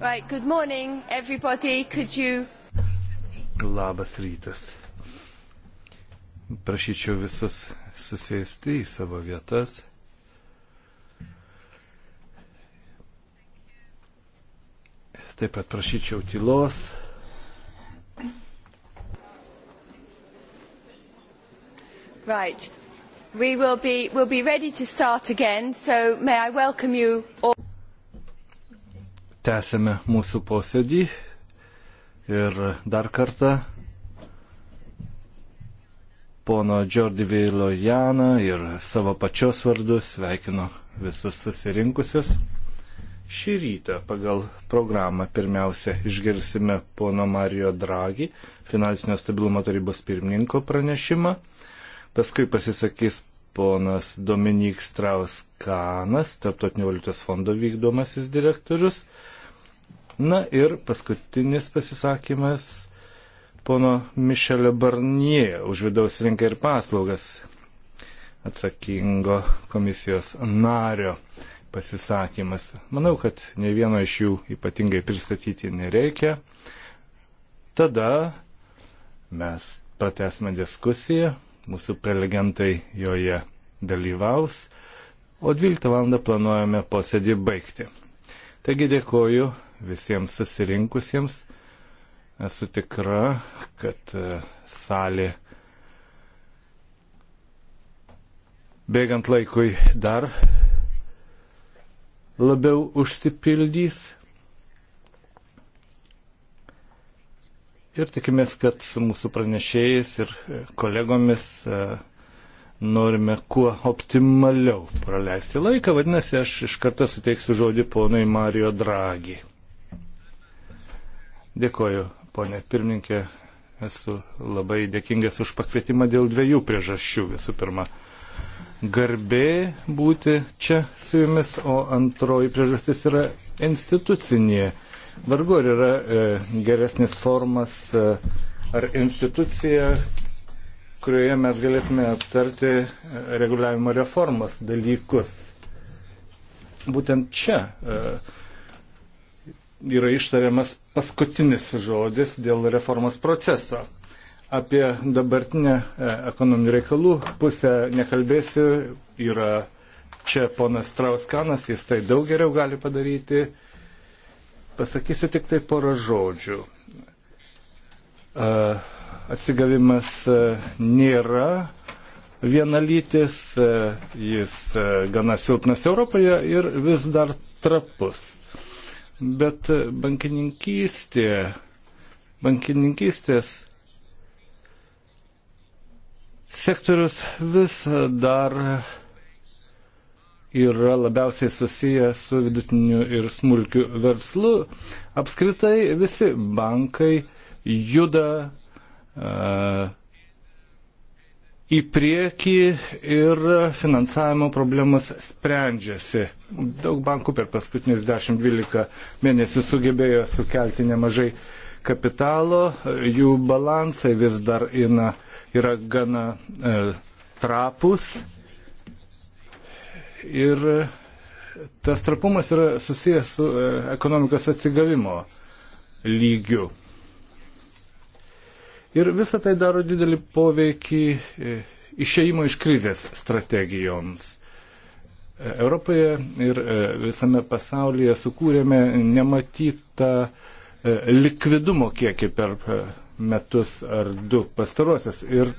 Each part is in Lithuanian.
Right, good morning, everybody. Could you... Labas rytas. Prašyčiau visus susėsti į savo vietas. Taip pat prašyčiau tylos. Right. We will be, we'll be ready to start again, so may I welcome you all tęsėme mūsų posėdį ir dar kartą pono Džordi Vėlojaną ir savo pačios vardus sveikinu visus susirinkusius. Šį rytą pagal programą pirmiausia išgirsime pono Mario Draghi, finansinio stabilumo tarybos pirmininko pranešimą. Paskui pasisakys ponas Dominik Strauskanas, Tarptautinio valiutos fondo vykdomasis direktorius. Na ir paskutinis pasisakymas pono Mišelio Barnie už vidaus rinką ir paslaugas atsakingo komisijos nario pasisakymas. Manau, kad ne vieno iš jų ypatingai pristatyti nereikia. Tada mes pratesime diskusiją, mūsų prelegentai joje dalyvaus, o 12 val. planuojame posėdį baigti. Taigi dėkoju visiems susirinkusiems. Esu tikra, kad e, salė bėgant laikui dar labiau užsipildys. Ir tikimės, kad su mūsų pranešėjais ir e, kolegomis e, norime kuo optimaliau praleisti laiką. Vadinasi, aš iš karto suteiksiu žodį ponui Mario Dragi. Dėkoju, ponė pirmininkė. Esu labai dėkingas už pakvietimą dėl dviejų priežasčių. Visų pirma, garbė būti čia su jumis, o antroji priežastis yra institucinė. Vargu ar yra e, geresnis formas e, ar institucija, kurioje mes galėtume aptarti e, reguliavimo reformos dalykus. Būtent čia. E, yra ištariamas paskutinis žodis dėl reformos proceso. Apie dabartinę e, ekonominių reikalų pusę nekalbėsiu, yra čia ponas Trauskanas, jis tai daug geriau gali padaryti. Pasakysiu tik tai porą žodžių. E, atsigavimas e, nėra vienalytis, jis gana silpnas Europoje ir vis dar trapus bet bankininkystė, bankininkystės sektorius vis dar yra labiausiai susijęs su vidutiniu ir smulkiu verslu. Apskritai visi bankai juda uh, į priekį ir finansavimo problemas sprendžiasi. Daug bankų per paskutinius 10-12 mėnesių sugebėjo sukelti nemažai kapitalo, jų balansai vis dar yra, yra gana e, trapus. Ir tas trapumas yra susijęs su e, ekonomikos atsigavimo lygiu. Ir visa tai daro didelį poveikį e, išeimo iš krizės strategijoms. E, Europoje ir e, visame pasaulyje sukūrėme nematytą likvidumo kiekį per metus ar du pastarosius. Ir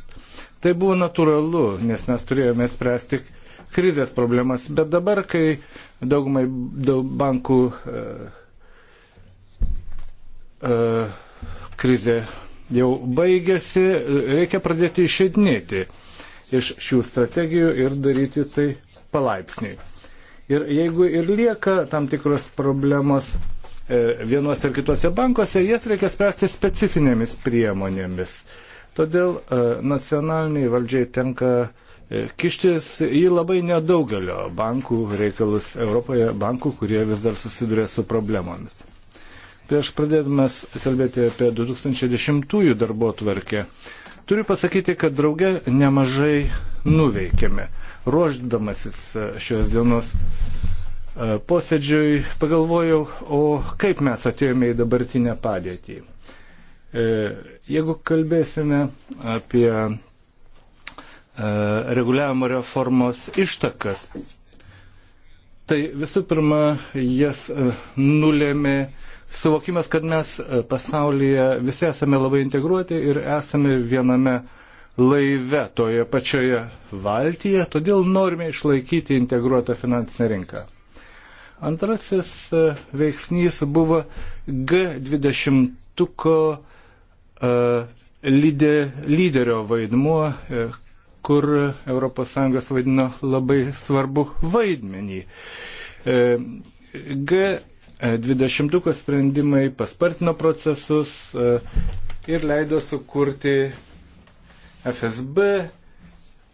tai buvo natūralu, nes mes turėjome spręsti krizės problemas. Bet dabar, kai daugumai daug bankų uh, uh, krizė jau baigėsi, reikia pradėti išeidinėti iš šių strategijų ir daryti tai palaipsniui. Ir jeigu ir lieka tam tikros problemos e, vienose ir kitose bankuose, jas reikia spręsti specifinėmis priemonėmis. Todėl e, nacionaliniai valdžiai tenka e, kištis į labai nedaugelio bankų reikalus Europoje, bankų, kurie vis dar susiduria su problemomis. Prieš tai pradėdamas kalbėti apie 2010-ųjų darbo tvarkę, turiu pasakyti, kad drauge nemažai nuveikėme. Ruoždamasis e, šios dienos e, posėdžiui pagalvojau, o kaip mes atėjome į dabartinę padėtį. E, jeigu kalbėsime apie reguliavimo reformos ištakas, tai visų pirma jas nulėmė suvokimas, kad mes e, pasaulyje visi esame labai integruoti ir esame viename laive, toje pačioje valtyje, todėl norime išlaikyti integruotą finansinę rinką. Antrasis e, veiksnys buvo G20 e, lyderio vaidmuo, kur ES vaidino labai svarbu vaidmenį. G Dvidešimtukas sprendimai paspartino procesus e, ir leido sukurti FSB,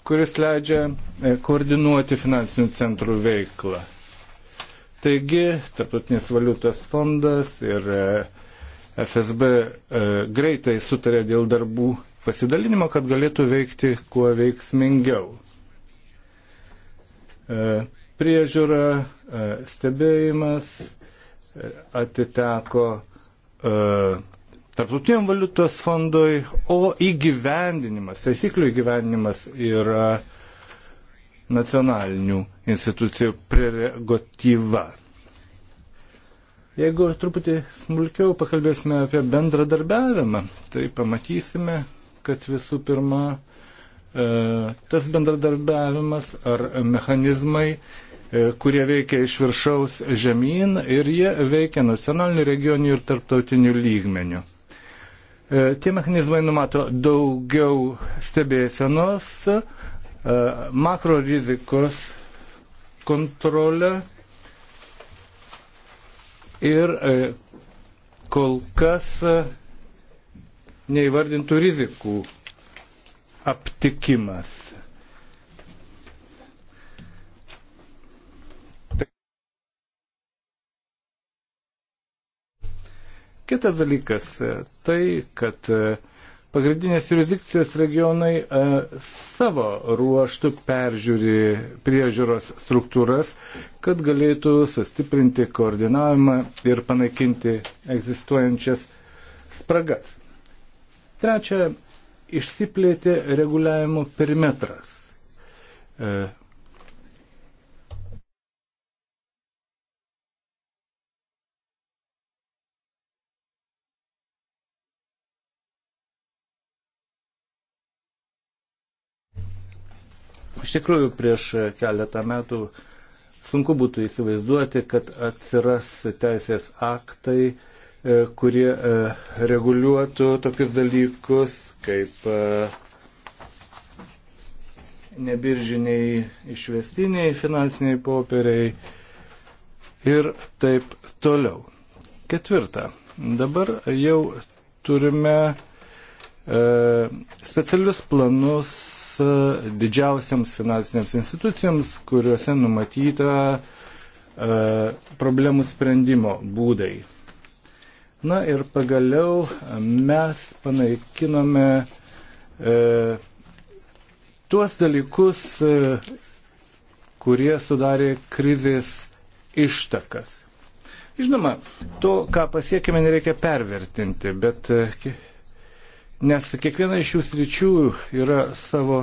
kuris leidžia e, koordinuoti finansinių centrų veiklą. Taigi, Tarptautinis valiutos fondas ir e, FSB greitai sutarė dėl darbų pasidalinimo, kad galėtų veikti kuo veiksmingiau. Priežiūra, stebėjimas, atiteko e, Tarptautiniam valiutos fondui, o įgyvendinimas, taisyklių įgyvendinimas yra nacionalinių institucijų prerogatyva. Jeigu truputį smulkiau pakalbėsime apie bendradarbiavimą, tai pamatysime, kad visų pirma, e, tas bendradarbiavimas ar mechanizmai E, kurie veikia iš viršaus žemyn ir jie veikia nacionaliniu, regioniniu ir tarptautiniu lygmeniu. E, tie mechanizmai numato daugiau stebėsenos, e, makro rizikos kontrolę ir kol kas neįvardintų rizikų aptikimas. Kitas dalykas e, tai, kad e, pagrindinės jurisdikcijos regionai e, savo ruoštų peržiūri priežiūros struktūras, kad galėtų sustiprinti koordinavimą ir panaikinti egzistuojančias spragas. Trečia, išsiplėtė reguliavimo perimetras. Iš tikrųjų, prieš keletą metų sunku būtų įsivaizduoti, kad atsiras teisės aktai, e, kurie e, reguliuotų tokius dalykus kaip e, nebiržiniai išvestiniai finansiniai popieriai ir taip toliau. Ketvirta. Dabar jau turime E, specialius planus e, didžiausiams finansinėms institucijams, kuriuose numatyta e, problemų sprendimo būdai. Na ir pagaliau mes panaikinome e, tuos dalykus, e, kurie sudarė krizės ištakas. Žinoma, to, ką pasiekime, nereikia pervertinti, bet nes kiekviena iš šių sričių yra savo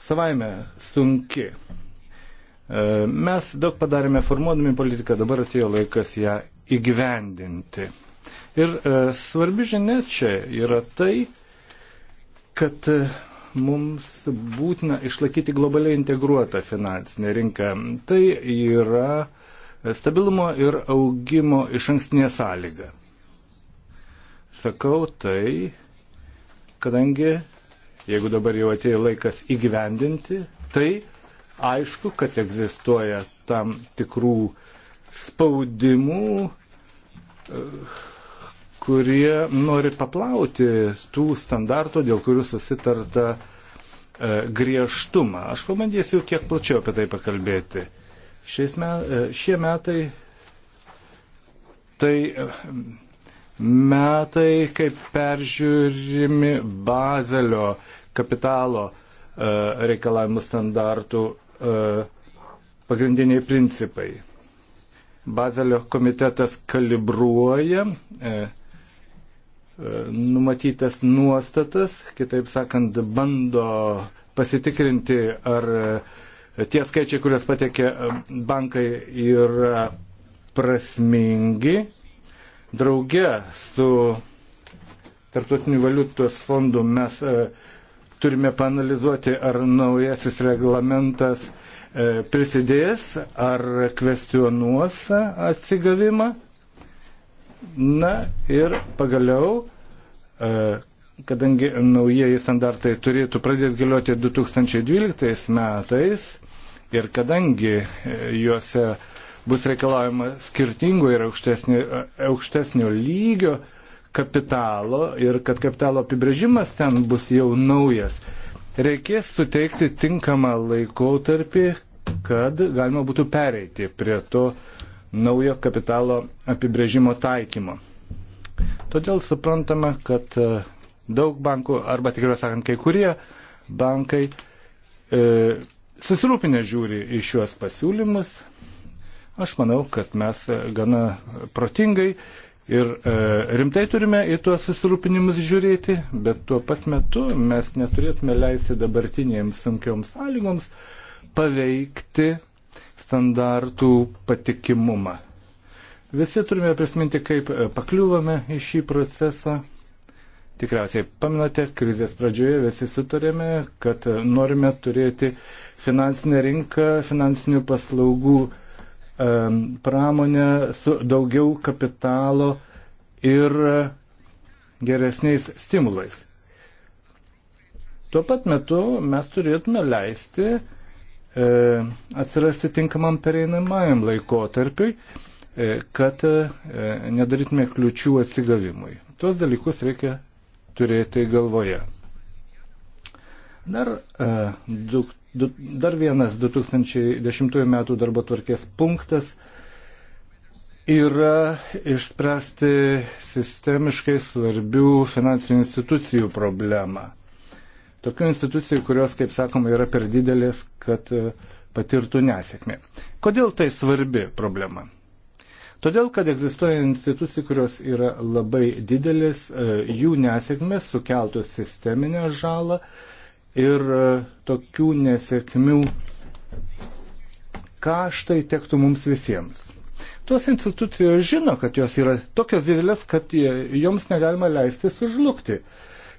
savaime sunki. E, mes daug padarėme formuodami politiką, dabar atėjo laikas ją įgyvendinti. Ir e, svarbi žinia čia yra tai, kad e, mums būtina išlaikyti globaliai integruotą finansinę rinką. Tai yra stabilumo ir augimo iš ankstinė sąlyga. Sakau tai, kadangi jeigu dabar jau atėjo laikas įgyvendinti, tai aišku, kad egzistuoja tam tikrų spaudimų, eh, kurie nori paplauti tų standartų, dėl kurių susitarta eh, griežtumą. Aš pabandysiu kiek plačiau apie tai pakalbėti. Šiais met, eh, šie metai tai metai, kaip peržiūrimi bazelio kapitalo e, reikalavimų standartų e, pagrindiniai principai. Bazelio komitetas kalibruoja e, numatytas nuostatas, kitaip sakant, bando pasitikrinti, ar tie skaičiai, kurias patekė bankai, yra prasmingi Drauge su Tartutiniu valiutos fondu mes e, turime panalizuoti, ar naujasis reglamentas e, prisidės, ar kvestionuos atsigavimą. Na ir pagaliau, e, kadangi naujieji standartai turėtų pradėti galioti 2012 metais ir kadangi juose bus reikalaujama skirtingo ir aukštesnio, aukštesnio lygio kapitalo ir kad kapitalo apibrėžimas ten bus jau naujas. Reikės suteikti tinkamą laikotarpį, kad galima būtų pereiti prie to naujo kapitalo apibrėžimo taikymo. Todėl suprantame, kad e, daug bankų, arba tikrai sakant, kai kurie bankai e, susirūpinę žiūri į šiuos pasiūlymus, Aš manau, kad mes e, gana protingai ir e, rimtai turime į tuos susirūpinimus žiūrėti, bet tuo pat metu mes neturėtume leisti dabartinėms sunkioms sąlygoms paveikti standartų patikimumą. Visi turime prisiminti, kaip e, pakliuvome į šį procesą. Tikriausiai paminate, krizės pradžioje visi sutarėme, kad norime turėti finansinę rinką, finansinių paslaugų pramonę su daugiau kapitalo ir geresniais stimulais. Tuo pat metu mes turėtume leisti e, atsirasti tinkamam pereinamajam laikotarpiui, e, kad e, nedarytume kliučių atsigavimui. Tuos dalykus reikia turėti galvoje. Dar e, du Dar vienas 2010 m. darbo tvarkės punktas yra išspręsti sistemiškai svarbių finansinių institucijų problemą. Tokių institucijų, kurios, kaip sakoma, yra per didelės, kad e, patirtų nesėkmė. Kodėl tai svarbi problema? Todėl, kad egzistuoja institucijų, kurios yra labai didelis, e, jų nesėkmės sukeltų sisteminę žalą, ir e, tokių nesėkmių kaštai tektų mums visiems. Tuos institucijos žino, kad jos yra tokios didelės, kad joms negalima leisti sužlugti.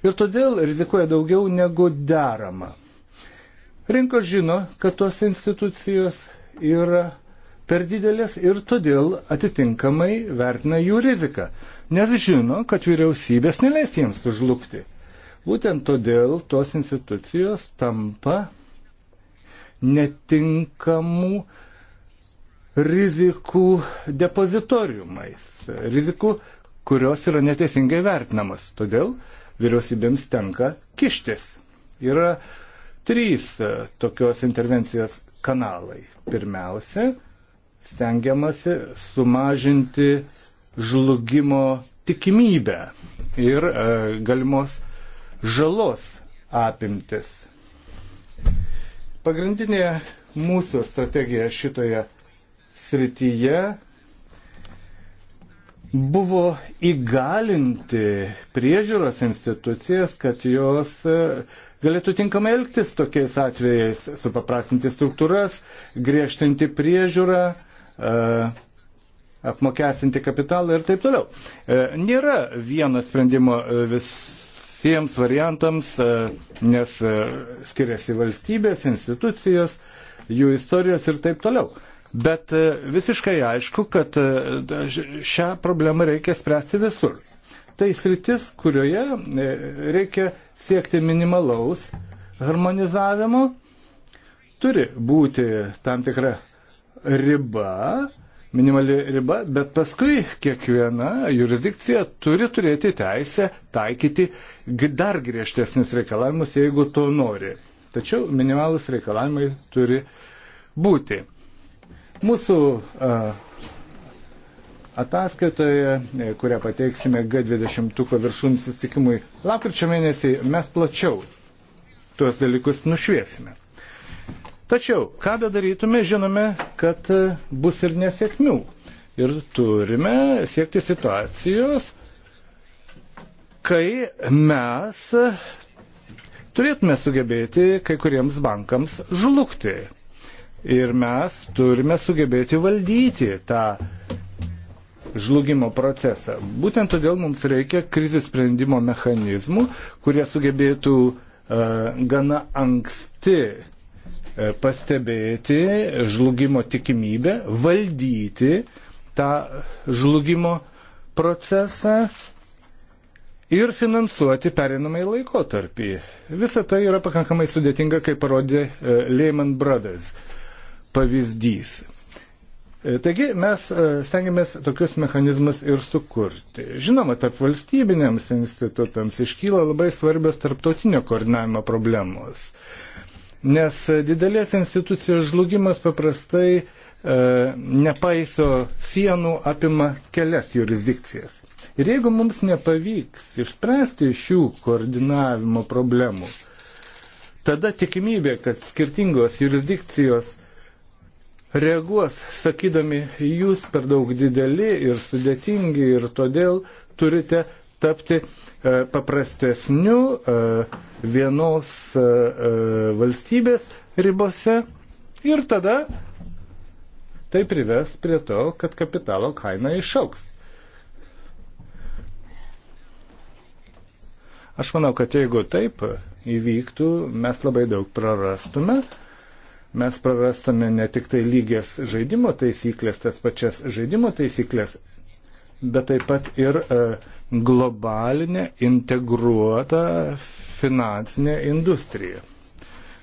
Ir todėl rizikuoja daugiau negu derama. Rinkos žino, kad tos institucijos yra per didelės ir todėl atitinkamai vertina jų riziką, nes žino, kad vyriausybės neleis jiems sužlugti. Būtent todėl tos institucijos tampa netinkamų rizikų depozitoriumais, rizikų, kurios yra neteisingai vertinamas. Todėl vyriausybėms tenka kištis. Yra trys e, tokios intervencijos kanalai. Pirmiausia, stengiamasi sumažinti žlugimo tikimybę ir e, galimos žalos apimtis. Pagrindinė mūsų strategija šitoje srityje buvo įgalinti priežiūros institucijas, kad jos e, galėtų tinkamai elgtis tokiais atvejais, supaprastinti struktūras, griežtinti priežiūrą, e, apmokestinti kapitalą ir taip toliau. E, nėra vieno sprendimo vis visiems variantams, e, nes e, skiriasi valstybės, institucijos, jų istorijos ir taip toliau. Bet e, visiškai aišku, kad šią problemą reikia spręsti visur. Tai sritis, kurioje reikia siekti minimalaus harmonizavimo, turi būti tam tikra riba, minimali riba, bet paskui kiekviena jurisdikcija turi turėti teisę taikyti dar griežtesnius reikalavimus, jeigu to nori. Tačiau minimalus reikalavimai turi būti. Mūsų uh, ataskaitoje, e, kurią pateiksime G20 viršūnų sustikimui lapkričio mėnesį, mes plačiau tuos dalykus nušviesime. Tačiau, ką bedarytume, žinome, kad e, bus ir nesėkmių. Ir turime siekti situacijos, kai mes e, turėtume sugebėti kai kuriems bankams žlugti. Ir mes turime sugebėti valdyti tą žlugimo procesą. Būtent todėl mums reikia krizės sprendimo mechanizmų, kurie sugebėtų uh, gana anksti E, pastebėti žlugimo tikimybę, valdyti tą žlugimo procesą ir finansuoti perinamai laikotarpį. Visa tai yra pakankamai sudėtinga, kaip parodė e, Lehman Brothers pavyzdys. E, taigi mes stengiamės tokius mechanizmus ir sukurti. Žinoma, tarp valstybinėms institutams iškyla labai svarbios tarptautinio koordinavimo problemos nes e, didelės institucijos žlugimas paprastai e, nepaiso sienų, apima kelias jurisdikcijas. Ir jeigu mums nepavyks išspręsti šių koordinavimo problemų, tada tikimybė, kad skirtingos jurisdikcijos reaguos, sakydami, jūs per daug dideli ir sudėtingi ir todėl turite tapti e, paprastesniu e, vienos e, valstybės ribose ir tada tai prives prie to, kad kapitalo kaina išauks. Aš manau, kad jeigu taip įvyktų, mes labai daug prarastume. Mes prarastume ne tik tai lygias žaidimo taisyklės, tas pačias žaidimo taisyklės, bet taip pat ir uh, globalinę integruotą finansinę industriją.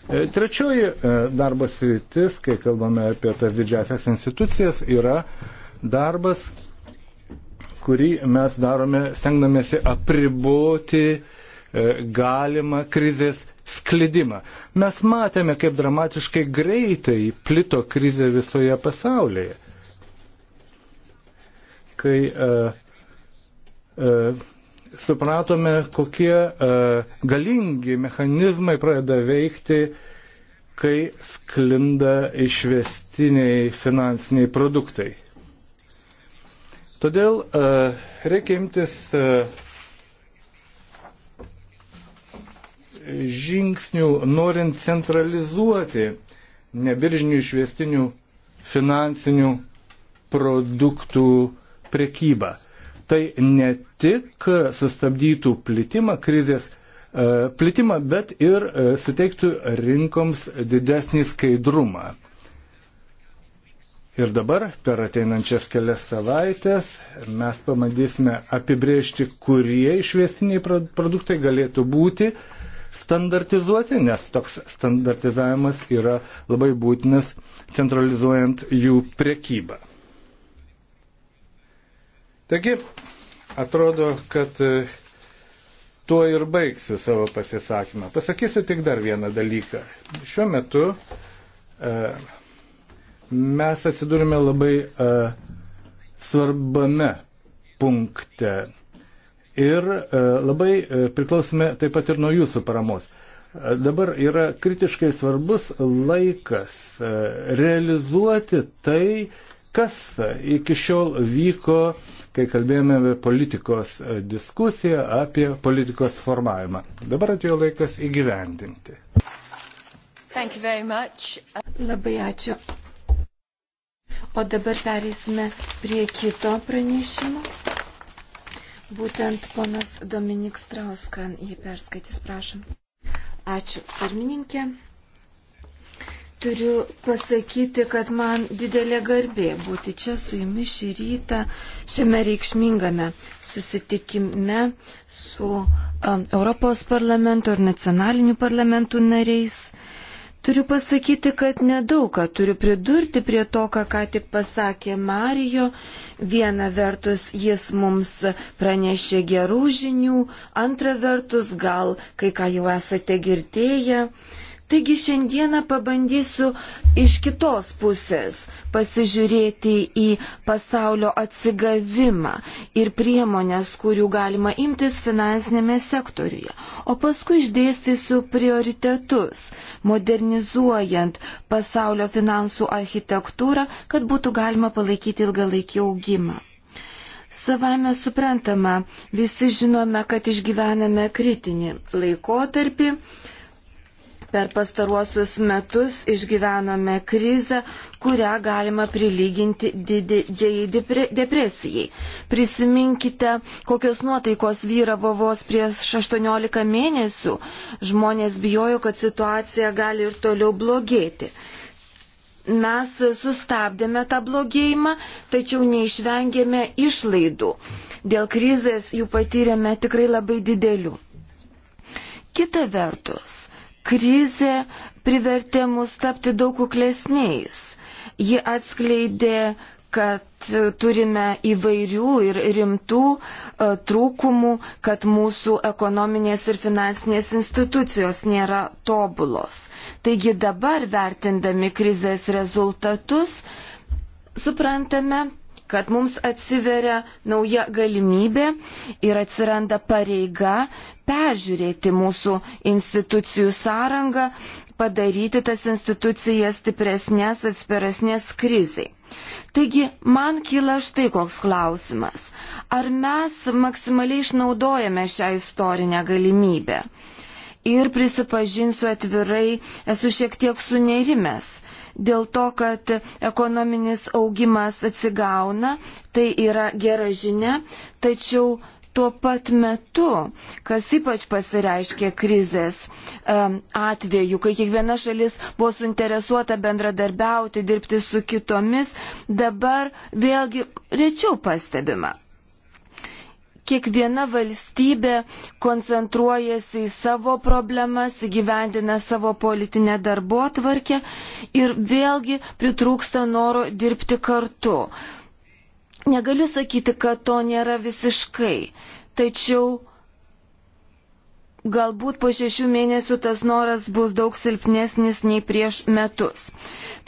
E, trečioji e, darbas rytis, kai kalbame apie tas didžiasias institucijas, yra darbas, kurį mes darome, stengdamėsi apriboti e, galimą krizės sklidimą. Mes matėme, kaip dramatiškai greitai plito krizė visoje pasaulyje. Kai uh, E, supratome, kokie e, galingi mechanizmai pradeda veikti, kai sklinda išvestiniai finansiniai produktai. Todėl e, reikia imtis žingsnių norint centralizuoti nebiržinių išvestinių finansinių produktų prekybą. Tai ne tik sustabdytų plitimą krizės, e, plitimą, bet ir e, suteiktų rinkoms didesnį skaidrumą. Ir dabar per ateinančias kelias savaitės mes pamandysime apibriežti, kurie išvestiniai produktai galėtų būti standartizuoti, nes toks standartizavimas yra labai būtinas centralizuojant jų priekybą. Taigi, atrodo, kad e, tuo ir baigsiu savo pasisakymą. Pasakysiu tik dar vieną dalyką. Šiuo metu e, mes atsidūrime labai e, svarbame punkte ir e, labai e, priklausome taip pat ir nuo jūsų paramos. E, dabar yra kritiškai svarbus laikas e, realizuoti tai, kas iki šiol vyko, kai kalbėjome apie politikos diskusiją, apie politikos formavimą. Dabar atėjo laikas įgyvendinti. Labai ačiū. O dabar perėsime prie kito pranešimo. Būtent ponas Dominik Strauskan jį perskaitys, prašom. Ačiū, pirmininkė. Turiu pasakyti, kad man didelė garbė būti čia su jumis šį rytą šiame reikšmingame susitikime su um, Europos parlamento ir nacionalinių parlamentų nariais. Turiu pasakyti, kad nedaug ką turiu pridurti prie to, ką ką tik pasakė Marijo. Viena vertus jis mums pranešė gerų žinių, antra vertus gal kai ką jau esate girdėję. Uh, Taigi šiandieną pabandysiu iš kitos pusės pasižiūrėti į pasaulio atsigavimą ir priemonės, kurių galima imtis finansinėme sektoriuje. O paskui išdėstysiu prioritetus, modernizuojant pasaulio finansų architektūrą, kad būtų galima palaikyti ilgalaikį augimą. Savame suprantama, visi žinome, kad išgyvename kritinį laikotarpį Per pastaruosius metus išgyvenome krizę, kurią galima prilyginti didžiai depresijai. Prisiminkite, kokios nuotaikos vyravo vos prieš 18 mėnesių. Žmonės bijojo, kad situacija gali ir toliau blogėti mes sustabdėme tą blogėjimą, tačiau neišvengėme išlaidų. Dėl krizės jų patyrėme tikrai labai didelių. Kita vertus, Krize privertė mus tapti daug kuklesniais. Ji atskleidė, kad turime įvairių ir rimtų e, trūkumų, kad mūsų ekonominės ir finansinės institucijos nėra tobulos. Taigi dabar vertindami krizės rezultatus, suprantame, kad mums atsiveria nauja galimybė ir atsiranda pareiga peržiūrėti mūsų institucijų sąrangą, padaryti tas institucijas stipresnės, atsparesnės krizai. Taigi, man kyla štai koks klausimas. Ar mes maksimaliai išnaudojame šią istorinę galimybę? Ir prisipažinsiu atvirai, esu šiek tiek sunerimęs dėl to, kad ekonominis augimas atsigauna, tai yra gera žinia, tačiau tuo pat metu, kas ypač pasireiškė krizės atveju, kai kiekviena šalis buvo suinteresuota bendradarbiauti, dirbti su kitomis, dabar vėlgi rečiau pastebima kiekviena valstybė koncentruojasi į savo problemas, įgyvendina savo politinę darbo tvarkę ir vėlgi pritrūksta noro dirbti kartu. Negaliu sakyti, kad to nėra visiškai, tačiau Galbūt po šešių mėnesių tas noras bus daug silpnesnis nei prieš metus.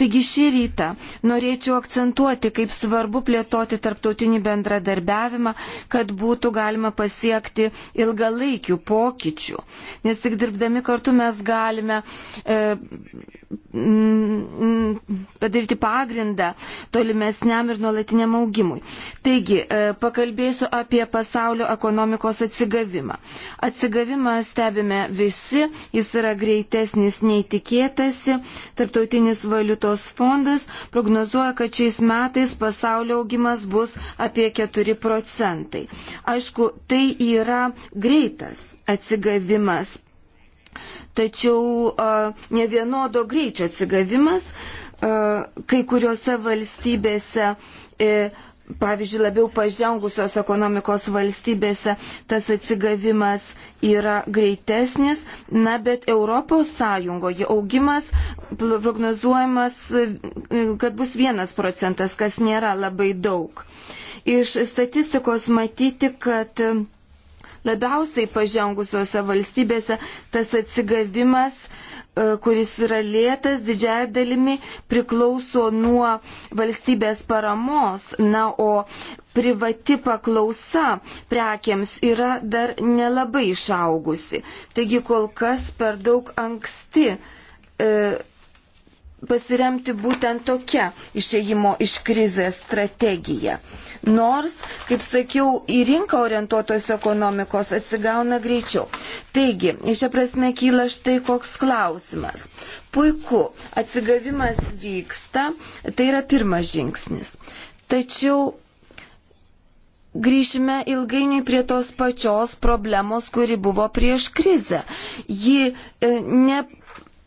Taigi šį rytą norėčiau akcentuoti, kaip svarbu plėtoti tarptautinį bendradarbiavimą, kad būtų galima pasiekti ilgalaikių pokyčių. Nes tik dirbdami kartu mes galime e, m, padaryti pagrindą tolimesniam ir nuolatiniam augimui. Taigi, e, pakalbėsiu apie pasaulio ekonomikos atsigavimą. Atsigavimas stebime visi, jis yra greitesnis nei tikėtasi. Tarptautinis valiutos fondas prognozuoja, kad šiais metais pasaulio augimas bus apie 4 procentai. Aišku, tai yra greitas atsigavimas, tačiau ne vienodo greičio atsigavimas kai kuriuose valstybėse e, pavyzdžiui, labiau pažengusios ekonomikos valstybėse tas atsigavimas yra greitesnis, na, bet Europos Sąjungoje augimas prognozuojamas, e, kad bus vienas procentas, kas nėra labai daug. Iš statistikos matyti, kad labiausiai pažengusiose valstybėse tas atsigavimas uh, E, kuris yra lėtas, didžiai dalimi priklauso nuo valstybės paramos. Na, o privati paklausa prekiams yra dar nelabai išaugusi. Taigi kol kas per daug anksti e, pasiremti būtent tokia išėjimo iš krizės strategija. Nors, kaip sakiau, į rinką orientuotos ekonomikos atsigauna greičiau. Taigi, iš esmė kyla štai koks klausimas. Puiku, atsigavimas vyksta, tai yra pirmas žingsnis. Tačiau grįžime ilgainiui prie tos pačios problemos, kuri buvo prieš krizę. Ji e, ne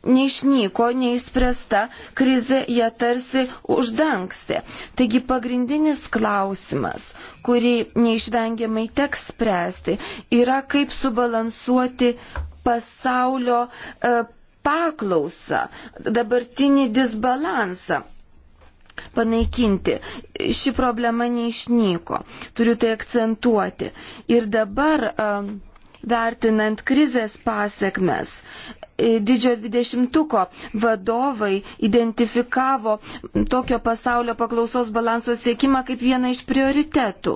neišnyko, neįspręsta, krizė jie tarsi uždangstė. Taigi pagrindinis klausimas, kurį neišvengiamai teks spręsti, yra kaip subalansuoti pasaulio e, paklausą, dabartinį disbalansą panaikinti. Ši problema neišnyko, turiu tai akcentuoti. Ir dabar e, vertinant krizės pasiekmes, E, didžiojo dvidešimtuko vadovai identifikavo tokio pasaulio paklausos balanso siekimą kaip vieną iš prioritetų.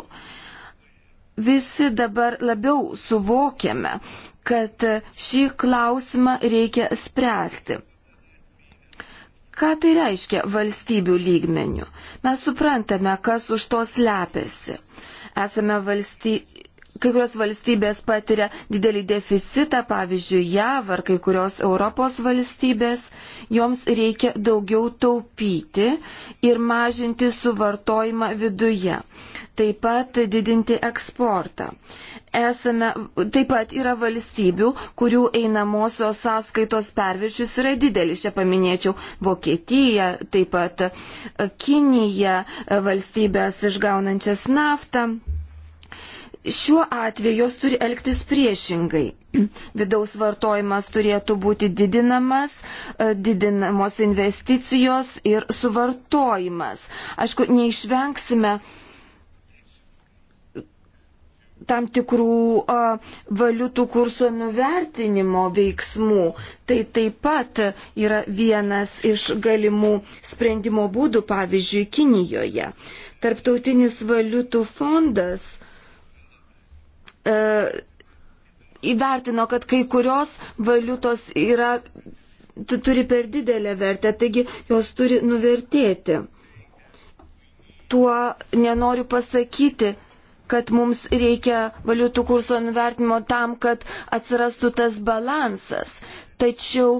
Visi dabar labiau suvokiame, kad šį klausimą reikia spręsti. Ką tai reiškia valstybių lygmenių? Mes suprantame, kas už to slepiasi. Esame valsty kai kurios valstybės patiria didelį deficitą, pavyzdžiui, JAV ar kai kurios Europos valstybės, joms reikia daugiau taupyti ir mažinti suvartojimą viduje, taip pat didinti eksportą. Esame, taip pat yra valstybių, kurių einamosios sąskaitos perviršius yra didelis. Čia paminėčiau Vokietiją, taip pat Kiniją, valstybės išgaunančias naftą. Šiuo atveju jos turi elgtis priešingai. Vidaus vartojimas turėtų būti didinamas, e, didinamos investicijos ir suvartojimas. Aišku, neišvengsime tam tikrų a, e, valiutų kurso nuvertinimo veiksmų. Tai taip pat yra vienas iš galimų sprendimo būdų, pavyzdžiui, Kinijoje. Tarptautinis valiutų fondas E, įvertino, kad kai kurios valiutos yra, turi per didelę vertę, taigi jos turi nuvertėti. Tuo nenoriu pasakyti, kad mums reikia valiutų kurso nuvertinimo tam, kad atsirastų tas balansas. Tačiau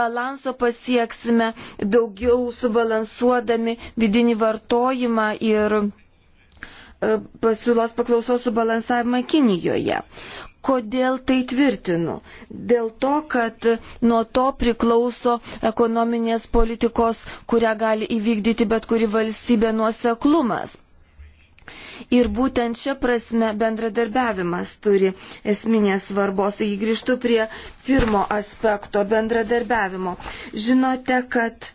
balanso pasieksime daugiau subalansuodami vidinį vartojimą ir pasiūlos paklausos subalansavimą Kinijoje. Kodėl tai tvirtinu? Dėl to, kad nuo to priklauso ekonominės politikos, kurią gali įvykdyti bet kuri valstybė nuoseklumas. Ir būtent čia prasme bendradarbiavimas turi esminės svarbos. Taigi grįžtu prie pirmo aspekto bendradarbiavimo. Žinote, kad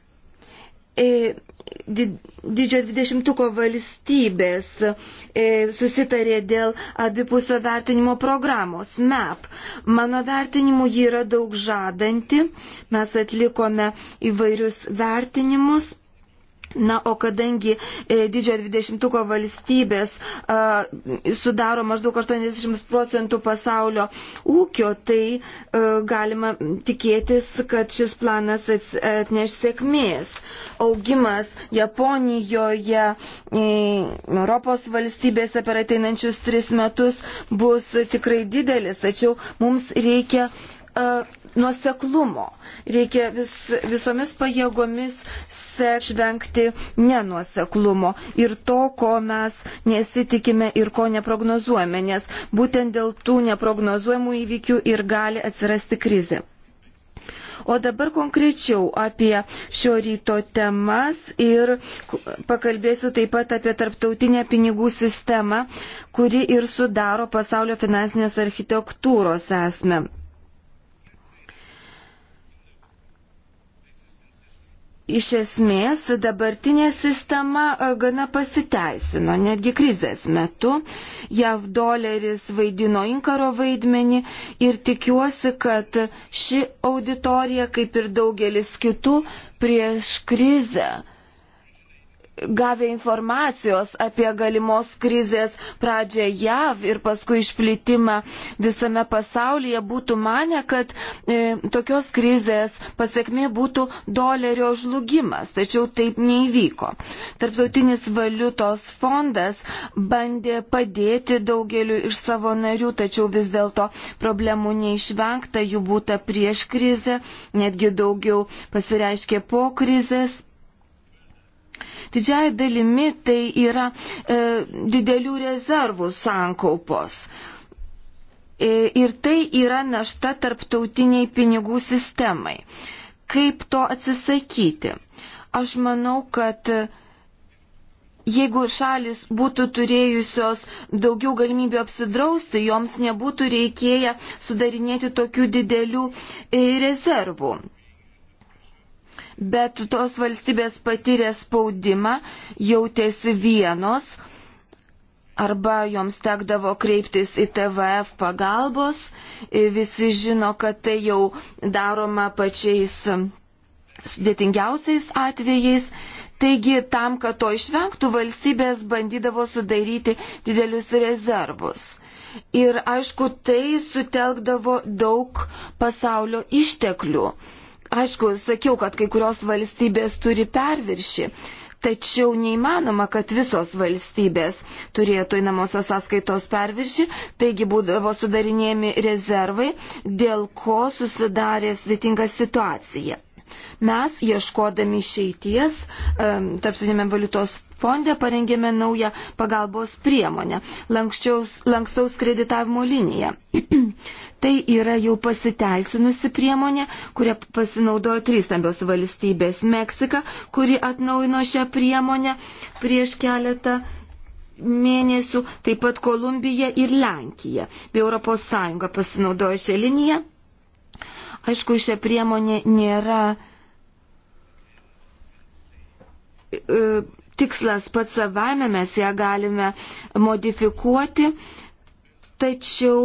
E, didžio dvidešimtuko valstybės e, susitarė dėl abipusio vertinimo programos MEP. Mano vertinimu ji yra daug žadanti. Mes atlikome įvairius vertinimus Na, o kadangi e, didžiojo 20-ko valstybės e, sudaro maždaug 80 procentų pasaulio ūkio, tai e, galima tikėtis, kad šis planas atneš sėkmės. Augimas Japonijoje, e, Europos valstybėse per ateinančius tris metus bus tikrai didelis, tačiau mums reikia. E, nuoseklumo. Reikia vis, visomis pajėgomis išvengti nenuoseklumo ir to, ko mes nesitikime ir ko neprognozuojame, nes būtent dėl tų neprognozuojamų įvykių ir gali atsirasti krizė. O dabar konkrečiau apie šio ryto temas ir pakalbėsiu taip pat apie tarptautinę pinigų sistemą, kuri ir sudaro pasaulio finansinės architektūros esmę. Iš esmės dabartinė sistema e, gana pasiteisino, netgi krizės metu. JAV doleris vaidino inkaro vaidmenį ir tikiuosi, kad ši auditorija, kaip ir daugelis kitų, prieš krizę gavę informacijos apie galimos krizės pradžią JAV ir paskui išplitimą visame pasaulyje, būtų mane, kad e, tokios krizės pasiekmė būtų dolerio žlugimas, tačiau taip neįvyko. Tarptautinis valiutos fondas bandė padėti daugeliu iš savo narių, tačiau vis dėlto problemų neišvengta, jų būta prieš krizę, netgi daugiau pasireiškė po krizės Didžiai dalimi tai yra e, didelių rezervų sankaupos. E, ir tai yra našta tarptautiniai pinigų sistemai. Kaip to atsisakyti? Aš manau, kad e, jeigu šalis būtų turėjusios daugiau galimybių apsidrausti, joms nebūtų reikėję sudarinėti tokių didelių e, rezervų bet tos valstybės patyrė spaudimą, jautėsi vienos arba joms tekdavo kreiptis į TVF pagalbos. E, visi žino, kad tai jau daroma pačiais sudėtingiausiais atvejais. Taigi tam, kad to išvengtų, valstybės bandydavo sudaryti didelius rezervus. Ir aišku, tai sutelkdavo daug pasaulio išteklių. Aišku, sakiau, kad kai kurios valstybės turi perviršį, tačiau neįmanoma, kad visos valstybės turėtų įnamosios sąskaitos perviršį, taigi būdavo sudarinėjami rezervai, dėl ko susidarė sudėtinga situacija. Mes, ieškodami išeities, tarptautinėme valiutos fonde parengėme naują pagalbos priemonę - lankstaus kreditavimo liniją. tai yra jau pasiteisinusi priemonė, kurią pasinaudojo trys stambios valstybės - Meksika, kuri atnaujino šią priemonę prieš keletą mėnesių, taip pat Kolumbija ir Lenkija. Bei ES pasinaudojo šią liniją Aišku, šią priemonę nėra e, tikslas pats savame, mes ją galime modifikuoti, tačiau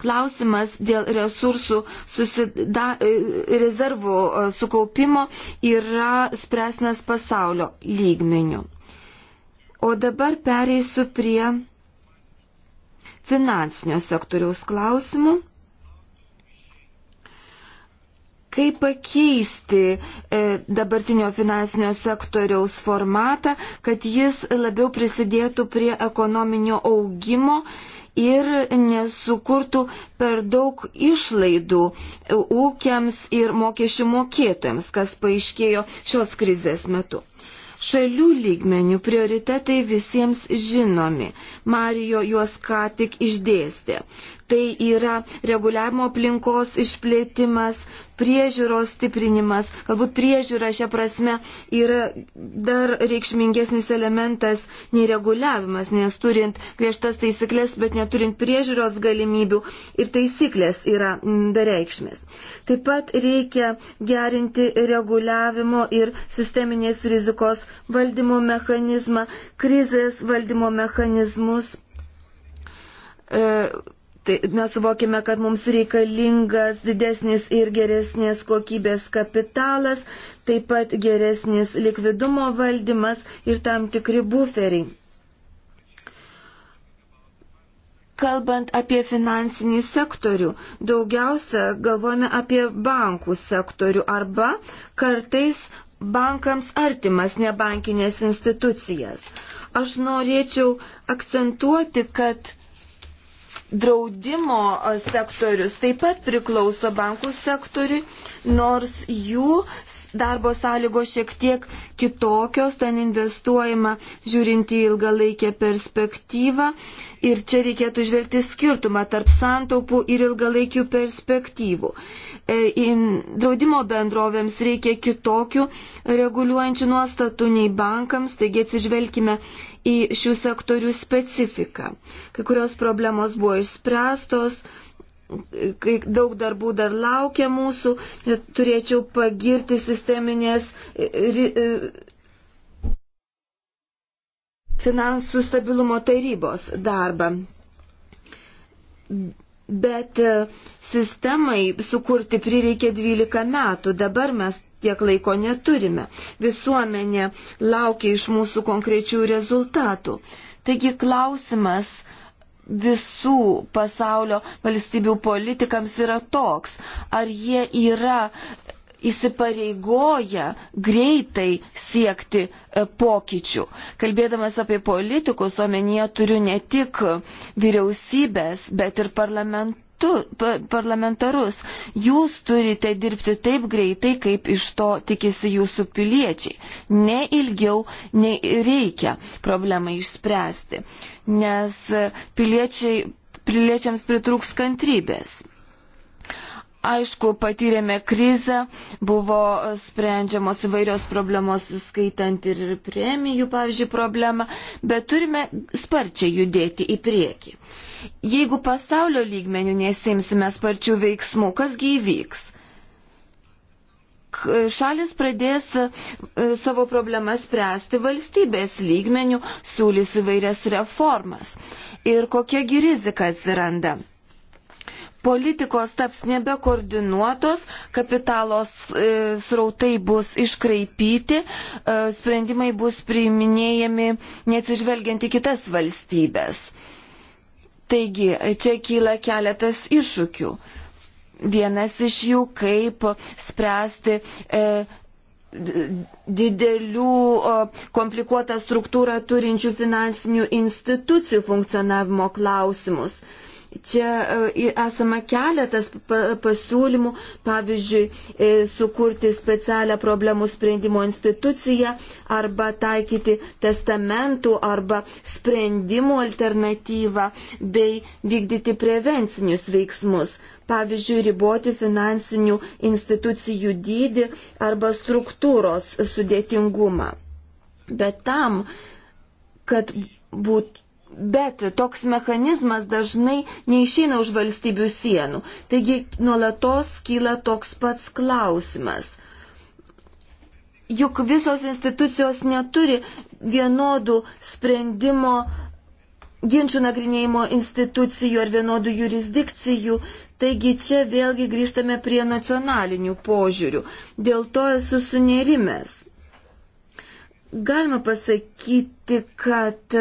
klausimas dėl resursų susida, e, rezervų e, sukaupimo yra spręsnas pasaulio lygmenių. O dabar pereisiu prie finansinio sektoriaus klausimų kaip pakeisti e, dabartinio finansinio sektoriaus formatą, kad jis labiau prisidėtų prie ekonominio augimo ir nesukurtų per daug išlaidų e, ūkiams ir mokesčių mokėtojams, kas paaiškėjo šios krizės metu. Šalių lygmenių prioritetai visiems žinomi. Marijo juos ką tik išdėstė. Tai yra reguliavimo aplinkos išplėtimas, priežiūros stiprinimas. Galbūt priežiūra šią prasme yra dar reikšmingesnis elementas nei reguliavimas, nes turint griežtas taisyklės, bet neturint priežiūros galimybių ir taisyklės yra bereikšmės. Mm, Taip pat reikia gerinti reguliavimo ir sisteminės rizikos valdymo mechanizmą, krizės valdymo mechanizmus. E, Tai mes suvokime, kad mums reikalingas didesnis ir geresnės kokybės kapitalas, taip pat geresnis likvidumo valdymas ir tam tikri buferiai. Kalbant apie finansinį sektorių, daugiausia galvojame apie bankų sektorių arba kartais bankams artimas nebankinės institucijas. Aš norėčiau akcentuoti, kad draudimo sektorius taip pat priklauso bankų sektoriui, nors jų darbo sąlygos šiek tiek kitokios, ten investuojama žiūrint į ilgalaikę perspektyvą. Ir čia reikėtų žvelgti skirtumą tarp santaupų ir ilgalaikių perspektyvų. E, draudimo bendrovėms reikia kitokių reguliuojančių nuostatų nei bankams, taigi atsižvelgime į šių sektorių specifiką. Kai kurios problemos buvo išspręstos, kai daug darbų dar laukia mūsų, turėčiau pagirti sisteminės e, e, finansų stabilumo tarybos darbą. Bet e, sistemai sukurti prireikė 12 metų. Dabar mes tiek laiko neturime. Visuomenė laukia iš mūsų konkrečių rezultatų. Taigi klausimas visų pasaulio valstybių politikams yra toks, ar jie yra įsipareigoja greitai siekti e, pokyčių. Kalbėdamas apie politikus, omenyje turiu ne tik vyriausybės, bet ir parlamentus parlamentu, pa, parlamentarus. Jūs turite dirbti taip greitai, kaip iš to tikisi jūsų piliečiai. Ne ilgiau nei reikia problemą išspręsti, nes piliečiai, piliečiams pritrūks kantrybės. Aišku, patyrėme krizę, buvo sprendžiamos įvairios problemos, skaitant ir premijų, pavyzdžiui, problemą, bet turime sparčiai judėti į priekį. Jeigu pasaulio lygmenių nesimsime sparčių veiksmų, kasgi įvyks? Šalis pradės e, savo problemas spręsti valstybės lygmenių, siūlys įvairias reformas. Ir kokiagi rizika atsiranda? Politikos taps nebekoordinuotos, kapitalos e, srautai bus iškraipyti, e, sprendimai bus priiminėjami neatsižvelgiant į kitas valstybės. Taigi, čia kyla keletas iššūkių. Vienas iš jų, kaip spręsti e, didelių komplikuotą struktūrą turinčių finansinių institucijų funkcionavimo klausimus. E, Čia e, esama keletas pasiūlymų, pavyzdžiui, e, sukurti specialią problemų sprendimo instituciją arba taikyti testamentų arba sprendimų alternatyvą bei vykdyti prevencinius veiksmus. Pavyzdžiui, riboti finansinių institucijų dydį arba struktūros sudėtingumą. Bet tam, kad būtų Bet toks mechanizmas dažnai neišeina už valstybių sienų. Taigi nuolatos kyla toks pats klausimas. Juk visos institucijos neturi vienodų sprendimo ginčių nagrinėjimo institucijų ar vienodų jurisdikcijų, Taigi čia vėlgi grįžtame prie nacionalinių požiūrių. Dėl to esu sunerimęs. Galima pasakyti, kad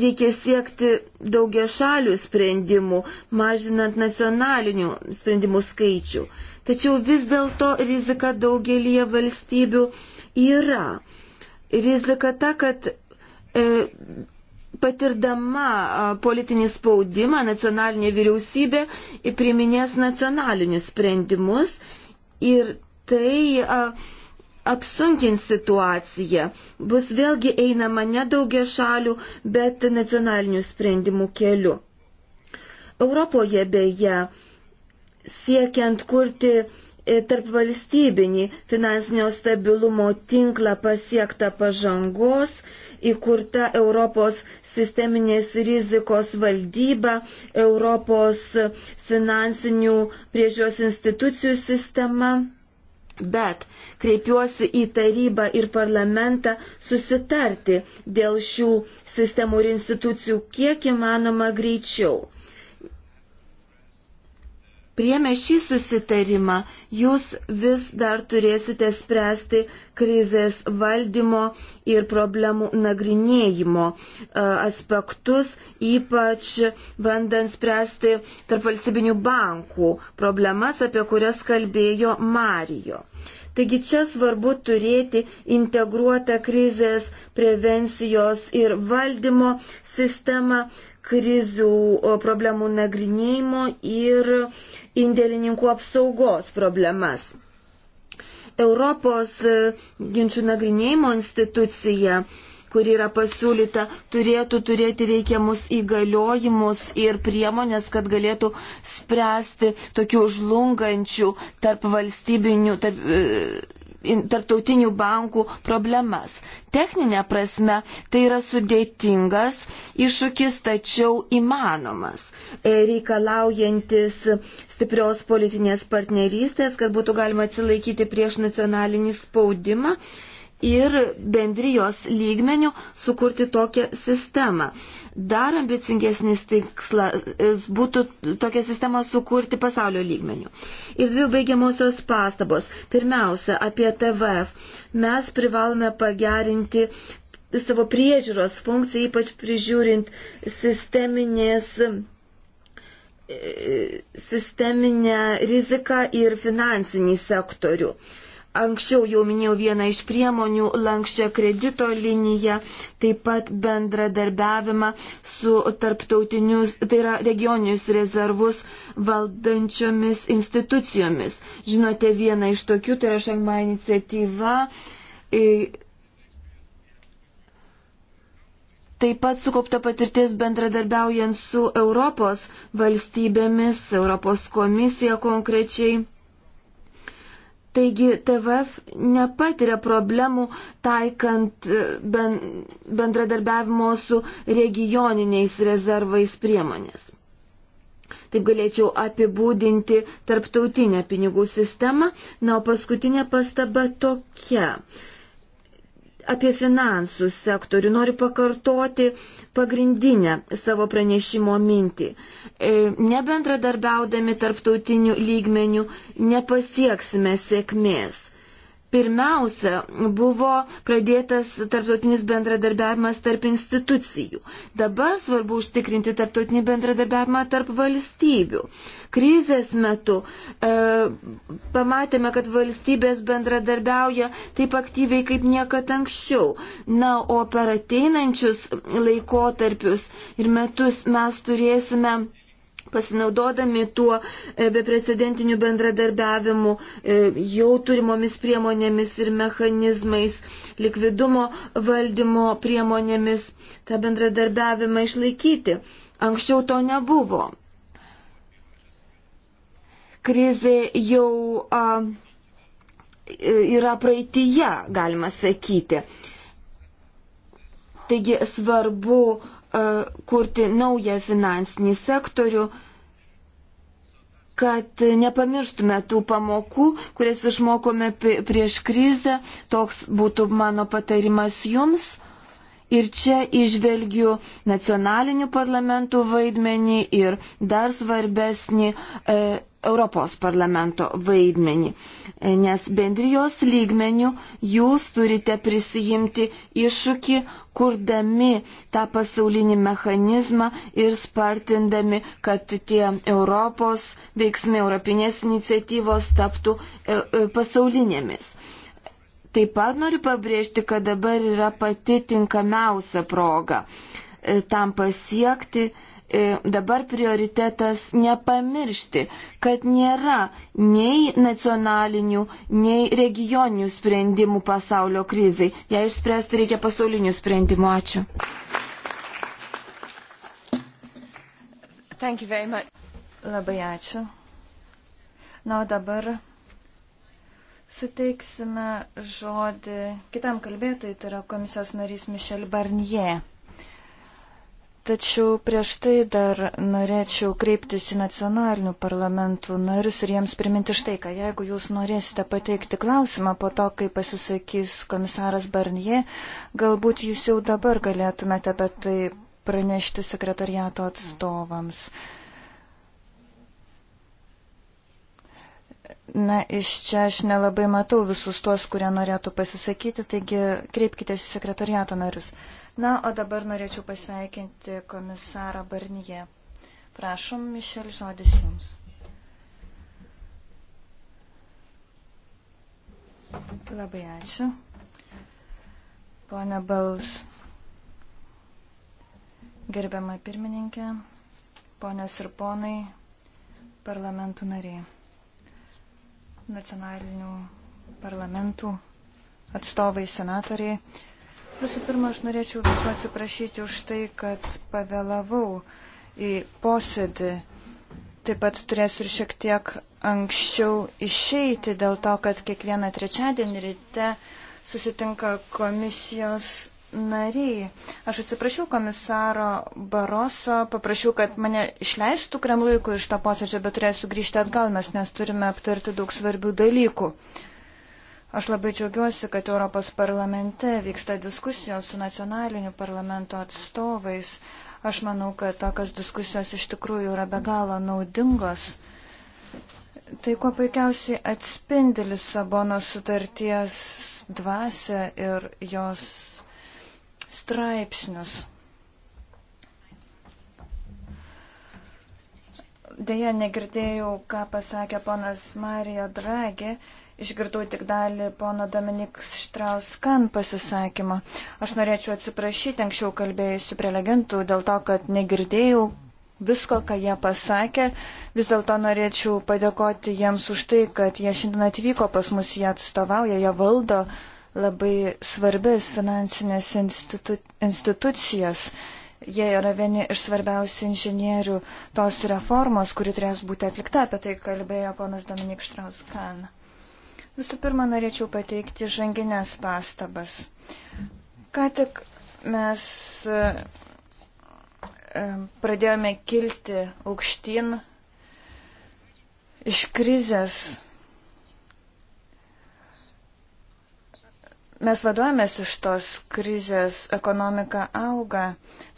reikia siekti daugia šalių sprendimų, mažinant nacionalinių sprendimų skaičių. Tačiau vis dėlto rizika daugelie valstybių yra. Rizika ta, kad e, patirdama politinį spaudimą nacionalinė vyriausybė priminės nacionalinius sprendimus ir tai a, e, apsunkins situaciją. Bus vėlgi einama nedaugia šalių, bet nacionalinių sprendimų keliu. Europoje beje, siekiant kurti e, tarp valstybinį finansinio stabilumo tinklą pasiektą pažangos, įkurta Europos sisteminės rizikos valdyba, Europos finansinių priežios institucijų sistema. Bet kreipiuosi į tarybą ir parlamentą susitarti dėl šių sistemų ir institucijų kiek įmanoma greičiau priemę šį susitarimą, jūs vis dar turėsite spręsti krizės valdymo ir problemų nagrinėjimo e, aspektus, ypač bandant spręsti tarp valstybinių bankų problemas, apie kurias kalbėjo Marijo. Taigi čia svarbu turėti integruotą krizės prevencijos ir valdymo sistemą, krizių problemų nagrinėjimo ir indėlininkų apsaugos problemas. Europos e, ginčių nagrinėjimo institucija, kuri yra pasiūlyta, turėtų turėti reikiamus įgaliojimus ir priemonės, kad galėtų spręsti tokių žlungančių tarp valstybinių, tarp e, tarptautinių bankų problemas. Techninė prasme tai yra sudėtingas iššūkis, tačiau įmanomas, e, reikalaujantis stiprios politinės partnerystės, kad būtų galima atsilaikyti prieš nacionalinį spaudimą ir bendrijos lygmenių sukurti tokią sistemą. Dar ambicingesnis tikslas e, būtų tokią sistemą sukurti pasaulio lygmenių. Ir dvi baigiamosios pastabos. Pirmiausia, apie TVF. Mes privalome pagerinti savo priežiūros funkciją, ypač prižiūrint sisteminės e, sisteminę riziką ir finansinį sektorių. Anksčiau jau minėjau vieną iš priemonių - lankščią kredito liniją, taip pat bendradarbiavimą su tarptautinius, tai yra regioninius rezervus valdančiomis institucijomis. Žinote, viena iš tokių, tai yra Šangma iniciatyva. Taip pat sukaupta patirtis bendradarbiaujant su Europos valstybėmis, Europos komisija konkrečiai Taigi TVF nepatiria problemų taikant e, ben, bendradarbiavimo su regioniniais rezervais priemonės. Taip galėčiau apibūdinti tarptautinę pinigų sistemą. Na, o paskutinė pastaba tokia. Uh, apie finansų sektorių noriu pakartoti pagrindinę savo pranešimo mintį. E, nebendradarbiaudami tarptautinių lygmenių nepasieksime sėkmės. Pirmiausia, buvo pradėtas tarptautinis bendradarbiavimas tarp institucijų. Dabar svarbu užtikrinti tarptautinį bendradarbiavimą tarp valstybių. Krizės metu e, pamatėme, kad valstybės bendradarbiauja taip aktyviai kaip niekada anksčiau. Na, o per ateinančius laikotarpius ir metus mes turėsime pasinaudodami tuo e, beprecedentiniu bendradarbiavimu, e, jau turimomis priemonėmis ir mechanizmais, likvidumo valdymo priemonėmis tą bendradarbiavimą išlaikyti. Anksčiau to nebuvo. Krizė jau a, e, yra praeitįje, galima sakyti. Taigi svarbu E, kurti naują finansinį sektorių, kad nepamirštume tų pamokų, kurias išmokome prieš krizę. Toks būtų mano patarimas jums. Ir čia išvelgiu nacionalinių parlamentų vaidmenį ir dar svarbesnį. E, Europos parlamento vaidmenį, nes bendrijos lygmenių jūs turite prisijimti iššūkį, kurdami tą pasaulinį mechanizmą ir spartindami, kad tie Europos veiksmai, europinės iniciatyvos taptų e, e, pasaulinėmis. Taip pat noriu pabrėžti, kad dabar yra pati tinkamiausia proga e, tam pasiekti, E, dabar prioritetas nepamiršti, kad nėra nei nacionalinių, nei regioninių sprendimų pasaulio krizai. Jei išspręsti reikia pasaulinių sprendimų. Ačiū. Labai ačiū. Na, o dabar suteiksime žodį kitam kalbėtojui, tai yra komisijos narys Mišel Barnier. Tačiau prieš tai dar norėčiau kreiptis į nacionalinių parlamentų narius ir jiems priminti štai, ką jeigu jūs norėsite pateikti klausimą po to, kai pasisakys komisaras Barnie, galbūt jūs jau dabar galėtumėte apie tai pranešti sekretariato atstovams. Na, iš čia aš nelabai matau visus tuos, kurie norėtų pasisakyti, taigi kreipkite į sekretariato narius. Uh, Na, o dabar norėčiau pasveikinti komisarą Barnyje. Prašom, Mišel, žodis jums. Labai ačiū. Pone Bauls, gerbiama pirmininkė, ponios ir ponai, parlamentų nariai, nacionalinių parlamentų atstovai, senatoriai. Visų pirma, aš norėčiau visų atsiprašyti už tai, kad pavėlavau į posėdį. Taip pat turėsiu ir šiek tiek anksčiau išeiti dėl to, kad kiekvieną trečiadienį ryte susitinka komisijos nariai. Aš atsiprašiau komisaro Baroso, paprašiau, kad mane išleistų Kremlui iš to posėdžio, bet turėsiu grįžti atgal, nes turime aptarti daug svarbių dalykų. Aš labai džiaugiuosi, kad Europos parlamente vyksta diskusijos su nacionaliniu parlamento atstovais. Aš manau, kad tokios diskusijos iš tikrųjų yra be galo naudingos. Tai kuo puikiausiai atspindi Lisabono sutarties dvasę ir jos straipsnius. Deja, negirdėjau, ką pasakė ponas Marija Dragė Išgirdau tik dalį pono Dominik Štrauskan pasisakymo. Aš norėčiau atsiprašyti anksčiau kalbėjusių prelegentų dėl to, kad negirdėjau visko, ką jie pasakė. Vis dėlto norėčiau padėkoti jiems už tai, kad jie šiandien atvyko pas mus, jie atstovauja, jie valdo labai svarbės finansinės institu, institucijas. Jie yra vieni iš svarbiausių inžinierių tos reformos, kuri turės būti atlikta, apie tai kalbėjo ponas Dominik Štrauskan. Visų pirma, norėčiau pateikti žanginės pastabas. Ką tik mes e, pradėjome kilti aukštyn iš krizės. Mes vaduojamės iš tos krizės, ekonomika auga,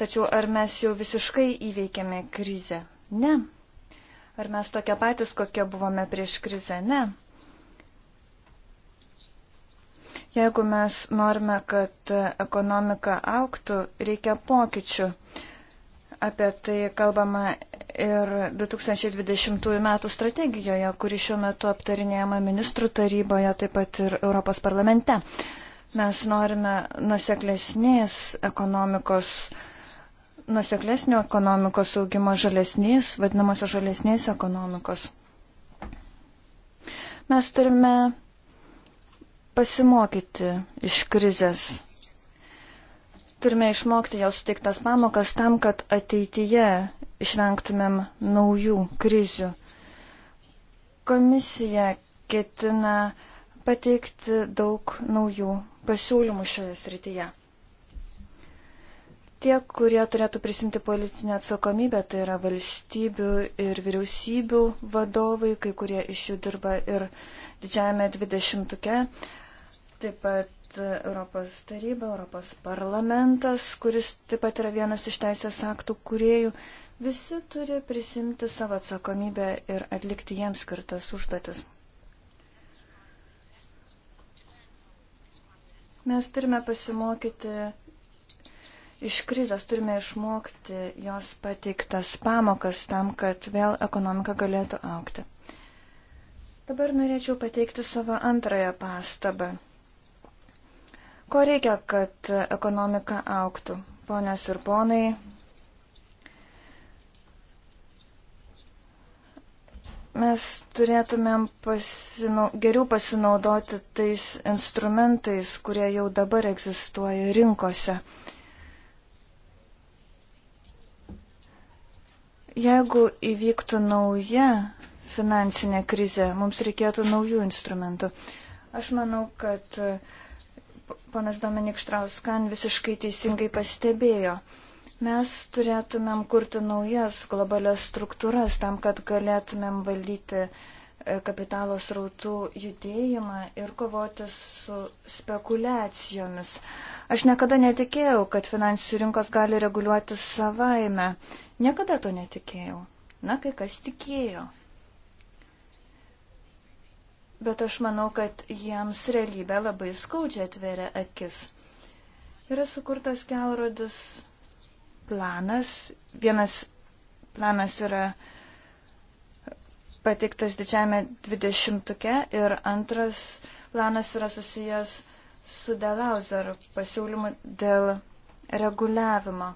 tačiau ar mes jau visiškai įveikėme krizę? Ne. Ar mes tokie patys, kokie buvome prieš krizę? Ne. Jeigu mes norime, kad ekonomika auktų, reikia pokyčių. Apie tai kalbama ir 2020 m. strategijoje, kuri šiuo metu aptarinėjama ministrų taryboje, taip pat ir Europos parlamente. Mes norime nuseklesnės ekonomikos nuseklesnio ekonomikos augimo žalesnės, vadinamosios žalesnės ekonomikos. Mes turime pasimokyti iš krizės. Turime išmokti jos suteiktas pamokas tam, kad ateityje išvengtumėm naujų krizių. Komisija ketina pateikti daug naujų pasiūlymų šioje srityje. Tie, kurie turėtų prisimti politinę atsakomybę, tai yra valstybių ir vyriausybių vadovai, kai kurie iš jų dirba ir didžiajame dvidešimtuke, Taip pat Europos taryba, Europos parlamentas, kuris taip pat yra vienas iš teisės aktų kuriejų, visi turi prisimti savo atsakomybę ir atlikti jiems skirtas užduotis. Mes turime pasimokyti iš krizės turime išmokti jos pateiktas pamokas tam, kad vėl ekonomika galėtų aukti. Dabar norėčiau pateikti savo antrąją pastabą. Ko reikia, kad ekonomika auktų? Ponios ir ponai, mes turėtumėm pasinau, geriau pasinaudoti tais instrumentais, kurie jau dabar egzistuoja rinkose. Jeigu įvyktų nauja finansinė krizė, mums reikėtų naujų instrumentų. Aš manau, kad uh, ponas Dominik Štrauskan visiškai teisingai pastebėjo. Mes turėtumėm kurti naujas globalias struktūras tam, kad galėtumėm valdyti e, kapitalo srautų judėjimą ir kovoti su spekulacijomis. Aš niekada netikėjau, kad finansų rinkos gali reguliuoti savaime. Niekada to netikėjau. Na, kai kas tikėjo bet aš manau, kad jiems realybė labai skaudžiai atveria akis. Yra sukurtas kelrodis planas. Vienas planas yra pateiktas didžiame dvidešimtuke ir antras planas yra susijęs su Delauzer pasiūlymu dėl reguliavimo.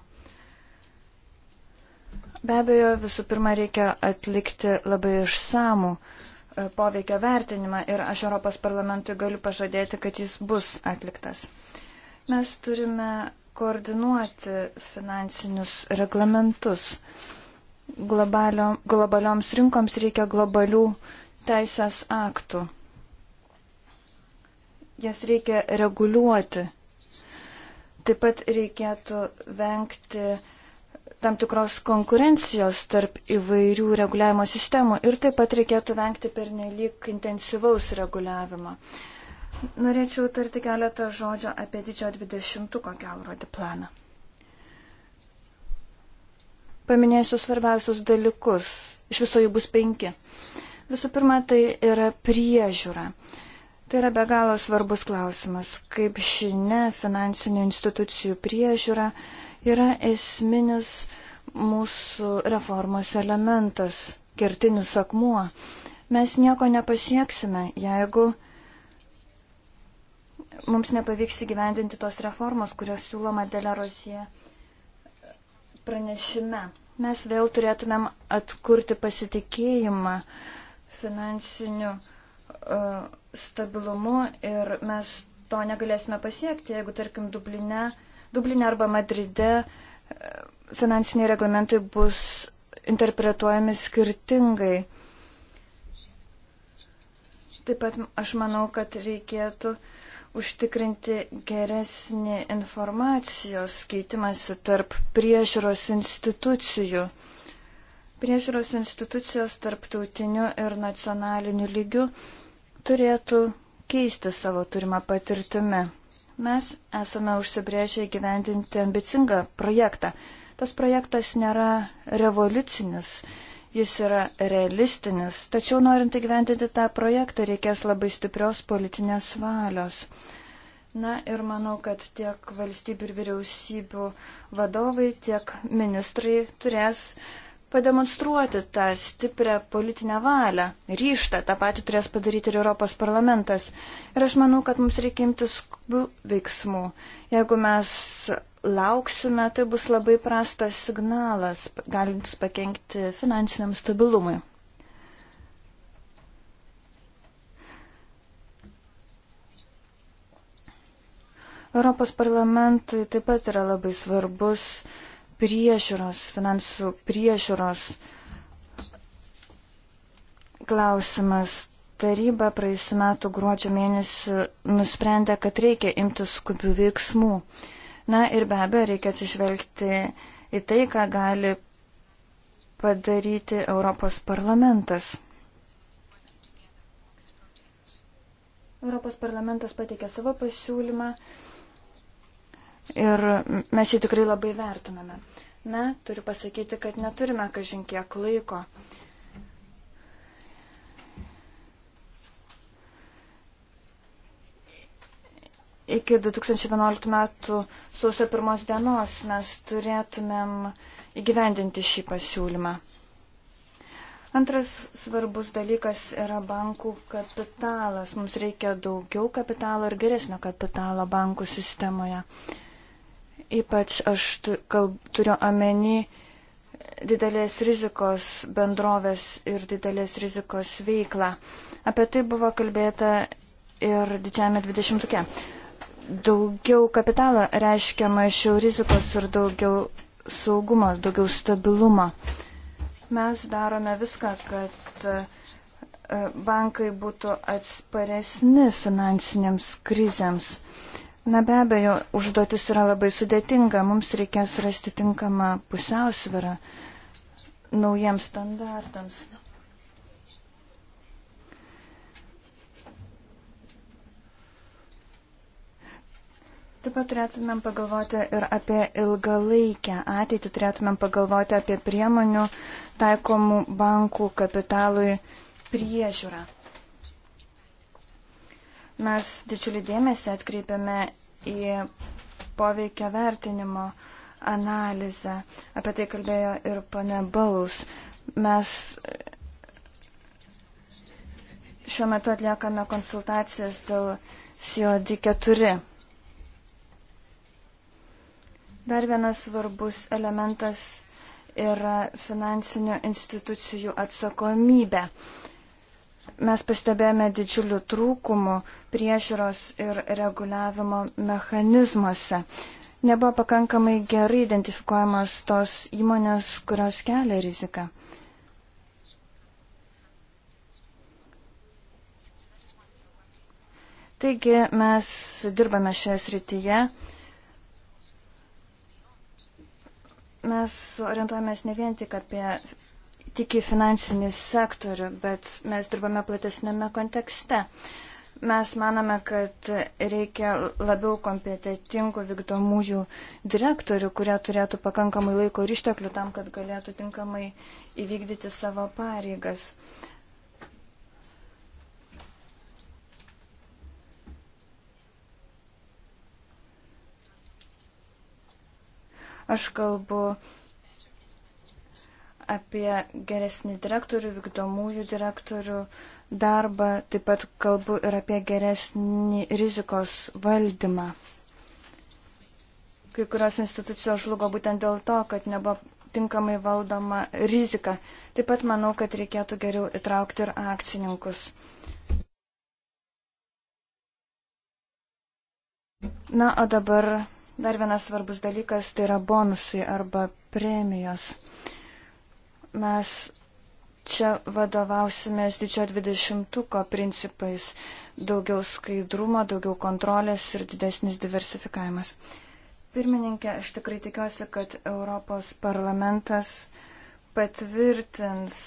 Be abejo, visų pirma reikia atlikti labai išsamų uh, E, poveikio vertinimą ir aš Europos parlamentui galiu pažadėti, kad jis bus atliktas. Mes turime koordinuoti finansinius reglamentus. Globalio, globalioms rinkoms reikia globalių teisės aktų. Jas reikia reguliuoti. Taip pat reikėtų vengti tam tikros konkurencijos tarp įvairių reguliavimo sistemų ir taip pat reikėtų vengti pernelyg intensyvaus reguliavimo. Norėčiau tarti keletą žodžio apie didžio 20-ko kelrodį planą. Paminėsiu svarbiausius dalykus. Iš viso jų bus penki. Visų pirma, tai yra priežiūra. Tai yra be galo svarbus klausimas, kaip žinia, finansinių institucijų priežiūra yra esminis mūsų reformos elementas, kertinis akmuo. Mes nieko nepasieksime, jeigu mums nepavyks įgyvendinti tos reformos, kurios siūloma Delerosija pranešime. Mes vėl turėtumėm atkurti pasitikėjimą finansiniu uh, stabilumu ir mes to negalėsime pasiekti, jeigu, tarkim, Dubline uh, Dublinė arba Madride e, finansiniai reglamentai bus interpretuojami skirtingai. Taip pat aš manau, kad reikėtų užtikrinti geresnį informacijos keitimąsi tarp priežiūros institucijų. Priežiūros institucijos tarptautiniu ir nacionaliniu lygiu turėtų keisti savo turimą patirtimį. Mes esame užsibrėžę įgyvendinti ambicingą projektą. Tas projektas nėra revoliucinis, jis yra realistinis, tačiau norint įgyvendinti tą projektą reikės labai stiprios politinės valios. Na ir manau, kad tiek valstybių ir vyriausybių vadovai, tiek ministrai turės pademonstruoti tą stiprią politinę valią, ryštą. Ta pati turės padaryti ir Europos parlamentas. Ir aš manau, kad mums reikia imtis skubių veiksmų. Jeigu mes lauksime, tai bus labai prastas signalas, galintis pakengti finansiniam stabilumui. Europos parlamentui taip pat yra labai svarbus uh, priežiūros, finansų priežiūros klausimas. Taryba praėjusiu metu gruodžio mėnesį nusprendė, kad reikia imtis skubių veiksmų. Na ir be abejo, reikia atsižvelgti į tai, ką gali padaryti Europos parlamentas. Europos parlamentas pateikė savo pasiūlymą, ir mes jį tikrai labai vertiname. Na, turiu pasakyti, kad neturime kažin kiek laiko. Iki 2011 metų sausio pirmos dienos mes turėtumėm įgyvendinti šį pasiūlymą. Antras svarbus dalykas yra bankų kapitalas. Mums reikia daugiau kapitalo ir geresnio kapitalo bankų sistemoje. Uh, Ypač aš turiu omeny didelės rizikos bendrovės ir didelės rizikos veiklą. Apie tai buvo kalbėta ir didžiame 20-uke. Daugiau kapitalo reiškia mažiau rizikos ir daugiau saugumo, daugiau stabilumo. Mes darome viską, kad e, bankai būtų atsparesni finansinėms krizėms. Na be abejo, užduotis yra labai sudėtinga, mums reikės rasti tinkamą pusiausvirą naujiems standartams. Taip pat turėtumėm pagalvoti ir apie ilgalaikę ateitį, turėtumėm pagalvoti apie priemonių taikomų bankų kapitalui priežiūrą. Mes didžiulį dėmesį atkreipiame į poveikio vertinimo analizę. Apie tai kalbėjo ir pane Baus. Mes šiuo metu atliekame konsultacijas dėl COD4. Dar vienas svarbus elementas yra finansinių institucijų atsakomybė. Uh, mes pastebėjome didžiulių trūkumų priežiūros ir reguliavimo mechanizmuose. Nebuvo pakankamai gerai identifikuojamos tos įmonės, kurios kelia riziką. Taigi mes dirbame šioje srityje. Mes orientuojamės ne vien tik apie tik į finansinį sektorių, bet mes dirbame platesnėme kontekste. Mes manome, kad reikia labiau kompetitingų vykdomųjų direktorių, kurie turėtų pakankamai laiko ir išteklių tam, kad galėtų tinkamai įvykdyti savo pareigas. Aš kalbu apie geresnį direktorių, vykdomųjų direktorių darbą, taip pat kalbu ir apie geresnį rizikos valdymą. Kai kurios institucijos žlugo būtent dėl to, kad nebuvo tinkamai valdoma rizika. Taip pat manau, kad reikėtų geriau įtraukti ir akcininkus. Na, o dabar dar vienas svarbus dalykas tai yra bonusai arba premijos. Uh, mes čia vadovausimės didžio dvidešimtuko principais - daugiau skaidrumo, daugiau kontrolės ir didesnis diversifikavimas. Pirmininkė, aš tikrai tikiuosi, kad Europos parlamentas patvirtins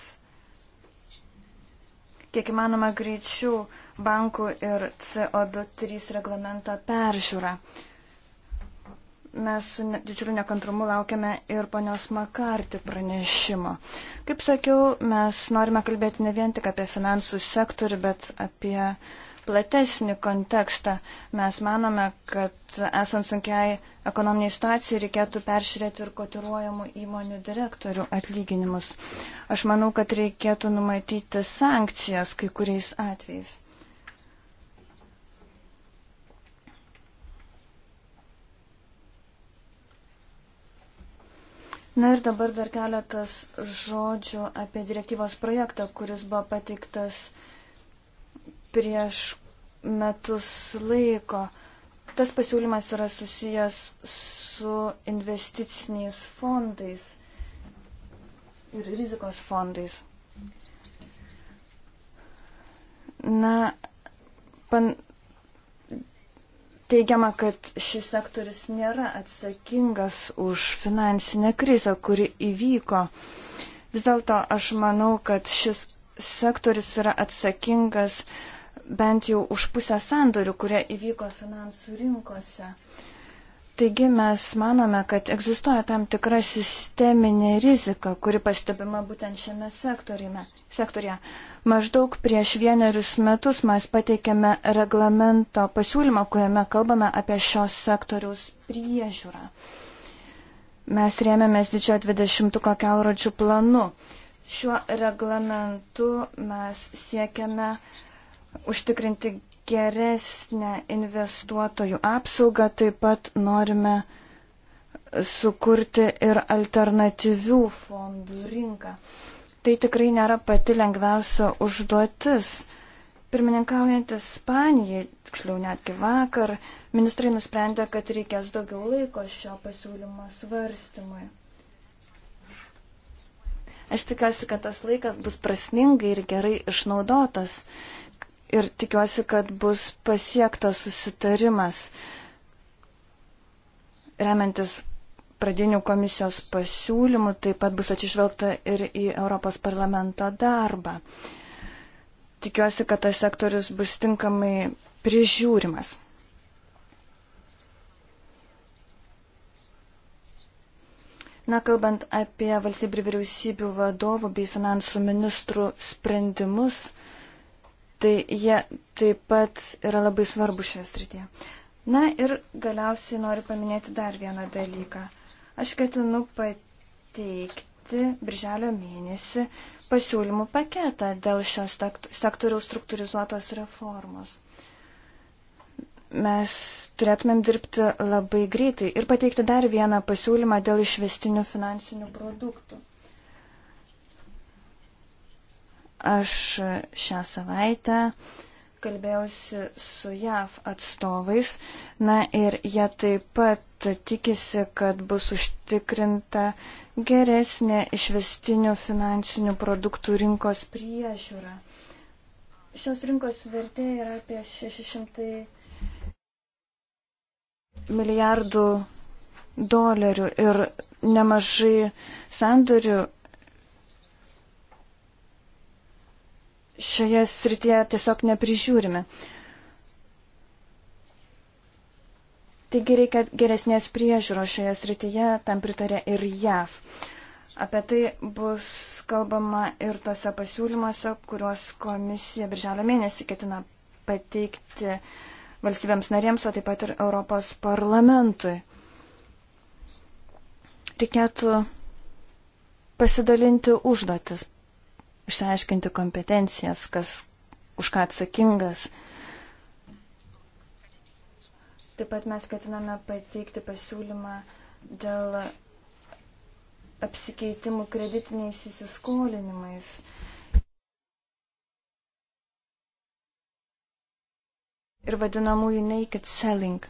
kiek įmanoma greičiau bankų ir CO2 reglamento peržiūrą mes su didžiuliu nekantrumu laukiame ir ponios Makarti pranešimo. Kaip sakiau, mes norime kalbėti ne vien tik apie finansų sektorių, bet apie platesnį kontekstą. Mes manome, kad esant sunkiai ekonominiai situacijai reikėtų peržiūrėti ir kotiruojamų įmonių direktorių atlyginimus. Aš manau, kad reikėtų numatyti sankcijas kai kuriais atvejais. Na ir dabar dar keletas žodžių apie direktyvos projektą, kuris buvo pateiktas prieš metus laiko. Tas pasiūlymas yra susijęs su investiciniais fondais ir rizikos fondais. Na, pan, Teigiama, kad šis sektorius nėra atsakingas už finansinę krizę, kuri įvyko. Vis dėlto aš manau, kad šis sektorius yra atsakingas bent jau už pusę sandorių, kurie įvyko finansų rinkose. Taigi mes manome, kad egzistuoja tam tikra sisteminė rizika, kuri pastebima būtent šiame sektorime. sektorėje. Maždaug prieš vienerius metus mes pateikėme reglamento pasiūlymą, kuriame kalbame apie šios sektoriaus priežiūrą. Mes rėmėmės didžiojo 20 kokiaurodžių planu. Šiuo reglamentu mes siekiame užtikrinti geresnę investuotojų apsaugą, taip pat norime sukurti ir alternatyvių fondų rinką tai tikrai nėra pati lengviausia užduotis. Pirmininkaujant Ispanijai, tiksliau netgi vakar, ministrai nusprendė, kad reikės daugiau laiko šio pasiūlymo svarstymui. Aš tikiuosi, kad tas laikas bus prasmingai ir gerai išnaudotas. Ir tikiuosi, kad bus pasiektas susitarimas, remiantis pradinių komisijos pasiūlymų taip pat bus atsižvelgta ir į Europos parlamento darbą. Tikiuosi, kad tas sektorius bus tinkamai prižiūrimas. Na, kalbant apie valstybių vyriausybių vadovų bei finansų ministrų sprendimus, tai jie taip pat yra labai svarbu šioje srityje. Na ir galiausiai noriu paminėti dar vieną dalyką. Aš ketinu pateikti birželio mėnesį pasiūlymų paketą dėl šios sektoriaus struktūrizuotos reformos. Mes turėtumėm dirbti labai greitai ir pateikti dar vieną pasiūlymą dėl išvestinių finansinių produktų. Aš šią savaitę uh, kalbėjausi su JAV atstovais, na ir jie taip pat tikisi, kad bus užtikrinta geresnė išvestinių finansinių produktų rinkos priežiūra. Šios rinkos vertė yra apie 600 milijardų dolerių ir nemažai sandorių šioje srityje tiesiog neprižiūrime. Taigi reikia geresnės priežiūros šioje srityje, tam pritarė ir JAV. Apie tai bus kalbama ir tose pasiūlymuose, kuriuos komisija birželio mėnesį ketina pateikti valstybėms narėms, o taip pat ir Europos parlamentui. Reikėtų pasidalinti užduotis išsiaiškinti kompetencijas, kas už ką atsakingas. Taip pat mes ketiname pateikti pasiūlymą dėl apsikeitimų kreditiniais įsiskolinimais. Ir vadinamųjų naked selling.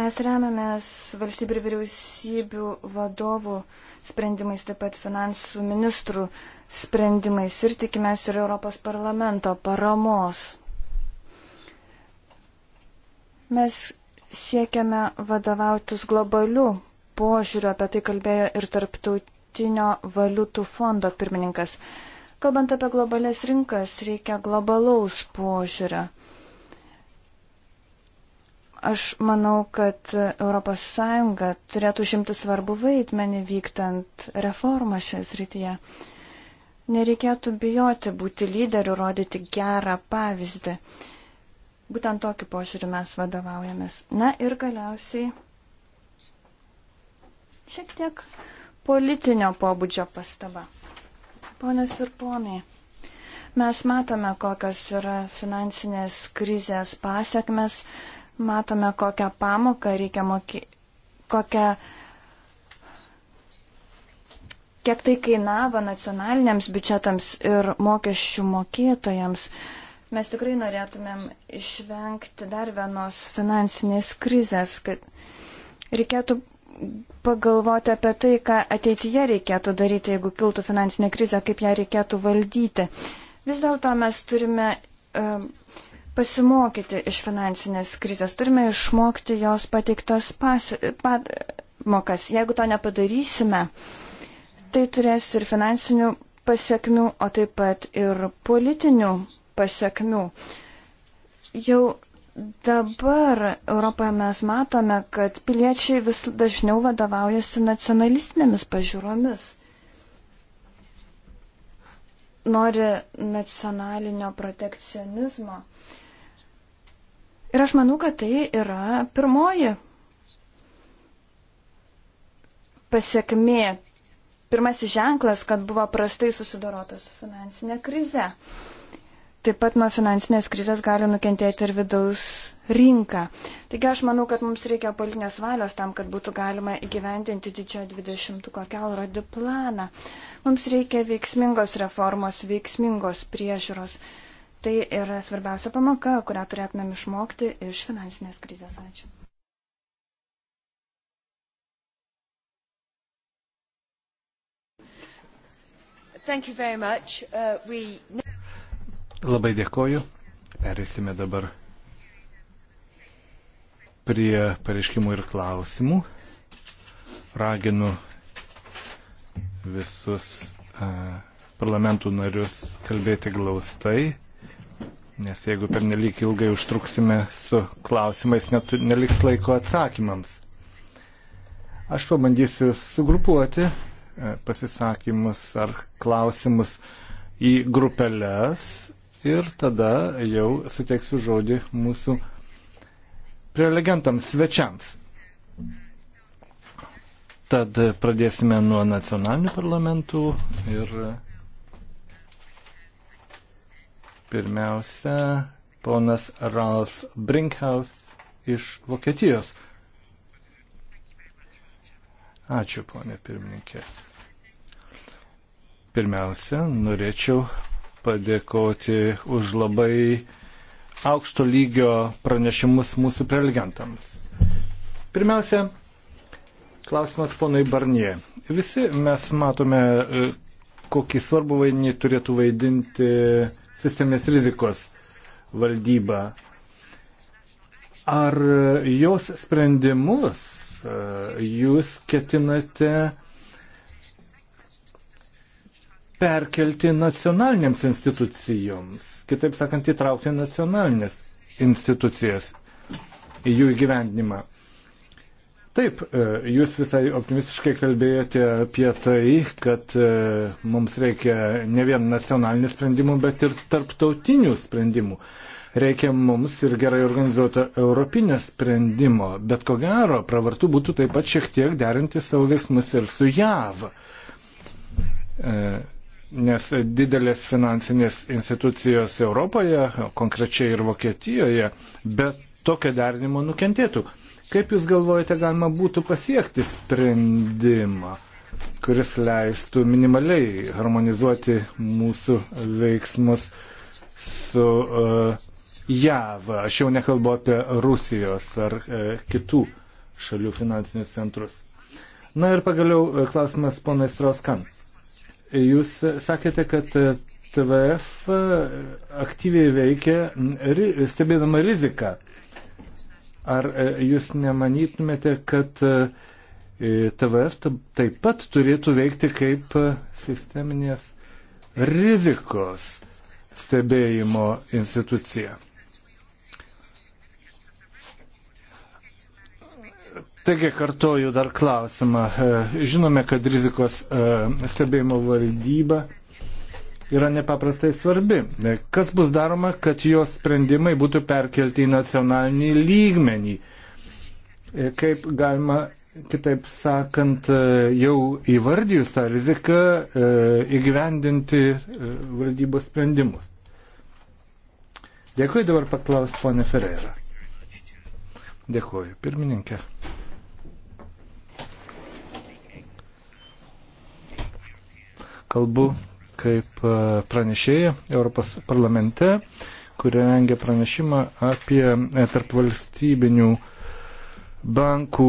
Mes remiamės valstybių ir vyriausybių vadovų sprendimais, taip pat finansų ministrų sprendimais ir tikimės ir Europos parlamento paramos. Mes siekiame vadovautis globalių požiūrių, apie tai kalbėjo ir tarptautinio valiutų fondo pirmininkas. Kalbant apie globalias rinkas, reikia globalaus požiūrio. Aš manau, kad ES turėtų užimti svarbu vaidmenį vyktant reformą šioje srityje. Nereikėtų bijoti būti lyderiu, rodyti gerą pavyzdį. Būtent tokiu požiūriu mes vadovaujamės. Na ir galiausiai šiek tiek politinio pobūdžio pastaba. Ponios ir ponai, mes matome, kokios yra finansinės krizės pasiekmes matome, kokią pamoką reikia mokyti, kokią, kiek tai kainavo nacionaliniams biudžetams ir mokesčių mokėtojams. Mes tikrai norėtumėm išvengti dar vienos finansinės krizės, kad reikėtų pagalvoti apie tai, ką ateityje reikėtų daryti, jeigu kiltų finansinė krizė, kaip ją reikėtų valdyti. Vis dėlto mes turime uh, pasimokyti iš finansinės krizės, turime išmokti jos pateiktas pas, pat, mokas. Jeigu to nepadarysime, tai turės ir finansinių pasiekmių, o taip pat ir politinių pasiekmių. Jau dabar Europoje mes matome, kad piliečiai vis dažniau vadovaujasi nacionalistinėmis pažiūromis nori nacionalinio protekcionizmo. Ir aš manau, kad tai yra pirmoji pasiekmė, pirmasis ženklas, kad buvo prastai susidorota su finansinė krize. Taip pat nuo finansinės krizės gali nukentėti ir vidaus rinka. Taigi aš manau, kad mums reikia politinės valios tam, kad būtų galima įgyvendinti didžiojo 20-ko kelrodį planą. Mums reikia veiksmingos reformos, veiksmingos priežiūros. Tai yra svarbiausia pamoka, kurią turėtumėm išmokti iš finansinės krizės. Ačiū. Uh, we... Labai dėkoju. Perėsime dabar prie pareiškimų ir klausimų. Raginu visus uh, parlamentų narius kalbėti glaustai nes jeigu per nelik ilgai užtruksime su klausimais, netu, neliks laiko atsakymams. Aš pabandysiu sugrupuoti e, pasisakymus ar klausimus į grupeles ir tada jau suteiksiu žodį mūsų prelegentams, svečiams. Tad pradėsime nuo nacionalinių parlamentų ir Pirmiausia, ponas Ralf Brinkhaus iš Vokietijos. Ačiū, ponė pirmininkė. Pirmiausia, norėčiau padėkoti už labai aukšto lygio pranešimus mūsų prelegentams. Pirmiausia, klausimas ponai Barnie. Visi mes matome, e, kokį svarbų vaidinį turėtų vaidinti uh, sistemės rizikos valdyba. Ar jos sprendimus e, jūs ketinate perkelti nacionalinėms institucijoms, kitaip sakant, įtraukti nacionalinės institucijas į jų įgyvendinimą. Taip, e, jūs visai optimistiškai kalbėjote apie tai, kad e, mums reikia ne vien nacionalinių sprendimų, bet ir tarptautinių sprendimų. Reikia mums ir gerai organizuoto europinio sprendimo, bet ko gero, pravartu būtų taip pat šiek tiek derinti savo veiksmus ir su JAV e, nes didelės finansinės institucijos Europoje, konkrečiai ir Vokietijoje, bet tokio derinimo nukentėtų. Kaip Jūs galvojate, galima būtų pasiekti sprendimą, kuris leistų minimaliai harmonizuoti mūsų veiksmus su uh, JAV? Aš jau nekalbu apie Rusijos ar uh, kitų šalių finansinius centrus. Na ir pagaliau e, klausimas ponai Strauskan. Jūs sakėte, kad TVF aktyviai veikia stebėdama riziką Ar e, jūs nemanytumėte, kad e, e, TVF taip pat turėtų veikti kaip sisteminės rizikos stebėjimo institucija? Taigi kartoju dar klausimą. Žinome, kad rizikos stebėjimo valdyba yra nepaprastai svarbi. Kas bus daroma, kad jos sprendimai būtų perkelti į nacionalinį lygmenį? Kaip galima, kitaip sakant, jau įvardijus tą riziką, įgyvendinti e, valdybos sprendimus? Dėkui dabar paklaus ponė Ferreira. Dėkuoju, pirmininkė. Kalbu kaip e, pranešėja Europos parlamente, kuri rengia pranešimą apie e, tarp valstybinių bankų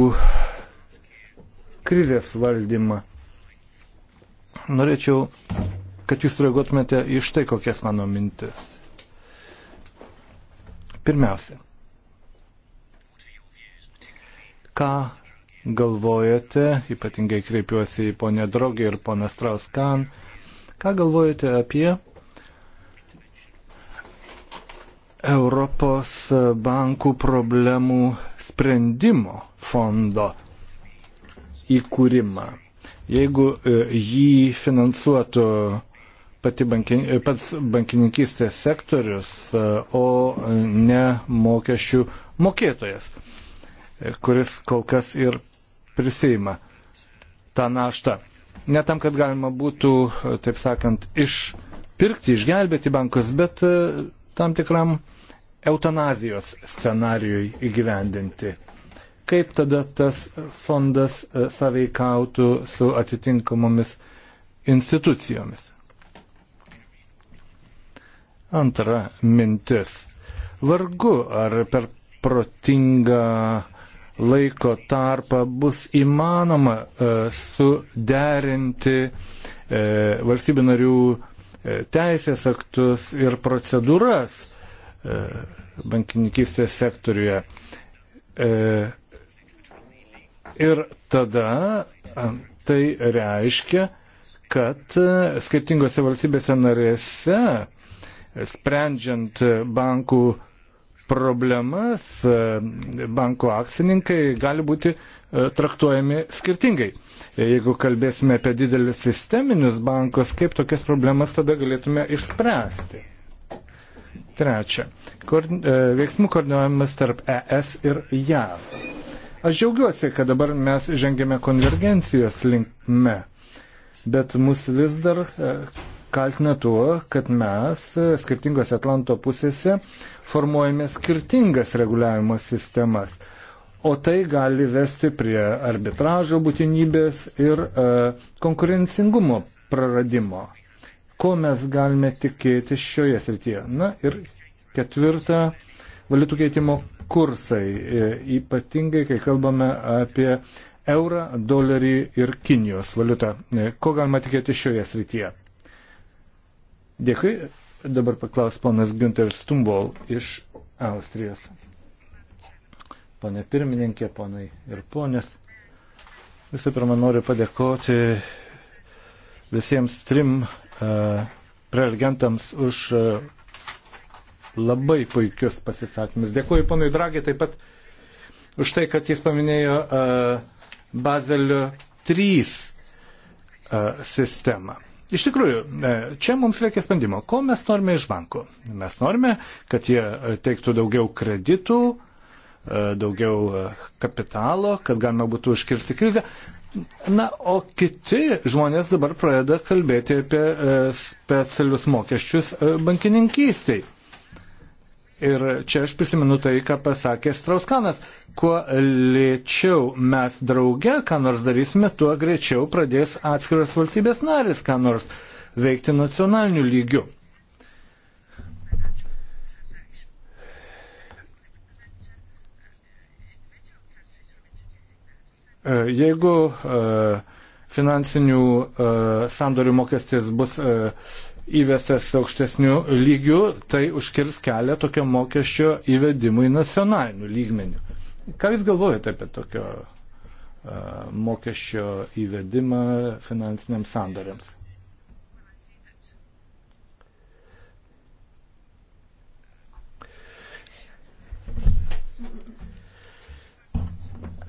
krizės valdymą. Norėčiau, kad jūs reaguotumėte iš tai, kokias mano mintis. Pirmiausia, ką galvojate, ypatingai kreipiuosi į ponę Drogį ir poną Strauskan, Ką galvojate apie Europos bankų problemų sprendimo fondo įkūrimą? Jeigu e, jį finansuotų pati bankin, e, pats bankininkystės sektorius, e, o ne mokesčių mokėtojas, kuris kol kas ir prisima tą naštą ne tam, kad galima būtų, taip sakant, išpirkti, išgelbėti bankus, bet e, tam tikram eutanazijos scenarijui įgyvendinti. Kaip tada tas fondas e, saveikautų su atitinkamomis institucijomis? Antra mintis. Vargu ar per protingą laiko tarpą bus įmanoma e, suderinti e, valstybių narių e, teisės aktus ir procedūras bankininkystės sektoriuje. Ir tada tai reiškia, kad skirtingose valstybėse narėse, sprendžiant bankų problemas e, banko akcininkai gali būti e, traktuojami skirtingai. E, jeigu kalbėsime apie didelius sisteminius bankus, kaip tokias problemas tada galėtume išspręsti. Trečia. Veiksmų koordinavimas tarp ES ir JAV. Aš džiaugiuosi, kad dabar mes žengėme konvergencijos linkme, bet mus vis dar kaltina tuo, kad mes e, skirtingose Atlanto pusėse formuojame skirtingas reguliavimo sistemas. O tai gali vesti prie arbitražo būtinybės ir e, konkurencingumo praradimo. Ko mes galime tikėti šioje srityje? Na ir ketvirta, valiutų keitimo kursai, e, ypatingai kai kalbame apie eurą, dolerį ir Kinijos valiutą. E, ko galima tikėti šioje srityje? Dėkui. Dabar paklaus ponas Günter Stumbol iš Austrijos. Pane pirmininkė, ponai ir ponės. Visų pirma, noriu padėkoti visiems trim uh, prelegentams už uh, labai puikius pasisakymus. Dėkuoju ponui Dragiai taip pat už tai, kad jis paminėjo uh, Bazelio 3 uh, sistemą. Iš tikrųjų, e, čia mums reikia sprendimo. Ko mes norime iš bankų? Mes norime, kad jie e, teiktų daugiau kreditų, e, daugiau kapitalo, kad galima būtų užkirsti krizę. Na, o kiti žmonės dabar pradeda kalbėti apie specialius mokesčius bankininkystiai. Ir čia aš prisimenu tai, ką pasakė Strauskanas. Kuo lėčiau mes drauge, ką nors darysime, tuo greičiau pradės atskiros valstybės narės, ką nors veikti nacionaliniu lygiu. E, jeigu e, finansinių e, sandorių mokestis bus įvestas aukštesnių lygių, tai užkirs kelią tokio mokesčio įvedimui nacionaliniu lygmeniu. Ką Jūs galvojate apie tokio uh, mokesčio įvedimą finansiniams sandoriams?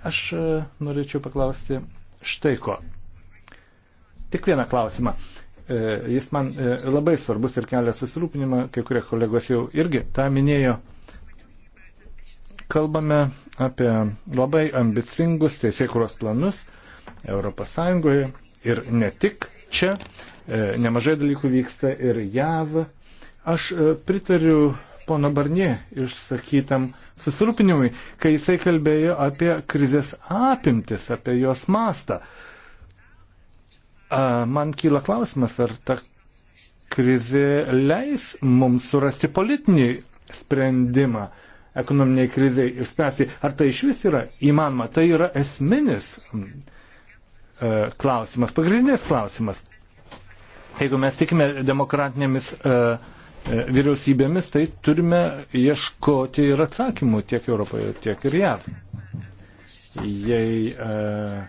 Aš norėčiau paklausti štai ko. Tik vieną klausimą. Uh, E, jis man e, labai svarbus ir kelia susirūpinimą, kai kurie kolegos jau irgi tą minėjo. Kalbame apie labai ambicingus teisėkuros planus ES ir ne tik čia. E, nemažai dalykų vyksta ir JAV. Aš pritariu pono Barnie išsakytam susirūpinimui, kai jisai kalbėjo apie krizės apimtis, apie jos mastą man kyla klausimas, ar ta krizė leis mums surasti politinį sprendimą ekonominiai kriziai išspręsti. Ar tai iš vis yra įmanoma? Tai yra esminis e, klausimas, pagrindinis klausimas. Jeigu mes tikime demokratinėmis e, e, vyriausybėmis, tai turime ieškoti ir atsakymų tiek Europoje, tiek ir JAV. Jei uh,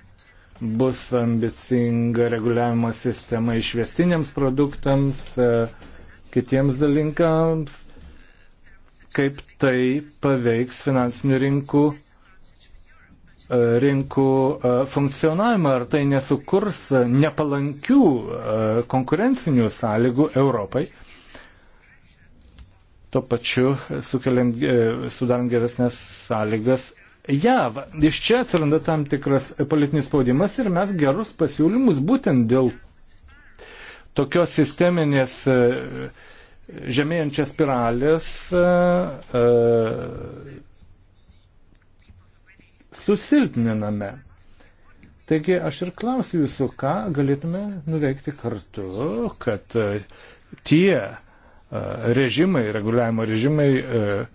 bus ambicinga reguliavimo sistema išvestiniams produktams, e, kitiems dalinkams, kaip tai paveiks finansinių rinkų, e, rinkų e, funkcionavimą, ar tai nesukurs nepalankių konkurencinių sąlygų Europai. Tuo pačiu sukeliant, sudarant geresnės sąlygas JAV. Iš čia atsiranda tam tikras politinis spaudimas ir mes gerus pasiūlymus būtent dėl tokios sisteminės e, žemėjančios spiralės e, e, susilpniname. Taigi aš ir klausiu jūsų, ką galėtume nuveikti kartu, kad tie režimai, reguliavimo režimai, uh,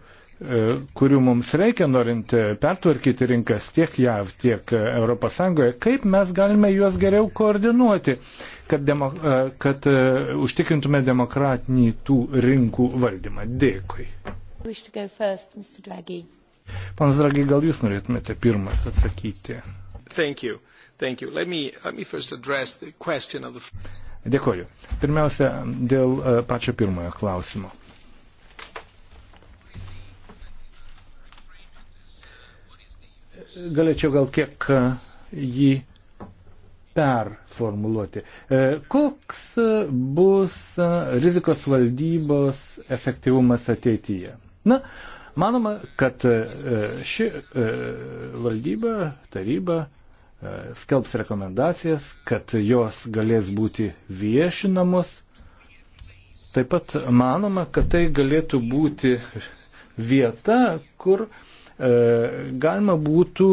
E, kurių mums reikia norint e, pertvarkyti rinkas tiek JAV, tiek ES, kaip mes galime juos geriau koordinuoti, kad, demo, e, kad užtikrintume demokratinį tų rinkų valdymą. Dėkui. First, Panas Dragi, gal jūs norėtumėte pirmas atsakyti? Thank you. Thank you. Let me, let me first address the question of the... Dėkoju. Pirmiausia, dėl pačio pirmojo klausimo. Galėčiau gal kiek e, jį performuluoti. E, koks bus e, rizikos valdybos efektyvumas ateityje? Na, manoma, kad ši valdyba, taryba skelbs rekomendacijas, kad jos galės būti viešinamos. Taip pat manoma, kad tai galėtų būti vieta, kur uh, E, galima būtų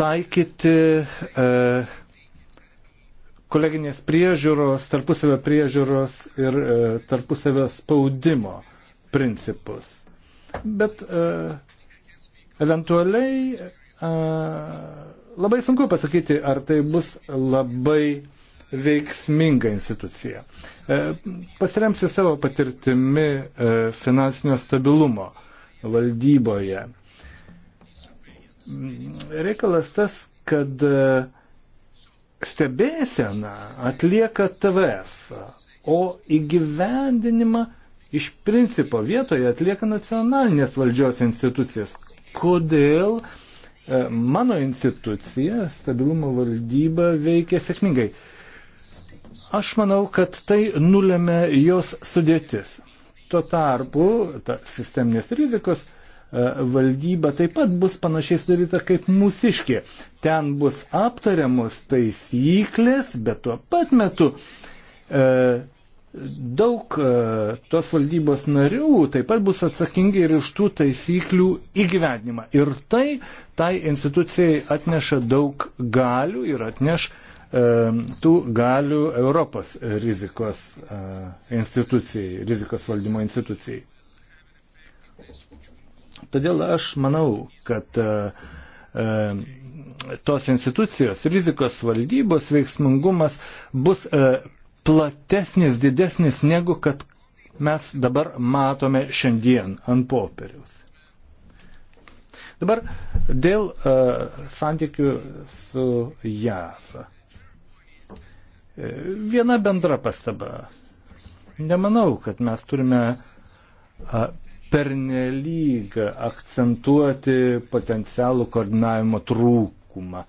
taikyti e, koleginės priežiūros, tarpusavio priežiūros ir e, tarpusavio spaudimo principus. Bet eventualiai labai sunku pasakyti, ar tai bus labai veiksminga institucija. Pasiremsiu savo patirtimi finansinio stabilumo valdyboje. Reikalas tas, kad e, stebėseną atlieka TVF, o įgyvendinimą iš principo vietoje atlieka nacionalinės valdžios institucijas. Kodėl e, mano institucija, stabilumo valdyba, veikia sėkmingai? Aš manau, kad tai nulėmė jos sudėtis. Tuo tarpu ta sisteminės rizikos e, valdyba taip pat bus panašiai sudaryta kaip mūsiškė. Ten bus aptariamos taisyklės, bet tuo pat metu e, daug e, tos valdybos narių taip pat bus atsakingi ir už tų taisyklių įgyvendinimą. Ir tai tai institucijai atneša daug galių ir atneš e, tų galių Europos rizikos institucijai, rizikos valdymo institucijai. Todėl aš manau, kad tos institucijos rizikos valdybos veiksmingumas bus platesnis, didesnis negu kad mes dabar matome šiandien ant popieriaus. Dabar dėl uh, santykių su JAV. Uh, Viena bendra pastaba. Nemanau, kad mes turime pernelyg akcentuoti potencialų koordinavimo trūkumą.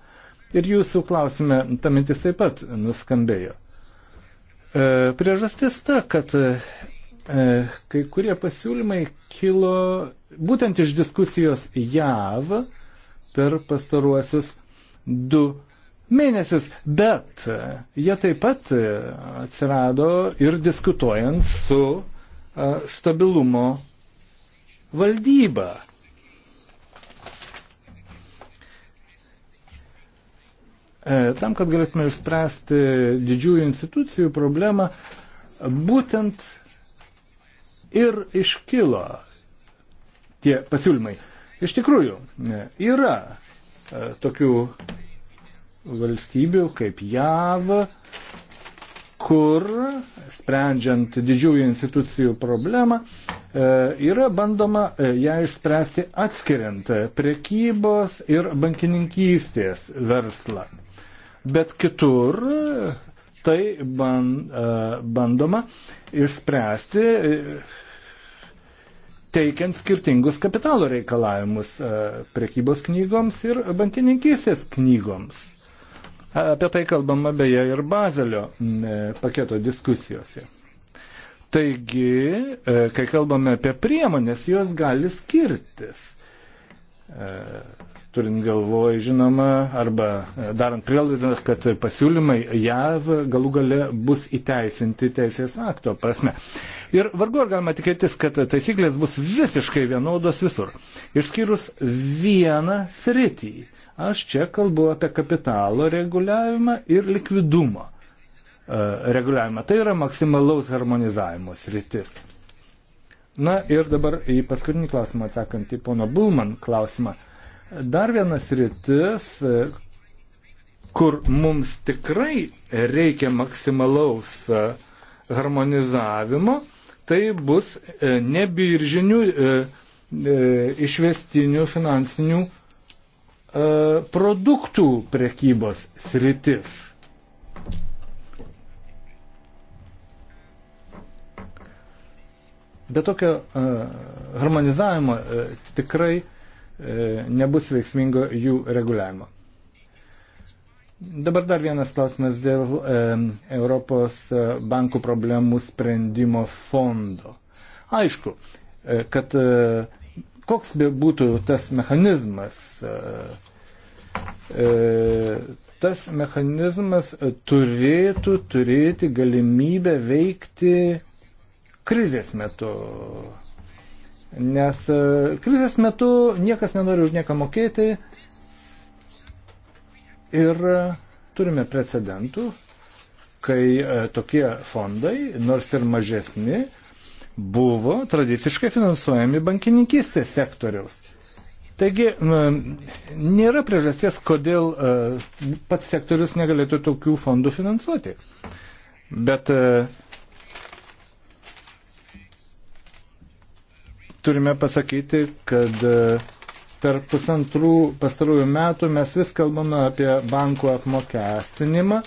Ir jūsų klausime, ta mintis taip pat nuskambėjo. E, priežastis ta, kad e, kai kurie pasiūlymai kilo būtent iš diskusijos JAV per pastaruosius du mėnesius, bet jie taip pat atsirado ir diskutuojant su stabilumo valdyba. E, tam, kad galėtume išspręsti didžiųjų institucijų problemą, būtent ir iškilo tie pasiūlymai. Iš tikrųjų, e, yra e, tokių valstybių kaip JAV, kur, sprendžiant didžiųjų institucijų problemą, e, yra bandoma e, ją išspręsti atskiriant prekybos ir bankininkystės verslą. Bet kitur tai e, bandoma išspręsti teikiant skirtingus kapitalo reikalavimus prekybos knygoms ir bankininkystės knygoms. Apie tai kalbama beje ir Bazelio e, paketo diskusijose. Taigi, e, kai kalbame apie priemonės, jos gali skirtis. E, turint galvoj, žinoma, arba e, darant prielaidą, kad pasiūlymai JAV galų gale bus įteisinti teisės akto prasme. Ir vargu ar galima tikėtis, kad taisyklės bus visiškai vienodos visur. Išskyrus vieną sritį. Aš čia kalbu apie kapitalo reguliavimą ir likvidumo e, reguliavimą. Tai yra maksimalaus harmonizavimo sritis. Na ir dabar į paskutinį klausimą atsakant į pono Bulman klausimą. Dar vienas rytis, kur mums tikrai reikia maksimalaus e, harmonizavimo, tai bus e, nebiržinių e, išvestinių finansinių produktų prekybos sritis Be tokio e, harmonizavimo e, tikrai e, nebus veiksmingo jų reguliavimo. Dabar dar vienas klausimas dėl e, Europos bankų problemų sprendimo fondo. Aišku, e, kad e, koks būtų tas mechanizmas, e, tas mechanizmas turėtų turėti galimybę veikti krizės metu. Nes e, krizės metu niekas nenori už nieką mokėti ir e, turime precedentų, kai e, tokie fondai, nors ir mažesni, buvo tradiciškai finansuojami bankininkystės sektoriaus. Taigi nėra priežasties, kodėl pats sektorius negalėtų tokių fondų finansuoti. Bet turime pasakyti, kad e, per pusantrų pastarųjų metų mes vis kalbame apie bankų apmokestinimą,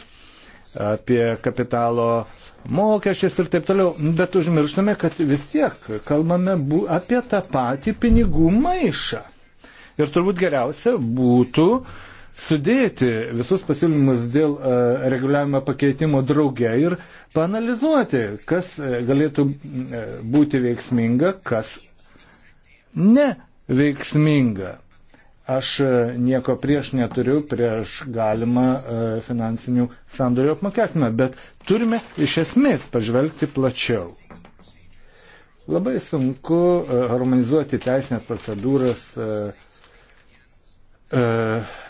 apie kapitalo mokesčius ir taip toliau, bet užmirštame, kad vis tiek kalbame apie tą patį pinigų maišą. Ir turbūt geriausia būtų sudėti visus pasiūlymus dėl uh, reguliavimo pakeitimo drauge ir panalizuoti, kas e, galėtų būti veiksminga, kas neveiksminga. Aš e, nieko prieš neturiu, prieš galimą e, finansinių sandorių apmokestinimą, bet turime iš esmės pažvelgti plačiau. Labai sunku e, harmonizuoti teisinės procedūras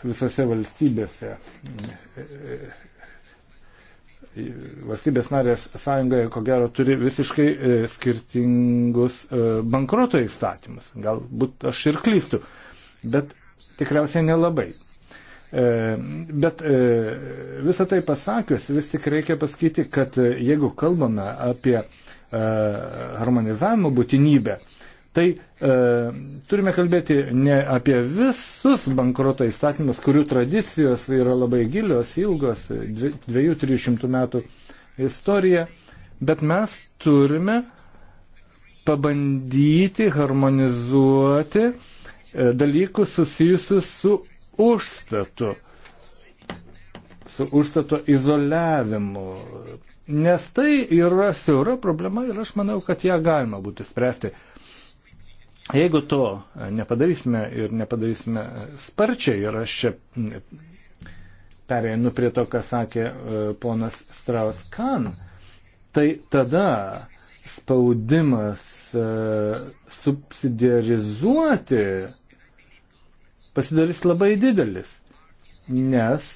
visose valstybėse valstybės narės sąjungoje, ko gero, turi visiškai e, skirtingus e, bankroto įstatymus. Galbūt aš ir klystu, bet tikriausiai nelabai. E, bet visą tai pasakius, vis tik reikia pasakyti, kad jeigu kalbame apie harmonizavimo būtinybę, Tai e, turime kalbėti ne apie visus bankroto įstatymus, kurių tradicijos yra labai gilios, ilgos, 200-300 metų istorija, bet mes turime pabandyti harmonizuoti e, dalykus susijusius su užstatu, su užstato izoliavimu. Nes tai yra siaura problema ir aš manau, kad ją galima būtų spręsti Jeigu to e, nepadarysime ir nepadarysime e, sparčiai, ir aš čia perėjau prie to, ką sakė e, ponas Strauss Kahn, tai tada spaudimas subsidiarizuoti pasidarys labai didelis, nes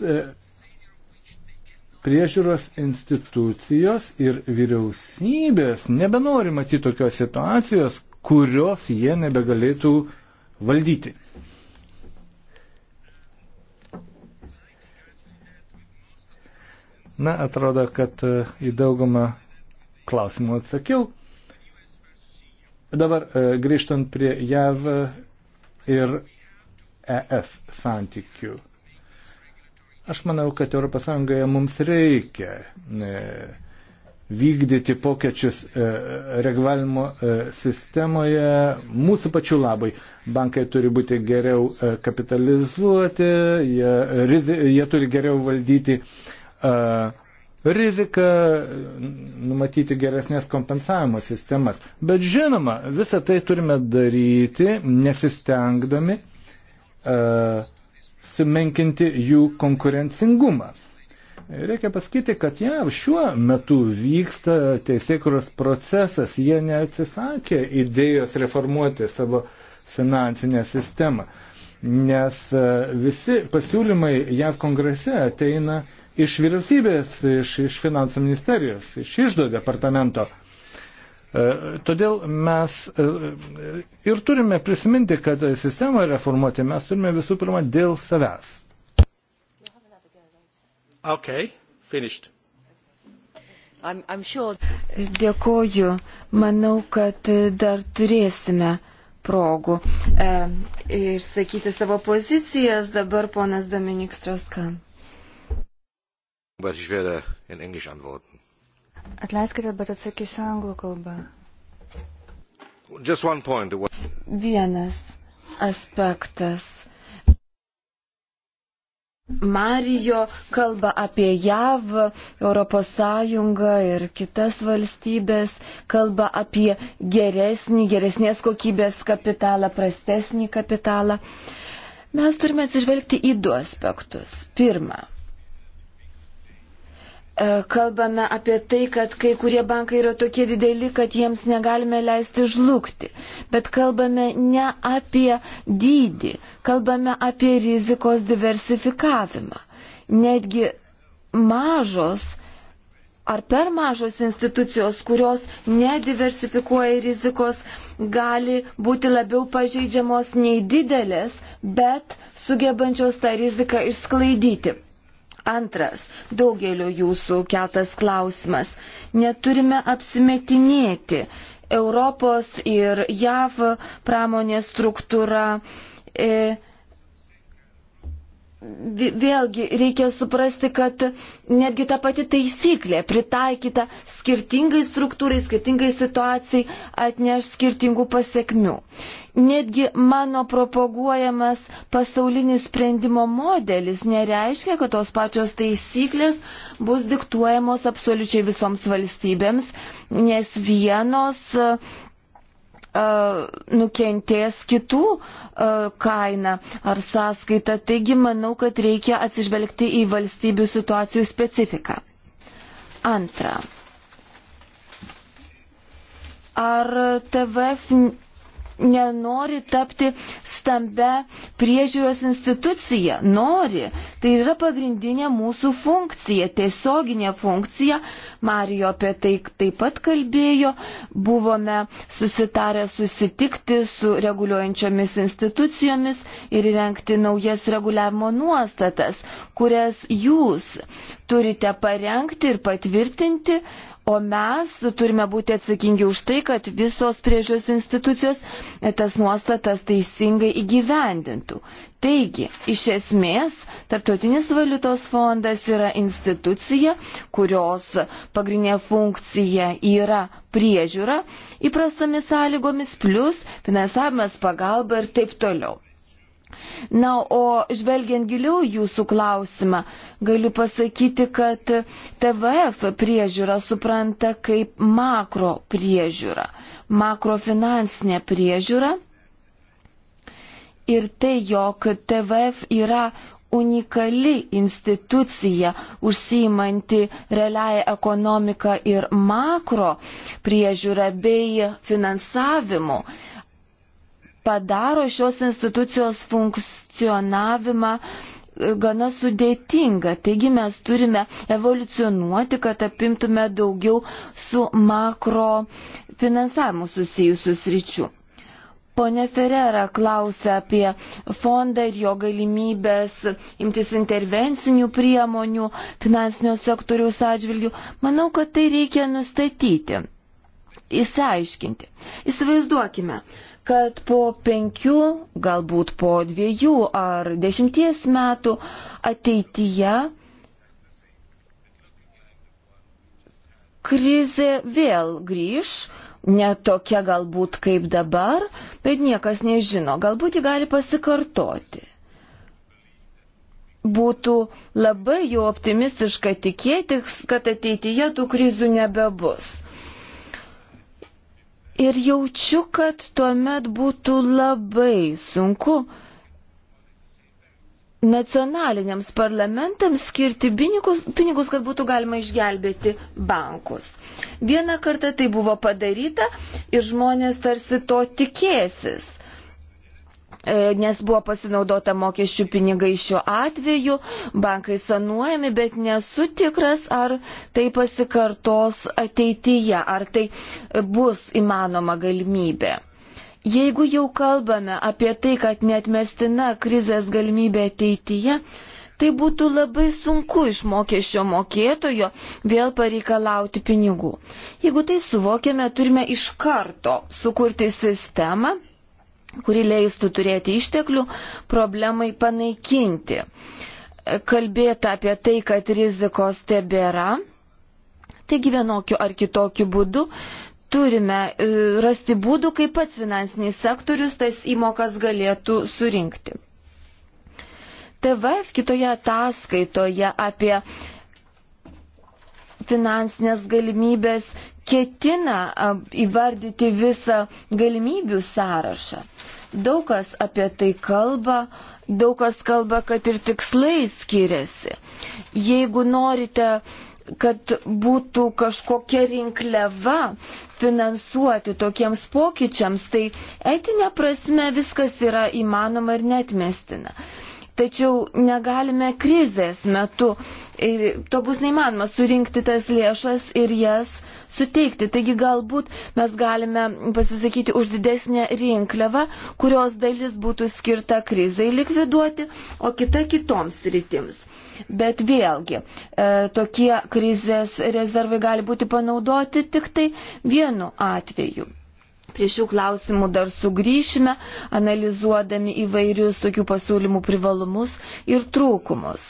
priežiūros institucijos ir vyriausybės nebenori matyti tokios situacijos, kurios jie nebegalėtų valdyti. Na, atrodo, kad e, į daugumą klausimų atsakiau. Dabar e, grįžtant prie JAV ir ES santykių. Aš manau, kad ES mums reikia e, vykdyti pokyčius e, reguliavimo e, sistemoje mūsų pačių labai. Bankai turi būti geriau e, kapitalizuoti, jie, jie turi geriau valdyti riziką, numatyti geresnės kompensavimo sistemas. Bet žinoma, visą tai turime daryti nesistengdami sumenkinti jų konkurencingumą. Reikia pasakyti, kad jav šiuo metu vyksta teisėkuros procesas, jie neatsisakė idėjos reformuoti savo finansinę sistemą, nes e, visi pasiūlymai jav kongrese ateina iš vyriausybės, iš, iš finansų ministerijos, iš išdo departamento. E, todėl mes e, ir turime prisiminti, kad sistemą reformuoti mes turime visų pirma dėl savęs. Okay, finished. I'm, I'm sure... Dėkoju. Manau, kad e, dar turėsime progų e, išsakyti savo pozicijas. Dabar ponas Dominik Straskan. Atleiskite, bet atsakysiu anglų kalbą. Vienas aspektas Marijo kalba apie JAV, ES ir kitas valstybės, kalba apie geresnį, geresnės kokybės kapitalą, prastesnį kapitalą. Mes turime atsižvelgti į du aspektus. Pirma, E, kalbame apie tai, kad kai kurie bankai yra tokie dideli, kad jiems negalime leisti žlugti. Bet kalbame ne apie dydį, kalbame apie rizikos diversifikavimą. Netgi mažos ar per mažos institucijos, kurios nediversifikuoja rizikos, gali būti labiau pažeidžiamos nei didelės, bet sugebančios tą riziką išsklaidyti. Antras, daugelio jūsų keltas klausimas. Neturime apsimetinėti. Europos ir JAV pramonės struktūra. E, Vėlgi reikia suprasti, kad netgi ta pati taisyklė pritaikyta skirtingai struktūrai, skirtingai situacijai atneš skirtingų pasiekmių netgi mano propaguojamas pasaulinis sprendimo modelis nereiškia, kad tos pačios taisyklės bus diktuojamos absoliučiai visoms valstybėms, nes vienos e, e, nukentės kitų e, kainą ar sąskaitą. Taigi manau, kad reikia atsižvelgti į valstybių situacijų specifiką. Antra. Ar TVF nenori tapti stambe priežiūros institucija. Nori. Tai yra pagrindinė mūsų funkcija, tiesioginė funkcija. Marijo apie tai taip pat kalbėjo. Buvome susitarę susitikti su reguliuojančiomis institucijomis ir renkti naujas reguliavimo nuostatas, kurias jūs turite parengti ir patvirtinti, O mes turime būti atsakingi už tai, kad visos priežios institucijos tas nuostatas teisingai įgyvendintų. Taigi, iš esmės, Tarptautinis valiutos fondas yra institucija, kurios pagrindinė funkcija yra priežiūra įprastomis sąlygomis, plus finansavimas, pagalba ir taip toliau. Na, o žvelgiant giliau jūsų klausimą, galiu pasakyti, kad TVF priežiūra supranta kaip makro priežiūra, makrofinansinė priežiūra. Ir tai, jog TVF yra unikali institucija užsijimanti realiai ekonomiką ir makro priežiūrą bei finansavimu padaro šios institucijos funkcionavimą e, gana sudėtinga. Taigi mes turime evoliucionuoti, kad apimtume daugiau su makro finansavimu susijusių sričių. Pone Ferrera klausia apie fondą ir jo galimybės imtis intervencinių priemonių finansinio sektoriaus atžvilgių. Manau, kad tai reikia nustatyti, įsiaiškinti. Įsivaizduokime, kad po penkių, galbūt po dviejų ar dešimties metų ateityje krizė vėl grįž, ne tokia galbūt kaip dabar, bet niekas nežino, galbūt ji gali pasikartoti. Būtų labai jau optimistiška tikėtis, kad ateityje tų krizių nebebus. Ir jaučiu, kad tuomet būtų labai sunku nacionaliniams parlamentams skirti pinigus, pinigus, kad būtų galima išgelbėti bankus. Vieną kartą tai buvo padaryta ir žmonės tarsi to tikėsis. E, nes buvo pasinaudota mokesčių pinigai šiuo atveju, bankai sanuojami, bet nesu tikras, ar tai pasikartos ateityje, ar tai bus įmanoma galimybė. Jeigu jau kalbame apie tai, kad netmestina krizės galimybė ateityje, tai būtų labai sunku iš mokesčio mokėtojo vėl pareikalauti pinigų. Jeigu tai suvokiame, turime iš karto sukurti sistemą, kuri leistų turėti išteklių problemai panaikinti. Kalbėta apie tai, kad rizikos tebėra, taigi vienokiu ar kitokiu būdu turime e, rasti būdų, kaip pats finansinis sektorius tas įmokas galėtų surinkti. TVF kitoje ataskaitoje apie finansinės galimybės ketina įvardyti visą galimybių sąrašą. Daug kas apie tai kalba, daug kas kalba, kad ir tikslai skiriasi. Jeigu norite, kad būtų kažkokia rinkliava finansuoti tokiems pokyčiams, tai etinė prasme viskas yra įmanoma ir netmestina. Tačiau negalime krizės metu, e, to bus neįmanoma surinkti tas lėšas ir jas uh, suteikti. Taigi galbūt mes galime pasisakyti už didesnę rinkliavą, kurios dalis būtų skirta krizai likviduoti, o kita kitoms rytims. Bet vėlgi, e, tokie krizės rezervai gali būti panaudoti tik tai vienu atveju. Prie šių klausimų dar sugrįšime, analizuodami įvairius tokių pasiūlymų privalumus ir trūkumus.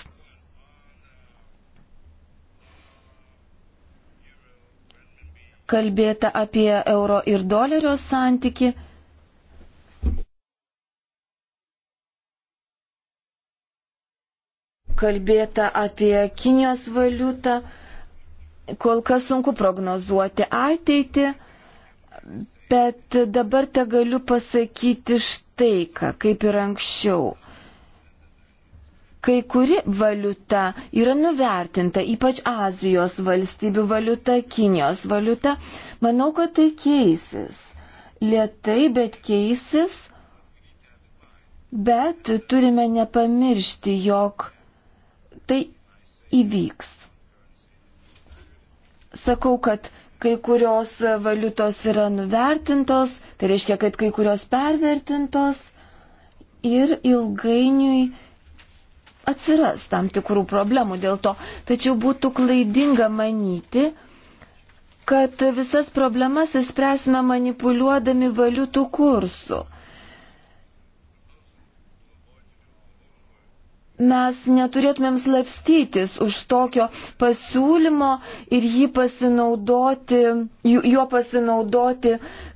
kalbėta apie euro ir dolerio santyki. Kalbėta apie Kinijos valiutą. Kol kas sunku prognozuoti ateitį, bet dabar te galiu pasakyti štai ką, kaip ir anksčiau kai kuri valiuta yra nuvertinta, ypač Azijos valstybių valiuta, Kinijos valiuta. Manau, kad tai keisis. Lietai, bet keisis. Bet turime nepamiršti, jog tai įvyks. Sakau, kad kai kurios valiutos yra nuvertintos, tai reiškia, kad kai kurios pervertintos ir ilgainiui atsiras tam tikrų problemų dėl to. Tačiau būtų klaidinga manyti, kad visas problemas įspręsime manipuliuodami valiutų kursų. mes neturėtumėm slapstytis už tokio pasiūlymo ir jį pasinaudoti, juo pasinaudoti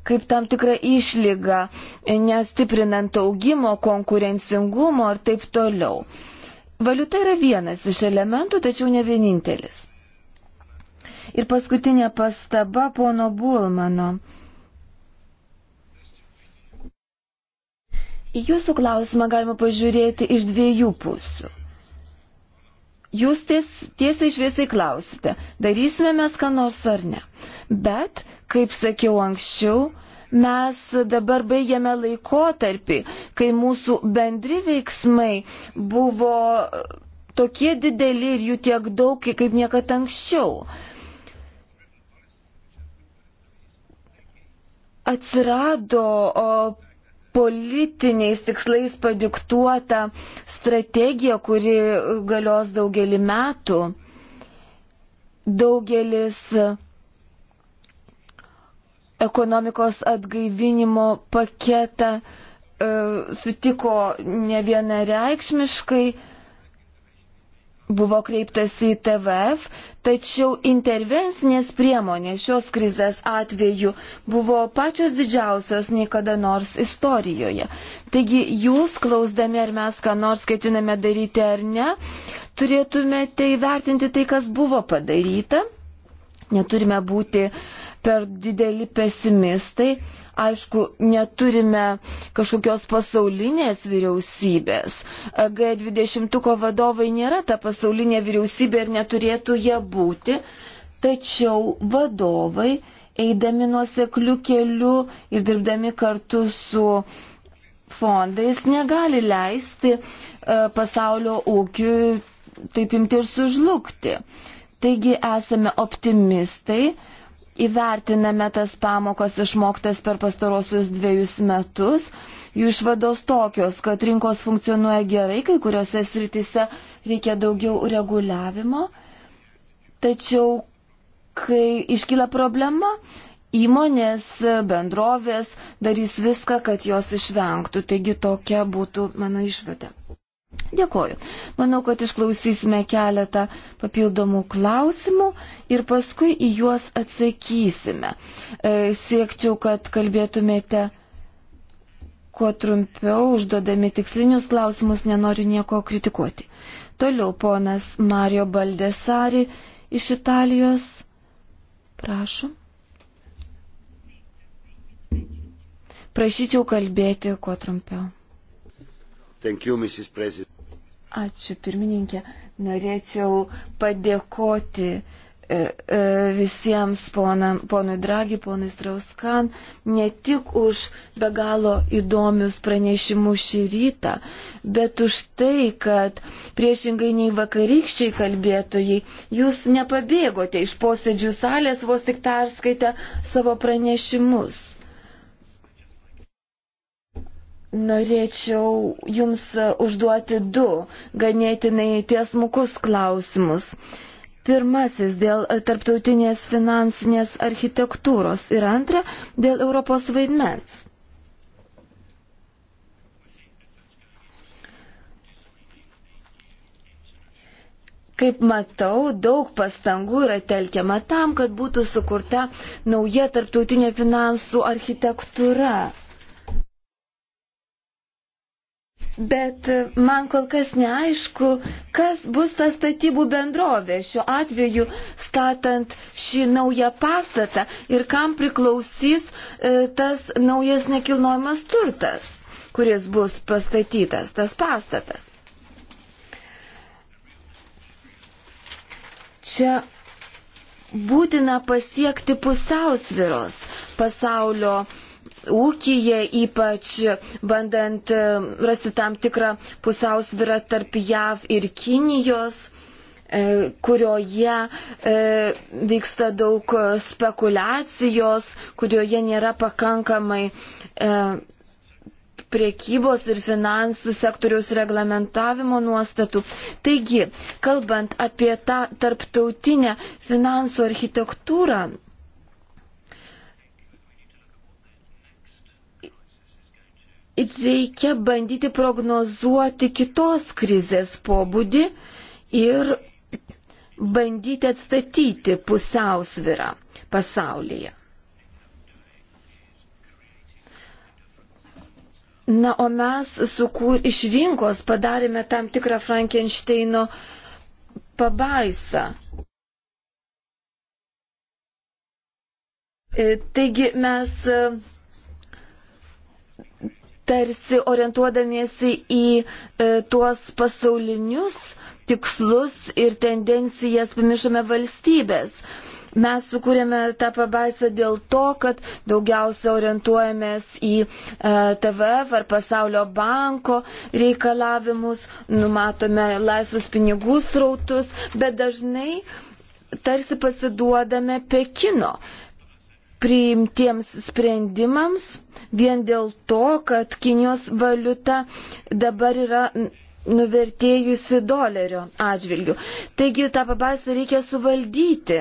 kaip tam tikrą išlygą, nestiprinant augimo, konkurencingumo ir taip toliau. Valiuta yra vienas iš elementų, tačiau ne vienintelis. Ir paskutinė pastaba pono Bulmano. Į jūsų klausimą galima pažiūrėti iš dviejų pusių. Jūs ties, tiesiai išviesiai klausite, darysime mes ką nors ar ne. Bet, kaip sakiau anksčiau, mes dabar baigiame laikotarpį, kai mūsų bendri veiksmai buvo tokie dideli ir jų tiek daug, kaip niekada anksčiau. Atsirado o, politiniais tikslais padiktuota strategija, kuri galios daugelį metų. Daugelis ekonomikos atgaivinimo paketą e, sutiko ne vienareikšmiškai, buvo kreiptasi į TVF, tačiau intervencinės priemonės šios krizės atveju buvo pačios didžiausios nei kada nors istorijoje. Taigi jūs, klausdami ar mes ką nors ketiname daryti ar ne, turėtumėte įvertinti tai, kas buvo padaryta. Neturime būti uh, per dideli pesimistai. Aišku, neturime kažkokios pasaulinės vyriausybės. G20 vadovai nėra ta pasaulinė vyriausybė ir neturėtų jie būti. Tačiau vadovai, eidami nuosekliu keliu ir dirbdami kartu su fondais, negali leisti e, pasaulio ūkiui taip imti ir sužlugti. Taigi esame optimistai, įvertiname tas pamokas išmoktas per pastarosius dviejus metus. Jų išvados tokios, kad rinkos funkcionuoja gerai, kai kuriuose sritise reikia daugiau reguliavimo. Tačiau, kai iškyla problema, įmonės, bendrovės darys viską, kad jos išvengtų. Taigi tokia būtų mano išvada. Dėkoju. Manau, kad išklausysime keletą papildomų klausimų ir paskui į juos atsakysime. E, siekčiau, kad kalbėtumėte kuo trumpiau, užduodami tikslinius klausimus, nenoriu nieko kritikuoti. Toliau ponas Mario Baldesari iš Italijos. Prašom. Prašyčiau kalbėti kuo trumpiau. Thank you, Mrs. President. Ačiū, pirmininkė. Norėčiau padėkoti e, e, visiems ponam, ponui Dragi, ponui Strauskan, ne tik už be galo įdomius pranešimus šį rytą, bet už tai, kad priešingai nei vakarykščiai kalbėtojai, jūs nepabėgote iš posėdžių salės, vos tik perskaitę savo pranešimus norėčiau Jums e, užduoti du ganėtinai tiesmukus klausimus. Pirmasis dėl e, tarptautinės finansinės architektūros ir antra dėl Europos vaidmens. Kaip matau, daug pastangų yra telkiama tam, kad būtų sukurta nauja tarptautinė finansų architektūra. Bet e, man kol kas neaišku, kas bus ta statybų bendrovė šiuo atveju statant šį naują pastatą ir kam priklausys e, tas naujas nekilnojamas turtas, kuris bus pastatytas, tas pastatas. Čia būtina pasiekti pusiausviros pasaulio ūkyje, ypač bandant e, rasti tam tikrą pusiausvyrą tarp JAV ir Kinijos e, kurioje e, vyksta daug spekulacijos, kurioje nėra pakankamai priekybos ir finansų sektoriaus reglamentavimo nuostatų. Taigi, kalbant apie tą tarptautinę finansų architektūrą, reikia bandyti prognozuoti kitos krizės pobūdį ir bandyti atstatyti pusiausvirą pasaulyje. Na, o mes sukūr, iš rinkos padarėme tam tikrą Frankensteino pabaisą. E, taigi mes tarsi orientuodamiesi į e, tuos pasaulinius tikslus ir tendencijas pamiršome valstybės. Mes sukūrėme tą pabaisą dėl to, kad daugiausia orientuojamės į e, TVF ar pasaulio banko reikalavimus, numatome laisvus pinigus rautus, bet dažnai tarsi pasiduodame Pekino priimtiems sprendimams vien dėl to, kad Kinijos valiuta dabar yra nuvertėjusi dolerio atžvilgių. Taigi tą pabasą reikia suvaldyti.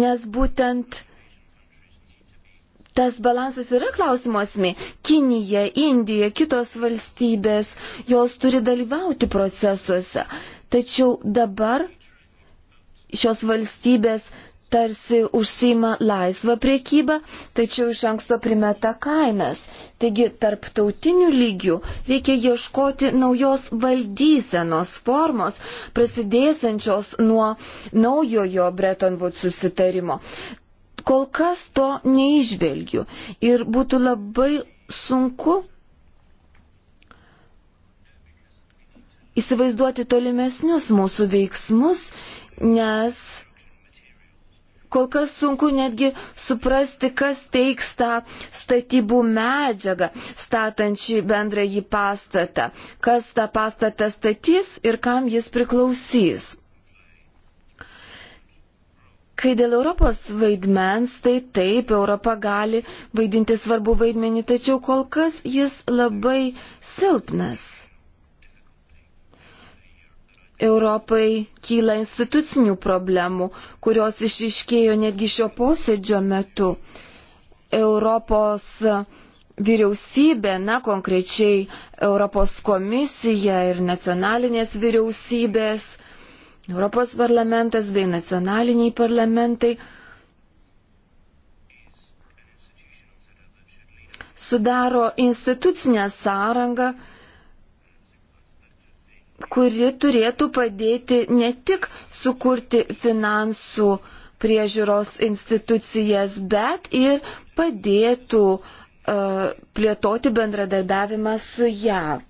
Nes būtent tas balansas yra klausimo esmė. Kinija, Indija, kitos valstybės, jos turi dalyvauti procesuose. Tačiau dabar šios valstybės tarsi užsima laisvą priekybą, tačiau iš anksto primeta kainas. Taigi tarptautinių lygių reikia ieškoti naujos valdysenos formos, prasidėsiančios nuo naujojo Bretton Woods susitarimo. Kol kas to neižvelgiu ir būtų labai sunku įsivaizduoti tolimesnius mūsų veiksmus nes kol kas sunku netgi suprasti, kas teiks tą statybų medžiagą, statant šį bendrąjį pastatą, kas tą pastatą statys ir kam jis priklausys. Kai dėl Europos vaidmens, tai taip, Europa gali vaidinti svarbu vaidmenį, tačiau kol kas jis labai silpnas. Europai kyla institucinių problemų, kurios išiškėjo netgi šio posėdžio metu. Europos vyriausybė, na konkrečiai Europos komisija ir nacionalinės vyriausybės, Europos parlamentas bei nacionaliniai parlamentai sudaro institucinę sąrangą, kuri turėtų padėti ne tik sukurti finansų priežiūros institucijas, bet ir padėtų uh, plėtoti bendradarbiavimą su JAV.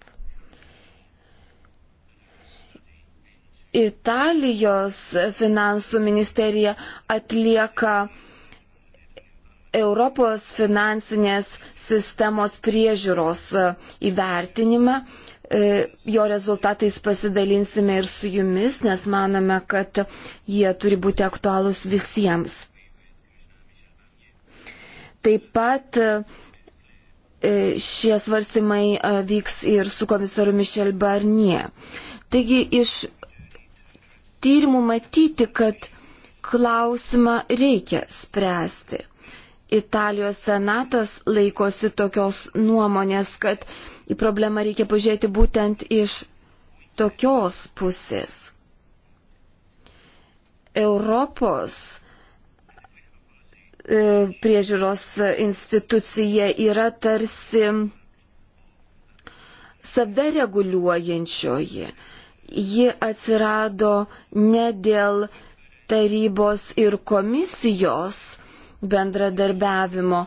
Italijos finansų ministerija atlieka Europos finansinės sistemos priežiūros e, įvertinimą E, jo rezultatais pasidalinsime ir su jumis, nes manome, kad jie turi būti aktualūs visiems. Taip pat e, šie svarstymai e, vyks ir su komisaru Mišel Barnie. Taigi iš tyrimų matyti, kad klausimą reikia spręsti. Italijos senatas laikosi tokios nuomonės, kad į problemą reikia pažiūrėti būtent iš tokios pusės. Europos e, priežiūros institucija yra tarsi save reguliuojančioji. Ji atsirado ne dėl tarybos ir komisijos bendradarbiavimo,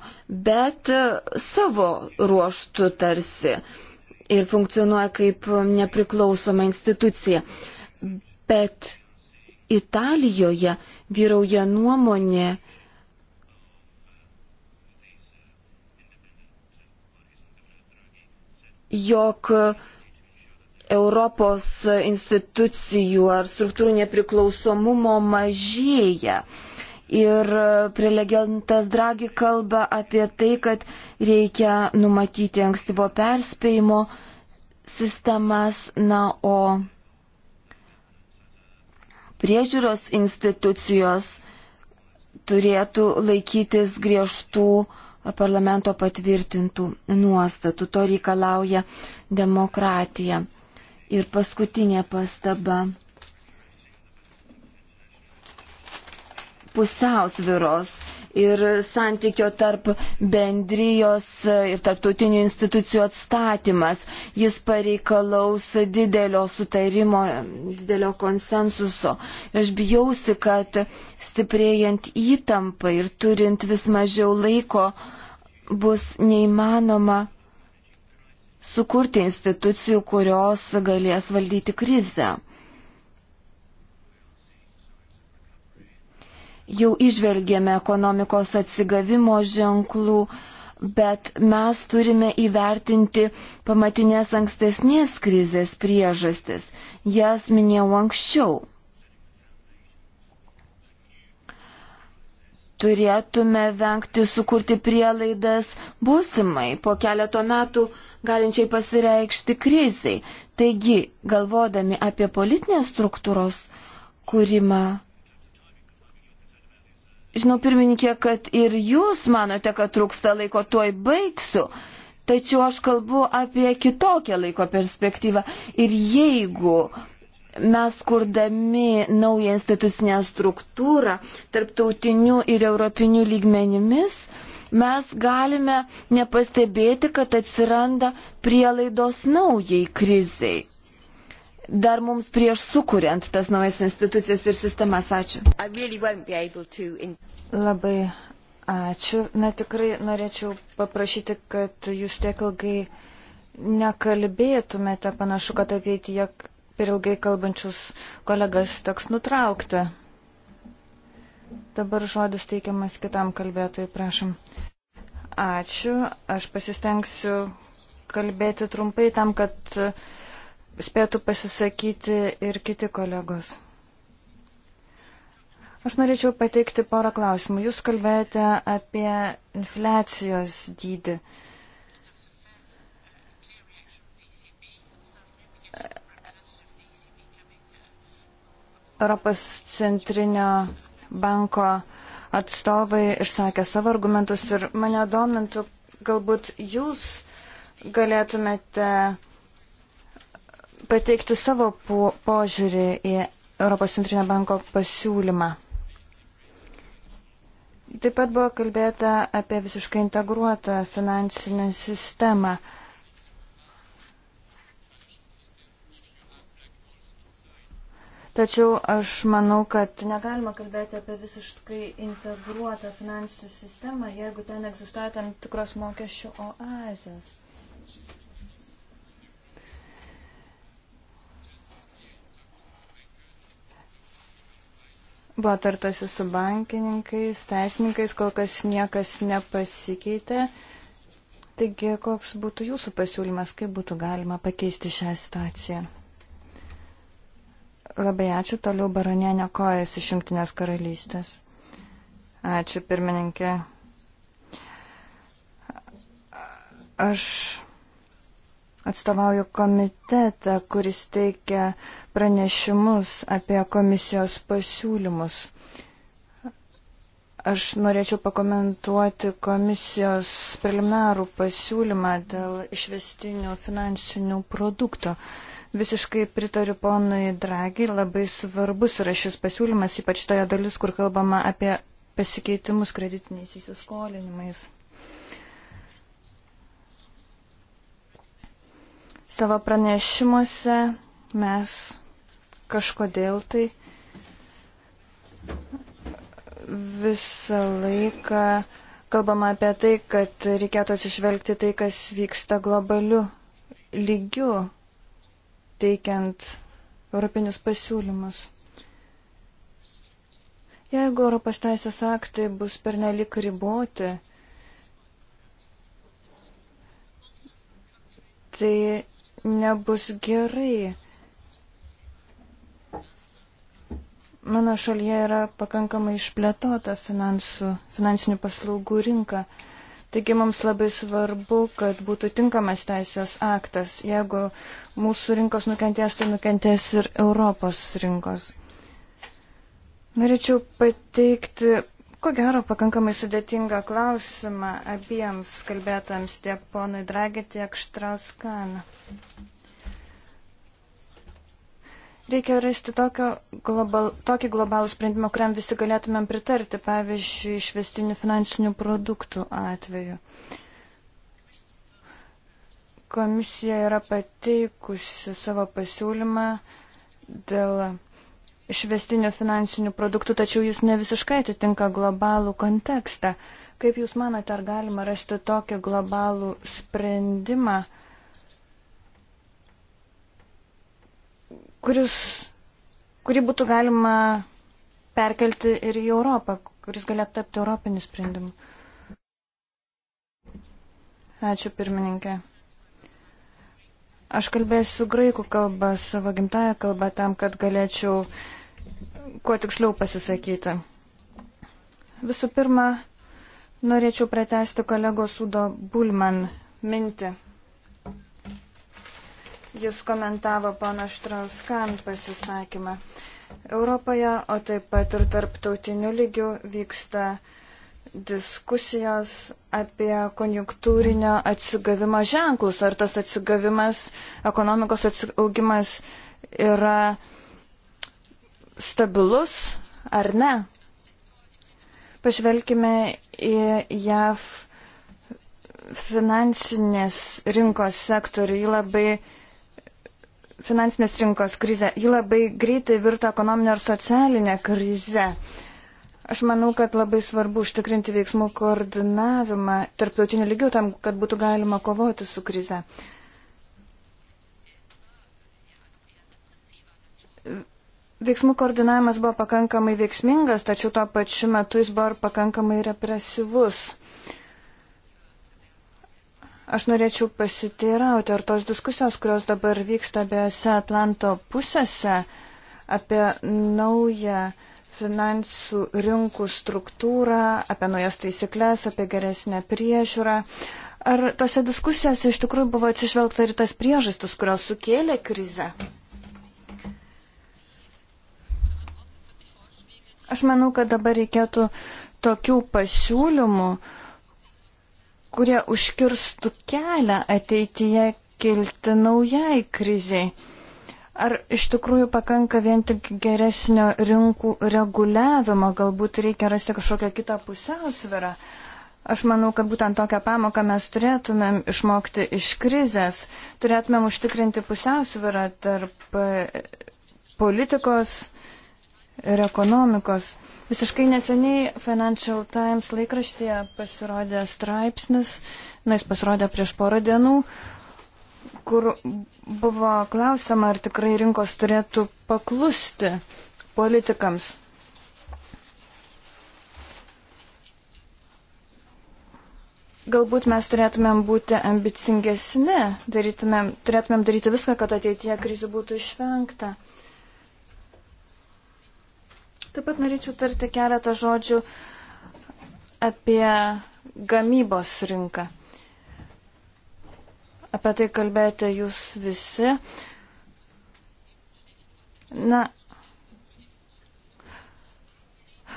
bet e, savo ruoštų tarsi ir funkcionuoja kaip nepriklausoma institucija. Bet Italijoje vyrauja nuomonė, jog Europos institucijų ar struktūrų nepriklausomumo mažėja. Uh, Ir prelegentas Dragi kalba apie tai, kad reikia numatyti ankstyvo perspėjimo sistemas, na, o priežiūros institucijos turėtų laikytis griežtų parlamento patvirtintų nuostatų. To reikalauja demokratija. Ir paskutinė pastaba. pusiausviros ir santykio tarp bendrijos ir tarptautinių institucijų atstatymas. Jis pareikalaus didelio sutarimo, didelio konsensuso. Aš bijausi, kad stiprėjant įtampą ir turint vis mažiau laiko bus neįmanoma sukurti institucijų, kurios galės valdyti krizę. jau išvelgėme ekonomikos atsigavimo ženklų, bet mes turime įvertinti pamatinės ankstesnės krizės priežastis. Jas minėjau anksčiau. Turėtume vengti sukurti prielaidas būsimai po keleto metų galinčiai pasireikšti kriziai. Taigi, galvodami apie politinės struktūros kūrimą, Žinau, pirmininkė, kad ir jūs manote, kad trūksta laiko, tuoj baigsiu. Tačiau aš kalbu apie kitokią laiko perspektyvą. Ir jeigu mes kurdami naują institucinę struktūrą tarptautiniu ir europiniu lygmenimis, mes galime nepastebėti, kad atsiranda prielaidos naujai kriziai dar mums prieš sukuriant tas naujas institucijas ir sistemas. Ačiū. Labai ačiū. Na tikrai norėčiau paprašyti, kad jūs tiek ilgai nekalbėtumėte. Panašu, kad ateityje per ilgai kalbančius kolegas teks nutraukti. Dabar žodis teikiamas kitam kalbėtojui, prašom. Ačiū. Aš pasistengsiu kalbėti trumpai tam, kad uh, spėtų pasisakyti ir kiti kolegos. Aš norėčiau pateikti porą klausimų. Jūs kalbėjote apie infliacijos dydį. Europos centrinio banko atstovai išsakė savo argumentus ir mane domintų, galbūt jūs galėtumėte pateikti savo po požiūrį į Europos centrinio banko pasiūlymą. Taip pat buvo kalbėta apie visiškai integruotą finansinę sistemą. Tačiau aš manau, kad negalima kalbėti apie visiškai integruotą finansų sistemą, jeigu ten egzistuoja tam tikros mokesčių oazės. Buvo tartasi su bankininkais, teisininkais, kol kas niekas nepasikeitė. Taigi, koks būtų jūsų pasiūlymas, kaip būtų galima pakeisti šią situaciją? Labai ačiū, toliau baronienė kojas iš Junktinės karalystės. Ačiū, pirmininkė. Aš atstovauju komitetą, kuris teikia pranešimus apie komisijos pasiūlymus. Aš norėčiau pakomentuoti komisijos preliminarų pasiūlymą dėl išvestinių finansinių produktų. Visiškai pritariu ponui Dragi, labai svarbus yra šis pasiūlymas, ypač toje dalis, kur kalbama apie pasikeitimus kreditiniais įsiskolinimais. savo pranešimuose mes kažkodėl tai visą laiką kalbama apie tai, kad reikėtų atsižvelgti tai, kas vyksta globaliu lygiu, teikiant europinius pasiūlymus. Jeigu Europos teisės aktai bus pernelik riboti, tai nebus gerai. Mano šalyje yra pakankamai išplėtota finansų, finansinių paslaugų rinka. Taigi mums labai svarbu, kad būtų tinkamas teisės aktas. Jeigu mūsų rinkos nukentės, tai nukentės ir Europos rinkos. Norėčiau pateikti Ko gero, pakankamai sudėtingą klausimą abiems kalbėtams, tiek ponui Dragi, tiek Štrauskan. Reikia rasti tokio global, tokį globalų sprendimą, kuriam visi galėtumėm pritarti, pavyzdžiui, išvestinių finansinių produktų atveju. Komisija yra pateikusi savo pasiūlymą dėl išvestinių finansinių produktų, tačiau jis ne visiškai atitinka globalų kontekstą. Kaip Jūs manate, ar galima rasti tokį globalų sprendimą, kuris, kurį būtų galima perkelti ir į Europą, kuris galėtų tapti europinį sprendimą? Ačiū pirmininkė. Aš kalbėsiu graikų kalbą, savo gimtają kalbą, tam, kad galėčiau uh, kuo tiksliau pasisakyti. Visų pirma, norėčiau pratesti kolegos Udo Bulman mintį. Jis komentavo pana Štrauskan pasisakymą. Europoje, o taip pat ir tarptautiniu lygiu vyksta diskusijos apie konjunktūrinio atsigavimo ženklus. Ar tas atsigavimas, ekonomikos augimas yra uh, stabilus ar ne. Pažvelkime į JAV finansinės rinkos sektorių. Jį labai finansinės rinkos krizę. Ji labai greitai virto ekonominę ir socialinę krizę. Aš manau, kad labai svarbu užtikrinti veiksmų koordinavimą tarptautiniu lygiu tam, kad būtų galima kovoti su krize. Uh, veiksmų koordinavimas buvo pakankamai veiksmingas, tačiau tuo pačiu metu jis buvo ir pakankamai represyvus. Aš norėčiau pasiteirauti, ar tos diskusijos, kurios dabar vyksta abiejose Atlanto pusėse apie naują finansų rinkų struktūrą, apie naujas taisyklės, apie geresnę priežiūrą. Ar tose diskusijose iš tikrųjų buvo atsižvelgta ir tas priežastis, kurios sukėlė krizę? Aš manau, kad dabar reikėtų tokių pasiūlymų, kurie užkirstų kelią ateityje kilti naujai kriziai. Ar iš tikrųjų pakanka vien tik geresnio rinkų reguliavimo, galbūt reikia rasti kažkokią kitą pusiausvyrą? Aš manau, kad būtent tokią pamoką mes turėtumėm išmokti iš krizės, turėtumėm užtikrinti pusiausvyrą tarp e, politikos, ir ekonomikos. Visiškai neseniai Financial Times laikraštėje pasirodė straipsnis, na jis pasirodė prieš porą dienų, kur buvo klausima, ar tikrai rinkos turėtų paklusti politikams. Galbūt mes turėtumėm būti ambicingesni, darytumėm, turėtumėm daryti viską, kad ateityje krizių būtų išvengta. Taip pat norėčiau tarti keletą žodžių apie gamybos rinką. Apie tai kalbėjote jūs visi. Na,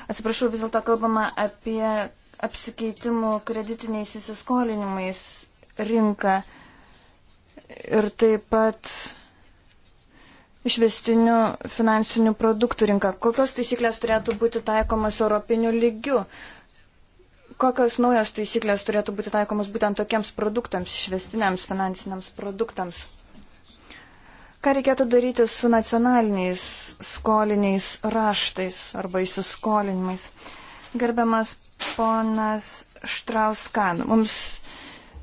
atsiprašau, vis dėlto kalbama apie apsikeitimų kreditiniais įsiskolinimais rinką ir taip pat išvestinių finansinių produktų rinką. Kokios taisyklės turėtų būti taikomas europiniu lygiu? Kokios naujos taisyklės turėtų būti taikomas būtent tokiems produktams, išvestiniams finansiniams produktams? Ką reikėtų daryti su nacionaliniais skoliniais raštais arba įsiskolinimais? Gerbiamas ponas Štrauskan, mums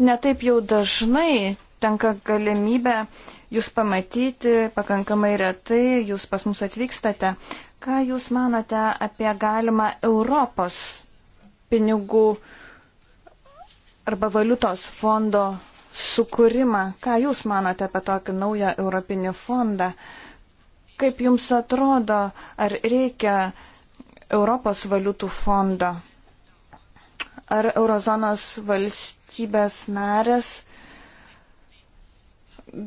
netaip jau dažnai tenka galimybė jūs pamatyti pakankamai retai, jūs pas mus atvykstate. Ką jūs manote apie galimą Europos pinigų arba valiutos fondo sukūrimą? Ką jūs manote apie tokį naują europinį fondą? Kaip jums atrodo, ar reikia Europos valiutų fondo? Ar eurozonos valstybės narės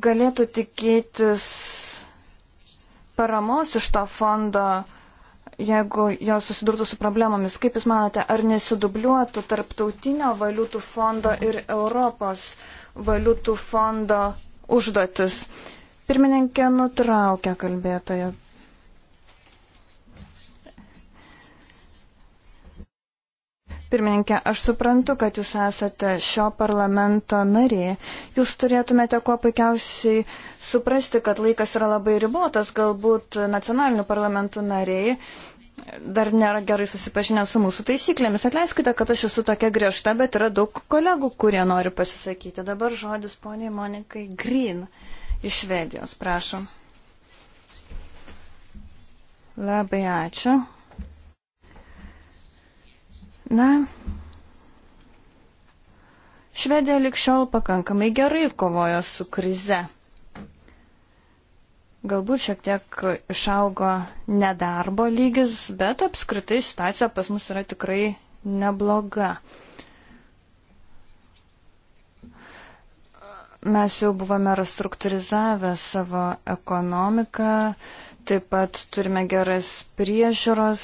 galėtų tikėtis paramos iš to fondo, jeigu jos susidurtų su problemomis? Kaip Jūs manote, ar nesidubliuotų tarptautinio valiutų fondo ir Europos valiutų fondo užduotis? Pirmininkė nutraukė kalbėtoje. Pirmininkė, aš suprantu, kad jūs esate šio parlamento narė. Jūs turėtumėte kuo puikiausiai suprasti, kad laikas yra labai ribotas, galbūt nacionalinių parlamentų nariai dar nėra gerai susipažinę su mūsų taisyklėmis. Atleiskite, kad aš esu tokia griežta, bet yra daug kolegų, kurie nori pasisakyti. Dabar žodis poniai Monikai Green iš Švedijos, prašom. Labai ačiū. Na, Švedija likščiol pakankamai gerai kovojo su krize. Galbūt šiek tiek išaugo nedarbo lygis, bet apskritai situacija pas mus yra tikrai nebloga. Mes jau buvome restruktūrizavę savo ekonomiką, Taip pat turime geras priežiūros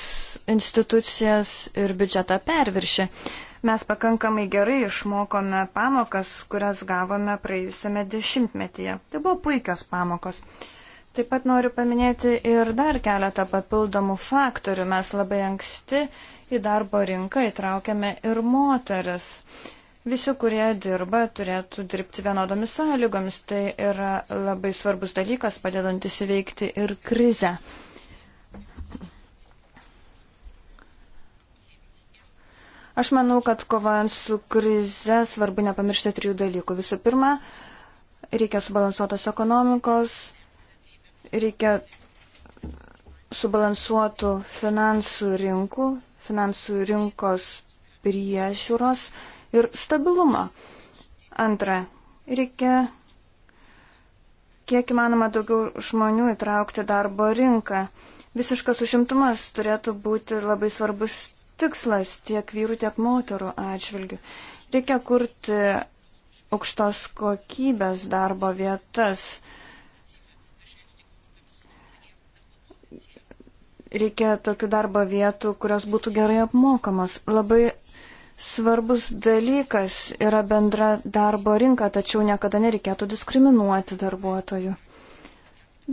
institucijas ir biudžetą perviršį. Mes pakankamai gerai išmokome pamokas, kurias gavome praėjusiame dešimtmetyje. Tai buvo puikios pamokos. Taip pat noriu paminėti ir dar keletą papildomų faktorių. Mes labai anksti į darbo rinką įtraukėme ir moteris. Visi, kurie dirba, turėtų dirbti vienodomis sąlygomis. Tai yra labai svarbus dalykas, padedantis įveikti ir krizę. Aš manau, kad kovojant su krize svarbu nepamiršti trijų dalykų. Visų pirma, reikia subalansuotos ekonomikos, reikia subalansuotų finansų rinkų, finansų rinkos priežiūros ir stabilumo. Antra, reikia kiek įmanoma daugiau žmonių įtraukti darbo rinką. Visiškas užimtumas turėtų būti labai svarbus tikslas tiek vyrų, tiek moterų atžvilgių. Reikia kurti aukštos kokybės darbo vietas. Reikia tokių darbo vietų, kurios būtų gerai apmokamos. Labai svarbus dalykas yra bendra darbo rinka, tačiau niekada nereikėtų diskriminuoti darbuotojų.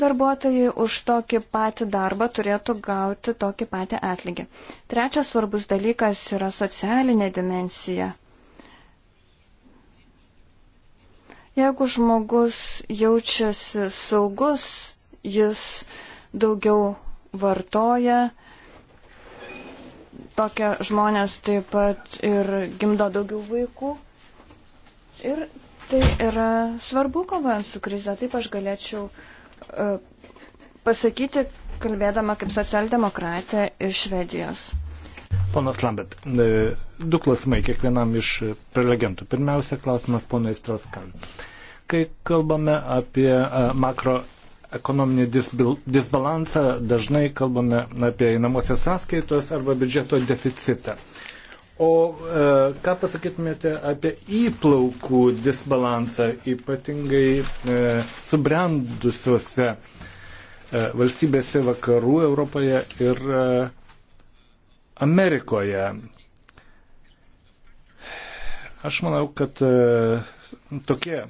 Darbuotojai už tokį patį darbą turėtų gauti tokį patį atlygį. Trečias svarbus dalykas yra socialinė dimensija. Jeigu žmogus jaučiasi saugus, jis daugiau vartoja, tokie žmonės taip pat ir gimdo daugiau vaikų. Ir tai yra svarbu kovojant su krize. Taip aš galėčiau uh, pasakyti, kalbėdama kaip socialdemokratė iš Švedijos. Ponas Lambert, e, du klausimai kiekvienam iš prelegentų. Pirmiausia, klausimas ponui Straskal. Kai kalbame apie e, makro ekonominį disbalansą, dažnai kalbame apie einamosios sąskaitos arba biudžeto deficitą. O e, ką pasakytumėte apie įplaukų disbalansą, ypatingai e, subrendusiuose e, valstybėse vakarų Europoje ir e, Amerikoje? Aš manau, kad e, tokie e,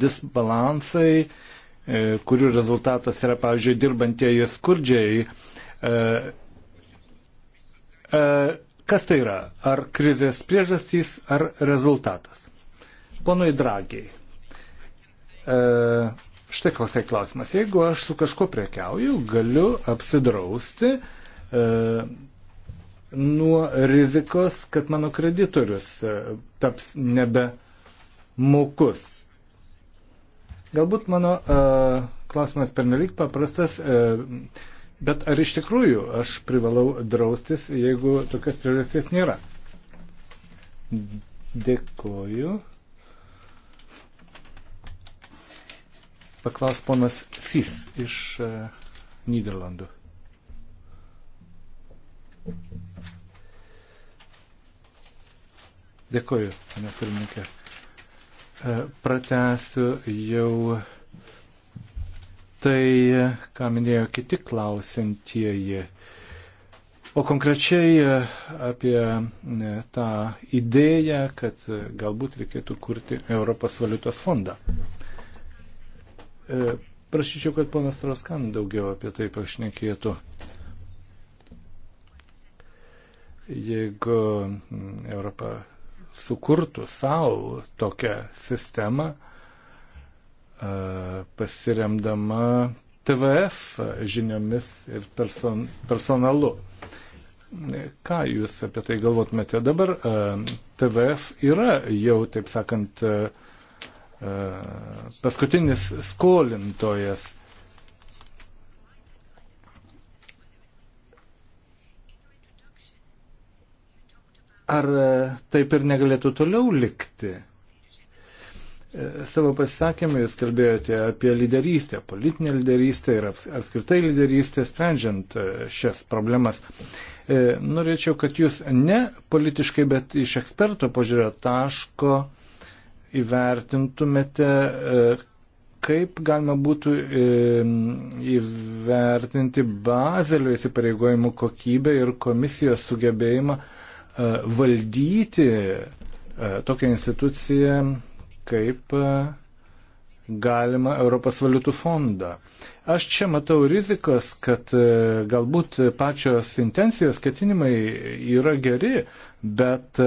disbalansai e, E, kurių rezultatas yra, pavyzdžiui, dirbantieji skurdžiai. E, e, kas tai yra? Ar krizės priežastys, ar rezultatas? Ponui Dragiai. Štai koksai klausimas. Jeigu aš su kažkuo prekiauju, galiu apsidrausti e, nuo rizikos, kad mano kreditorius e, taps nebe mokus. Galbūt mano uh, klausimas pernelik paprastas, uh, bet ar iš tikrųjų aš privalau draustis, jeigu tokios priežasties nėra? Dėkoju. Paklaus ponas Sys iš uh, Niderlandų. Dėkoju, pane pirmininkė. E, pratęsiu jau tai, ką minėjo kiti klausintieji. O konkrečiai e, apie e, tą idėją, kad galbūt reikėtų kurti Europos valiutos fondą. Prašyčiau, kad ponas Troskan daugiau apie tai pašnekėtų. Jeigu Europa sukurtų savo tokią sistemą, e, pasiremdama TVF žiniomis ir person, personalu. Ką Jūs apie tai galvotumėte dabar? E, TVF yra jau, taip sakant, e, paskutinis skolintojas ar e, taip ir negalėtų toliau likti? E, savo pasisakymą jūs kalbėjote apie lyderystę, politinę lyderystę ir apskritai lyderystę sprendžiant e, šias problemas. Norėčiau, kad jūs ne politiškai, bet iš eksperto požiūrio taško įvertintumėte, kaip galima būtų įvertinti bazelio įsipareigojimų kokybę ir komisijos sugebėjimą E, valdyti e, tokią instituciją kaip e, galima Europos valiutų fondą. Aš čia matau rizikas, kad galbūt pačios intencijos, ketinimai yra geri, bet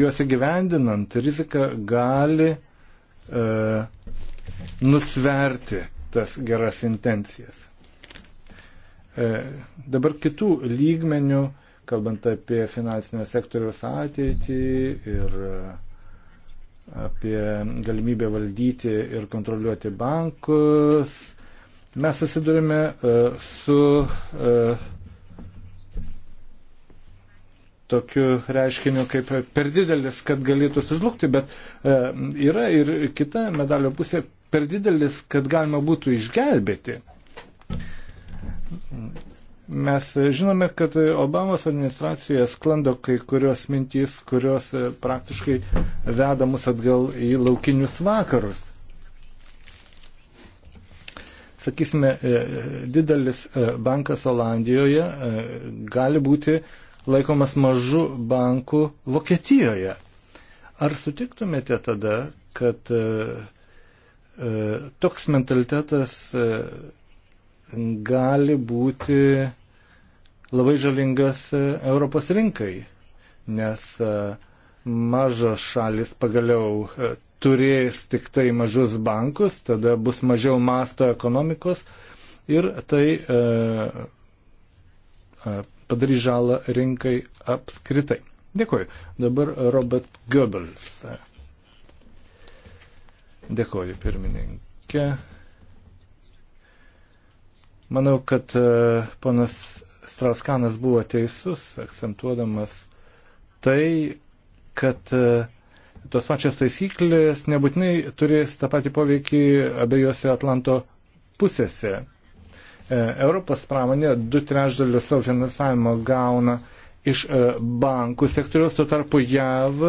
juos įgyvendinant rizika gali nusverti tas geras intencijas. Dabar kitų lygmenių kalbant apie finansinio sektoriaus ateitį ir e, apie galimybę valdyti ir kontroliuoti bankus, mes susidurime e, su e, tokiu reiškiniu kaip per didelis, kad galėtų sužlugti, bet yra ir kita medalio pusė per didelis, kad galima būtų išgelbėti. Mes žinome, kad Obamos administracijoje sklando kai kurios mintys, kurios e, praktiškai veda mus atgal į laukinius vakarus. Sakysime, e, didelis e, bankas Olandijoje gali būti laikomas mažu banku Vokietijoje. Ar sutiktumėte tada, kad toks mentalitetas gali būti labai žalingas e, Europos rinkai, nes e, mažos šalis pagaliau e, turės tik tai mažus bankus, tada bus mažiau masto ekonomikos ir tai padarys žalą rinkai apskritai. Dėkuoju. Dabar Robert Goebbels. Dėkuoju, pirmininkė. Manau, kad e, ponas Strauskanas buvo teisus, akcentuodamas tai, kad e, tos pačios taisyklės nebūtinai turės tą patį poveikį abiejose Atlanto pusėse. E, Europos pramonė du trešdalius savo finansavimo gauna iš bankų sektoriaus, tuo tarpu JAV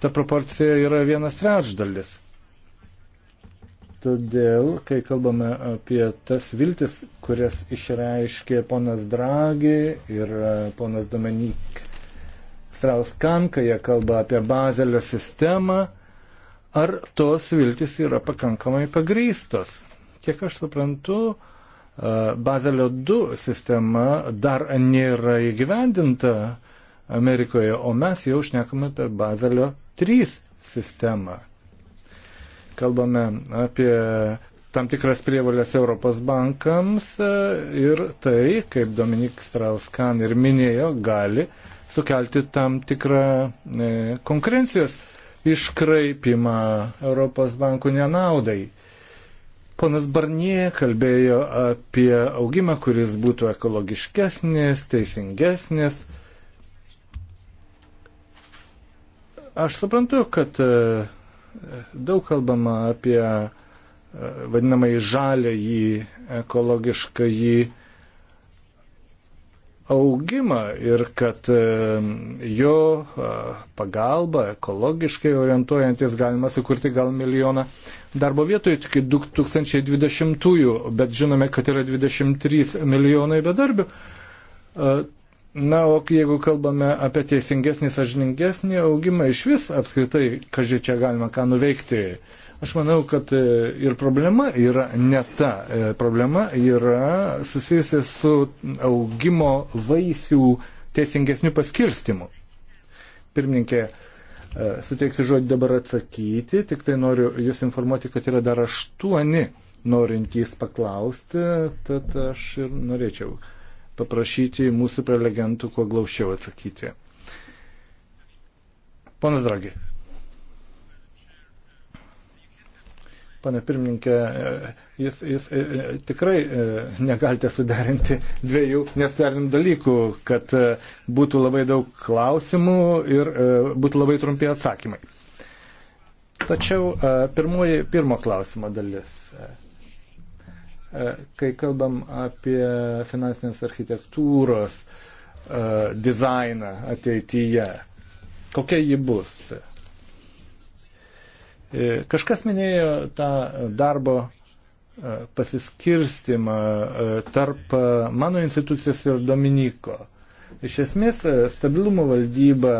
ta proporcija yra vienas trečdalis. Todėl, kai kalbame apie tas viltis, kurias išreiškė ponas Dragi ir e, ponas Domenik Strauskan, kai jie kalba apie bazelio sistemą, ar tos viltis yra pakankamai pagrystos? Kiek aš suprantu, e, bazelio 2 sistema dar nėra įgyvendinta Amerikoje, o mes jau šnekame apie bazelio 3 sistemą kalbame apie tam tikras prievalės Europos bankams e, ir tai, kaip Dominik Strauskan ir minėjo, gali sukelti tam tikrą e, konkurencijos iškraipimą Europos bankų nenaudai. Ponas Barnie kalbėjo apie augimą, kuris būtų ekologiškesnis, teisingesnis. Aš suprantu, kad uh, Daug kalbama apie e, vadinamai žalę jį, ekologišką jį augimą ir kad e, jo e, pagalba ekologiškai orientuojantis galima sukurti gal milijoną darbo vietų iki 2020, bet žinome, kad yra 23 milijonai bedarbių. Na, o jeigu kalbame apie teisingesnį, sažiningesnį augimą, iš vis apskritai, kažkai čia galima ką nuveikti. Aš manau, kad e, ir problema yra ne ta. E, problema yra susijusi su augimo vaisių teisingesniu paskirstimu. Pirmininkė, e, suteiksiu žodį dabar atsakyti, tik tai noriu Jūs informuoti, kad yra dar aštuoni norintys paklausti, tad aš ir norėčiau paprašyti mūsų prelegentų kuo glaušiau atsakyti. Ponas Dragi. Pane pirmininkė, jūs, jūs e, e, tikrai e, negalite suderinti dviejų nesuderinimų dalykų, kad būtų labai daug klausimų ir būtų labai trumpi atsakymai. Tačiau pirmoji, pirmo klausimo dalis. E, kai kalbam apie finansinės architektūros e, dizainą ateityje, kokia ji bus? E, kažkas minėjo tą darbo pasiskirstimą tarp mano institucijos ir Dominiko. Iš esmės, stabilumo valdyba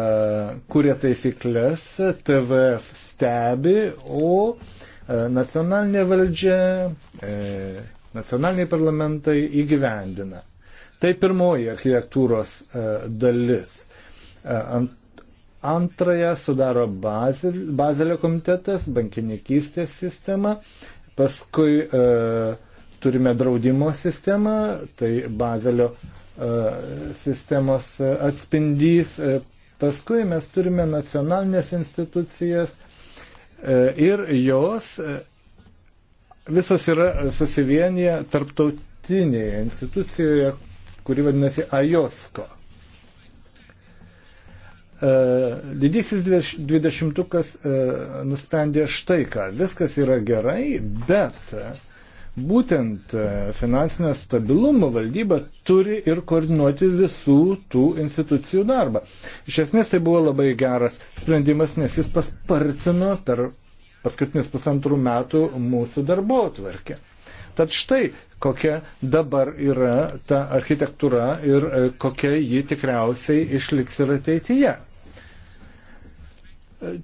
kuria taisyklės, TVF stebi, o nacionalinė valdžia, nacionaliniai parlamentai įgyvendina. Tai pirmoji architektūros e, dalis. E, ant Antrąją sudaro Bazelio Bazel komitetas, bankininkystės sistema, paskui e, turime draudimo sistemą, tai Bazelio e, sistemos atspindys, e, paskui mes turime nacionalinės institucijas e, ir jos e, visos yra susivienyje tarptautinėje institucijoje, kuri vadinasi AJOSKO. E, didysis dvidešimtukas e, nusprendė štai ką. Viskas yra gerai, bet būtent e, finansinio stabilumo valdyba turi ir koordinuoti visų tų institucijų darbą. Iš esmės tai buvo labai geras sprendimas, nes jis paspartino per paskutinius pusantrų metų mūsų darbo atvarkė. Tad štai kokia dabar yra ta architektūra ir e, kokia ji tikriausiai išliks ir ateityje.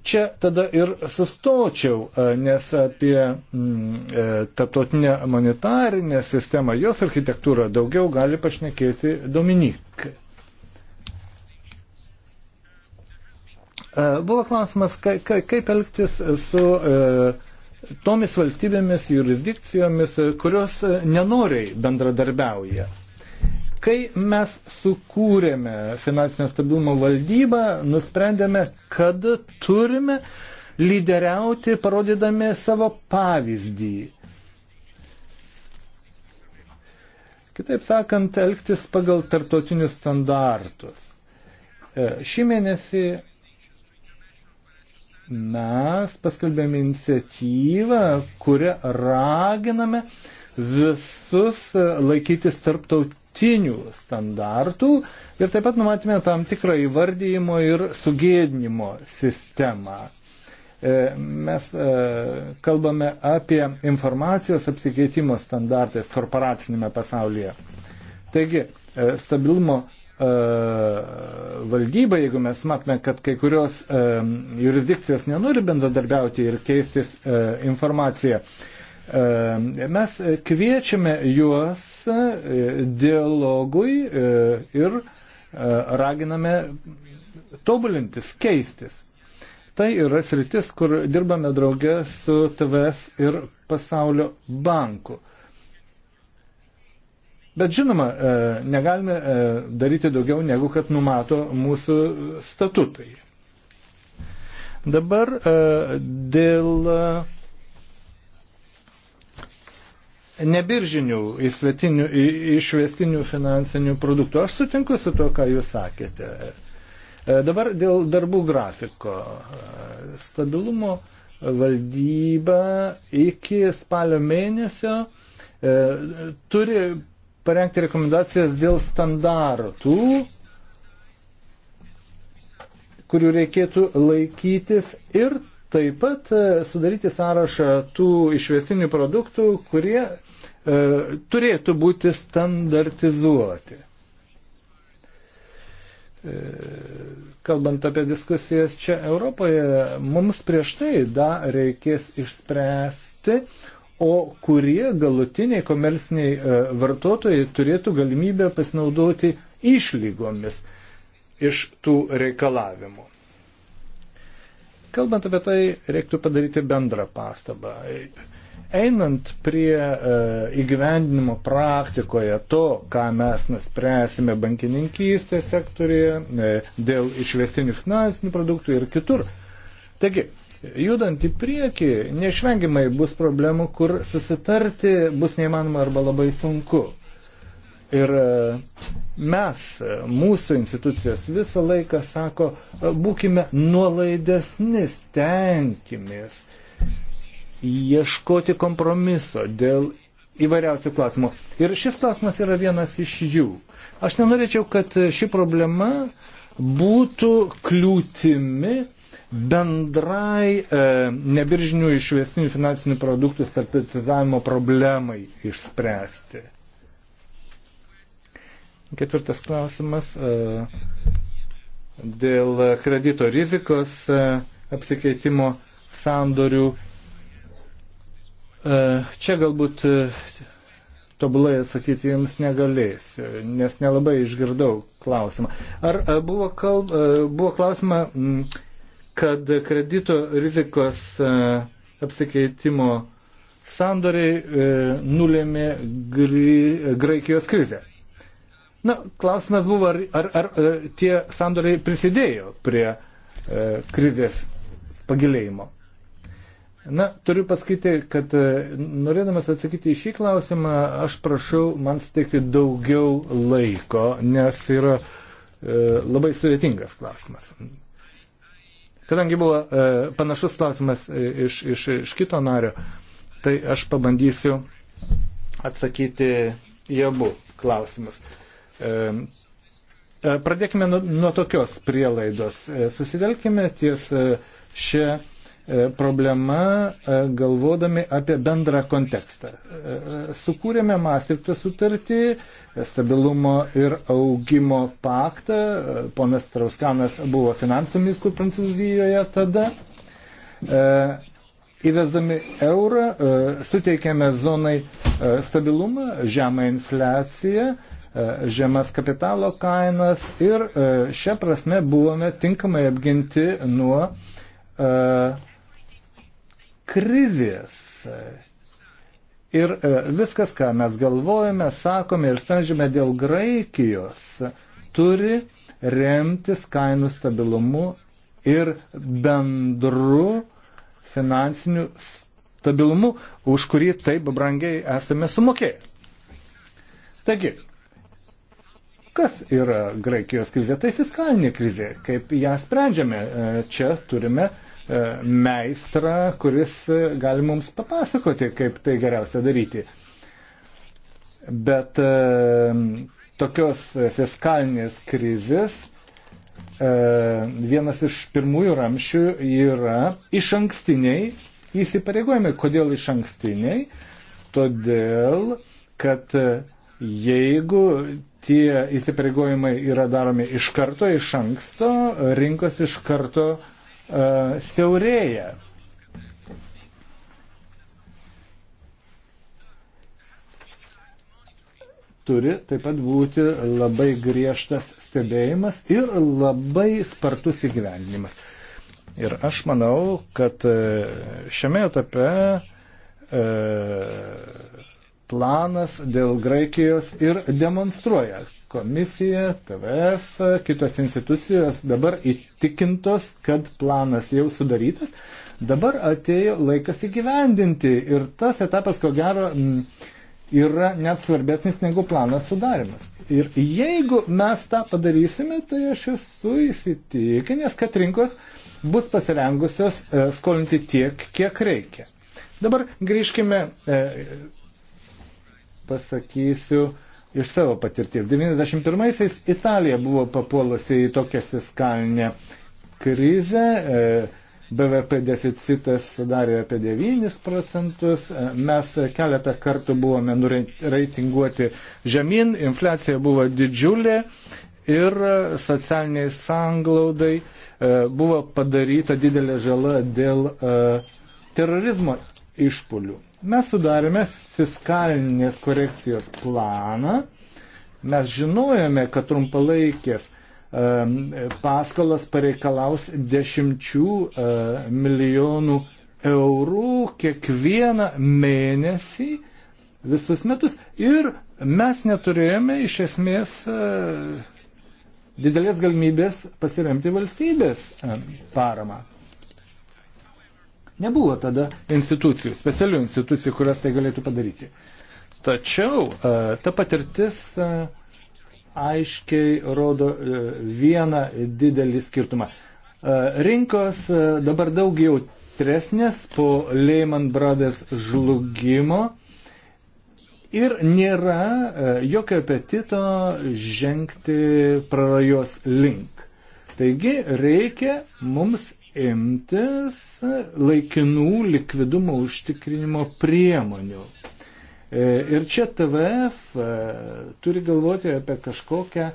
Čia tada ir sustočiau, e, nes apie mm, e, tarptautinę monetarinę sistemą, jos architektūrą daugiau gali pašnekėti Dominik. E, buvo klausimas, kaip elgtis su e, tomis valstybėmis, jurisdikcijomis, kurios e, nenoriai bendradarbiauja. Kai mes sukūrėme finansinio stabilumo valdybą, nusprendėme, kad turime lyderiauti, parodydami savo pavyzdį. Kitaip sakant, elgtis pagal tarptautinius standartus. Šį mėnesį mes paskelbėme iniciatyvą, kurią raginame visus laikytis tarptautinių standartų ir taip pat numatėme tam tikrą įvardyjimo ir sugėdinimo sistemą. E, mes e, kalbame apie informacijos apsikeitimo standartais korporacinėme pasaulyje. Taigi, e, stabilumo E, valdyba, jeigu mes matome, kad kai kurios e, jurisdikcijos nenori bendradarbiauti ir keistis e, informaciją, mes kviečiame juos dialogui ir raginame tobulintis, keistis. Tai yra sritis, kur dirbame draugę su TVF ir Pasaulio banku. Uh, Bet žinoma, e, negalime e, daryti daugiau, negu kad numato mūsų statutai. Dabar e, dėl nebiržinių išvestinių finansinių produktų. Aš sutinku su to, ką jūs sakėte. Dabar dėl darbų grafiko. Stabilumo valdyba iki spalio mėnesio turi parengti rekomendacijas dėl standartų, kurių reikėtų laikytis ir taip pat e, sudaryti sąrašą tų išvestinių produktų, kurie e, turėtų būti standartizuoti. E, kalbant apie diskusijas čia Europoje, mums prieš tai dar reikės išspręsti, o kurie galutiniai komerciniai e, vartotojai turėtų galimybę pasinaudoti išlygomis iš tų reikalavimų. Kalbant apie tai, reiktų padaryti bendrą pastabą. Einant prie e, įgyvendinimo praktikoje to, ką mes nuspręsime bankininkystės sektorėje, e, dėl išvestinių finansinių produktų ir kitur. Taigi, judant į priekį, neišvengiamai bus problemų, kur susitarti bus neįmanoma arba labai sunku. Ir e, mes, e, mūsų institucijos visą laiką sako, e, būkime nuolaidesni, stenkimės ieškoti kompromiso dėl įvairiausių klausimų. Ir šis klausimas yra vienas iš jų. Aš nenorėčiau, kad ši problema būtų kliūtimi bendrai e, nebiržinių išvestinių finansinių produktų standartizavimo problemai išspręsti. Ketvirtas klausimas e, dėl kredito rizikos e, apsikeitimo sandorių. E, čia galbūt e, tobulai atsakyti jums negalėsiu, nes nelabai išgirdau klausimą. Ar e, buvo, kalb, e, buvo klausima kad kredito rizikos e, apsikeitimo sandoriai e, nulėmė Graikijos krizę. Na, klausimas buvo, ar, ar, ar e, tie sandoriai prisidėjo prie e, krizės pagilėjimo. Na, turiu pasakyti, kad norėdamas atsakyti į šį klausimą, aš prašau man suteikti daugiau laiko, nes yra e, labai sudėtingas klausimas. Kadangi buvo e, panašus klausimas e, iš, iš, iš kito nario, tai aš pabandysiu atsakyti į abu klausimus. E, e pradėkime nuo, nuo tokios prielaidos. E, susivelkime ties e, šią E, problema e, galvodami apie bendrą kontekstą. E, sukūrėme Maastrichto sutartį, stabilumo ir augimo paktą, ponas Trauskanas buvo finansų ministru Prancūzijoje tada. Įvesdami eurą suteikėme zonai stabilumą, žemą infliaciją, žemas kapitalo kainas ir šią prasme buvome tinkamai apginti nuo uh, krizės. Ir e, viskas, ką mes galvojame, sakome ir sprendžiame dėl Graikijos, turi remtis kainų stabilumu ir bendru finansiniu stabilumu, už kurį taip brangiai esame sumokėję. Taigi, kas yra Graikijos krizė? Tai fiskalinė krizė. Kaip ją sprendžiame? E, čia turime uh, E, meistrą, kuris e, gali mums papasakoti, kaip tai geriausia daryti. Bet e, tokios fiskalinės krizės vienas iš pirmųjų ramšių yra iš ankstiniai įsipareigojimai. Kodėl iš ankstiniai? Todėl, kad jeigu tie įsipareigojimai yra daromi iš karto, iš anksto, rinkos iš karto uh, E, siaurėja. Turi taip pat būti labai griežtas stebėjimas ir labai spartus įgyvendinimas. Ir aš manau, kad e, šiame etape e, planas dėl Graikijos ir demonstruoja. Komisija, TVF, kitos institucijos dabar įtikintos, kad planas jau sudarytas. Dabar atėjo laikas įgyvendinti ir tas etapas, ko gero, yra net svarbesnis negu planas sudarimas. Ir jeigu mes tą padarysime, tai aš esu įsitikinęs, kad rinkos bus pasirengusios e, skolinti tiek, kiek reikia. Dabar grįžkime e, pasakysiu iš savo patirties. 91-aisiais Italija buvo papuolusi į tokią fiskalinę krizę. E, BVP deficitas sudarė apie 9 procentus, e, mes keletą kartų buvome reitinguoti žemyn, infliacija buvo didžiulė ir socialiniai sanglaudai e, buvo padaryta didelė žala dėl terorizmo išpolių. Mes sudarėme fiskalinės korekcijos planą. Mes žinojame, kad trumpalaikės paskolas pareikalaus dešimčių e, milijonų eurų kiekvieną mėnesį visus metus. Ir mes neturėjome iš esmės e, didelės galimybės pasiremti valstybės paramą. Nebuvo tada institucijų, specialių institucijų, kurias tai galėtų padaryti. Tačiau e, ta patirtis e, aiškiai rodo e, vieną didelį skirtumą. Rinkos dabar daug jautresnės po Lehman Brothers žlugimo ir nėra jokio apetito žengti prarajos link. Taigi reikia mums imtis laikinų likvidumo užtikrinimo priemonių. E, ir čia TVF e, turi galvoti apie kažkokią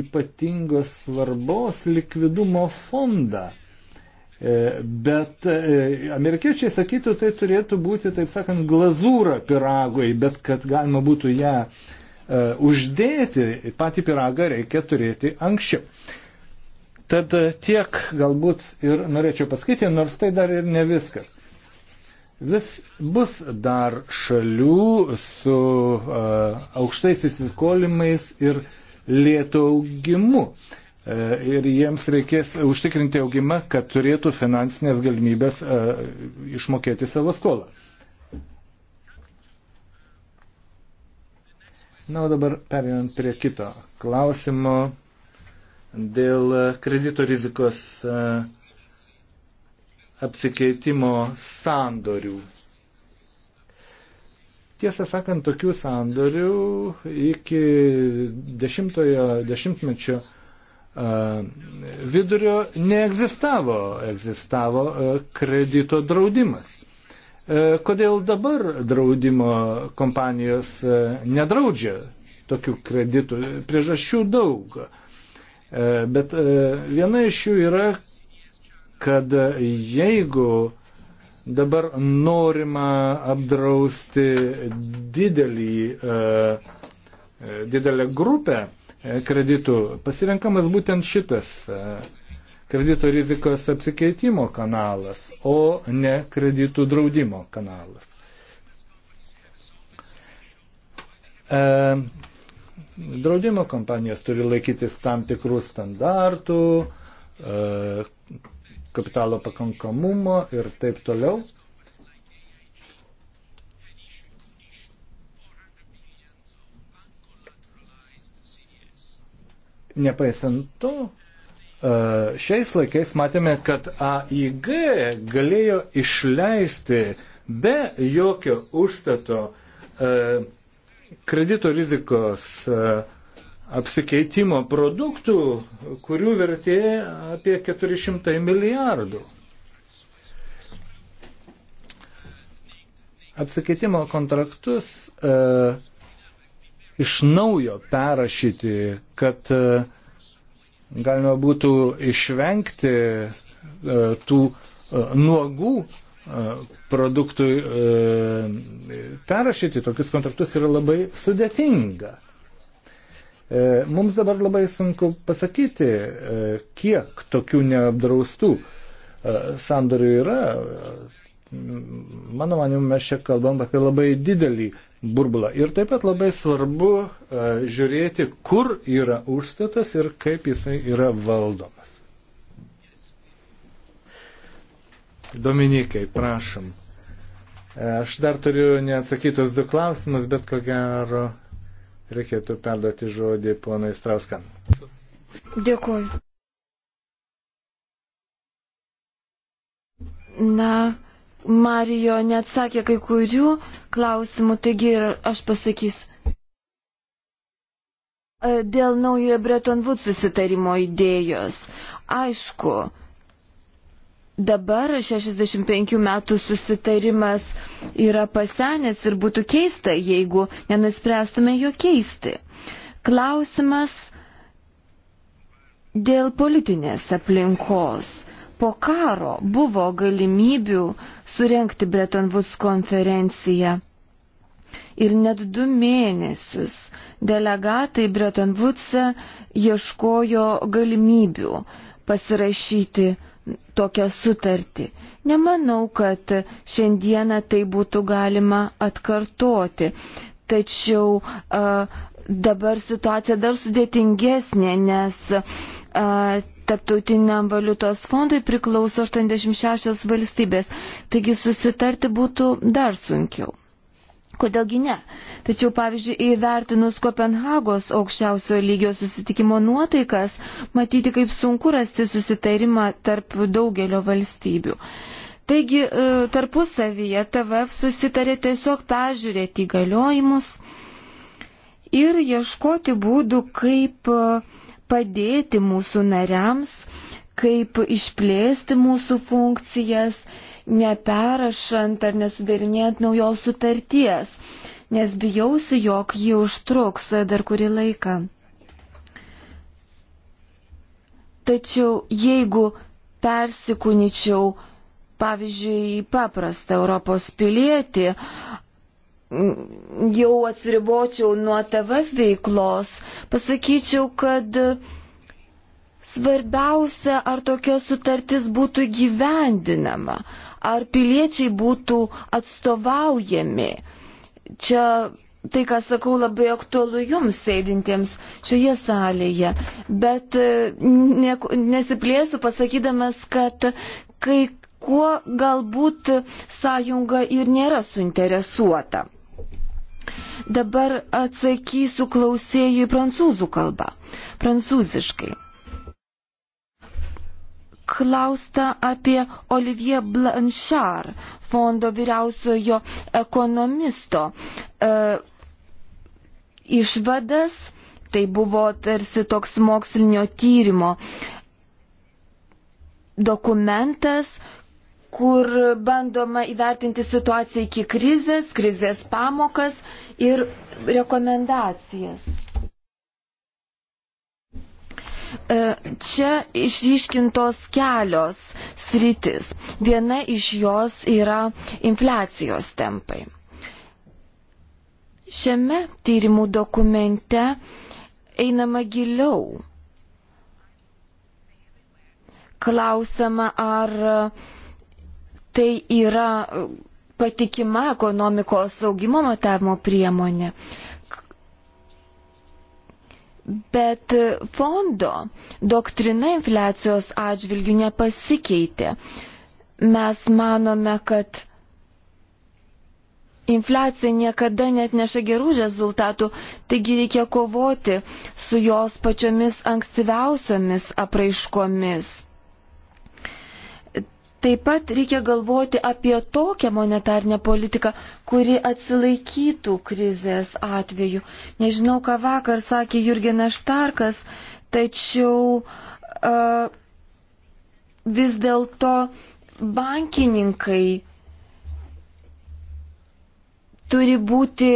ypatingos svarbos likvidumo fondą. E, bet amerikiečiai sakytų, tai turėtų būti, taip sakant, glazūra piragui, bet kad galima būtų ją uždėti, patį piragą reikia turėti anksčiau. Tad tiek galbūt ir norėčiau pasakyti, nors tai dar ir ne viskas. Vis bus dar šalių su uh, aukštais įsiskolimais ir lėto augimu. Uh, ir jiems reikės užtikrinti augimą, kad turėtų finansinės galimybės uh, išmokėti savo skolą. Na, o dabar perinant prie kito klausimo dėl e, kredito rizikos e, apsikeitimo sandorių. Tiesą sakant, tokių sandorių iki dešimtojo dešimtmečio e, vidurio neegzistavo, egzistavo kredito draudimas. Kodėl dabar draudimo kompanijos nedraudžia tokių kreditų? Priežasčių daug. E, bet e, viena iš jų yra, kad jeigu dabar norima apdrausti didelį, e, didelę grupę kreditų, pasirenkamas būtent šitas kredito rizikos apsikeitimo kanalas, o ne kreditų draudimo kanalas. Draudimo kompanijos turi laikytis tam tikrų standartų, e, kapitalo pakankamumo ir taip toliau. Nepaisant to, e, šiais laikais matėme, kad AIG galėjo išleisti be jokio užstato e, kredito rizikos e, apsikeitimo produktų, kurių vertė apie 400 milijardų. Apsikeitimo kontraktus e, iš naujo perrašyti, kad e, galima būtų išvengti e, tų e, nuogų produktui e, perrašyti tokius kontraktus yra labai sudėtinga. E, mums dabar labai sunku pasakyti, e, kiek tokių neapdraustų sandorių yra. Mano manimu, mes čia kalbam apie labai didelį burbulą. Ir taip pat labai svarbu žiūrėti, kur yra užstatas ir kaip jisai yra valdomas. Dominikai, prašom. Aš dar turiu neatsakytus du klausimus, bet ko gero reikėtų perduoti žodį ponai Strauskam. Dėkuoju. Na, Marijo neatsakė kai kurių klausimų, taigi ir aš pasakysiu. Dėl naujojo Bretton Woods susitarimo idėjos. Aišku, dabar 65 metų susitarimas yra pasenęs ir būtų keista, jeigu nenuspręstume jo keisti. Klausimas dėl politinės aplinkos. Po karo buvo galimybių surenkti Bretton Woods konferenciją. Ir net du mėnesius delegatai Bretton Woods'e ieškojo galimybių pasirašyti tokią sutartį. Nemanau, kad šiandieną tai būtų galima atkartoti. Tačiau a, dabar situacija dar sudėtingesnė, nes a, Tarptautiniam valiutos fondui priklauso 86 valstybės, taigi susitarti būtų dar sunkiau. Kodėlgi ne? Tačiau, pavyzdžiui, įvertinus Kopenhagos aukščiausio lygio susitikimo nuotaikas, matyti, kaip sunku rasti susitarimą tarp daugelio valstybių. Taigi, e, tarpusavyje TVF susitarė tiesiog peržiūrėti įgaliojimus ir ieškoti būdų, kaip e, padėti mūsų nariams, kaip išplėsti mūsų funkcijas neperrašant ar nesudarinėjant naujos sutarties, nes bijausi, jog ji užtruks dar kurį laiką. Tačiau jeigu persikūnyčiau, pavyzdžiui, paprastą Europos pilietį, mm, jau atsiribočiau nuo TVF veiklos, pasakyčiau, kad Svarbiausia, ar tokia sutartis būtų gyvendinama, ar piliečiai būtų atstovaujami. Čia tai, ką sakau, labai aktualu jums sėdintiems šioje salėje, bet e, ne, nesiplėsiu pasakydamas, kad kai kuo galbūt sąjunga ir nėra suinteresuota. Dabar atsakysiu klausėjui prancūzų kalbą, prancūziškai paklausta apie Olivier Blanchard, fondo vyriausiojo ekonomisto e, išvadas. Tai buvo tarsi toks mokslinio tyrimo dokumentas, kur bandoma įvertinti situaciją iki krizės, krizės pamokas ir rekomendacijas. E, čia išryškintos kelios sritis. Viena iš jos yra infliacijos tempai. Šiame tyrimų dokumente einama giliau. Klausama, ar tai yra patikima ekonomikos augimo matavimo priemonė. Bet fondo doktrina infliacijos atžvilgių nepasikeitė. Mes manome, kad infliacija niekada net neša gerų rezultatų, taigi reikia kovoti su jos pačiomis ankstyviausiomis apraiškomis. Taip pat reikia galvoti apie tokią monetarnę politiką, kuri atsilaikytų krizės atveju. Nežinau, ką vakar sakė Jurgenas Štarkas, tačiau uh, vis dėlto bankininkai turi būti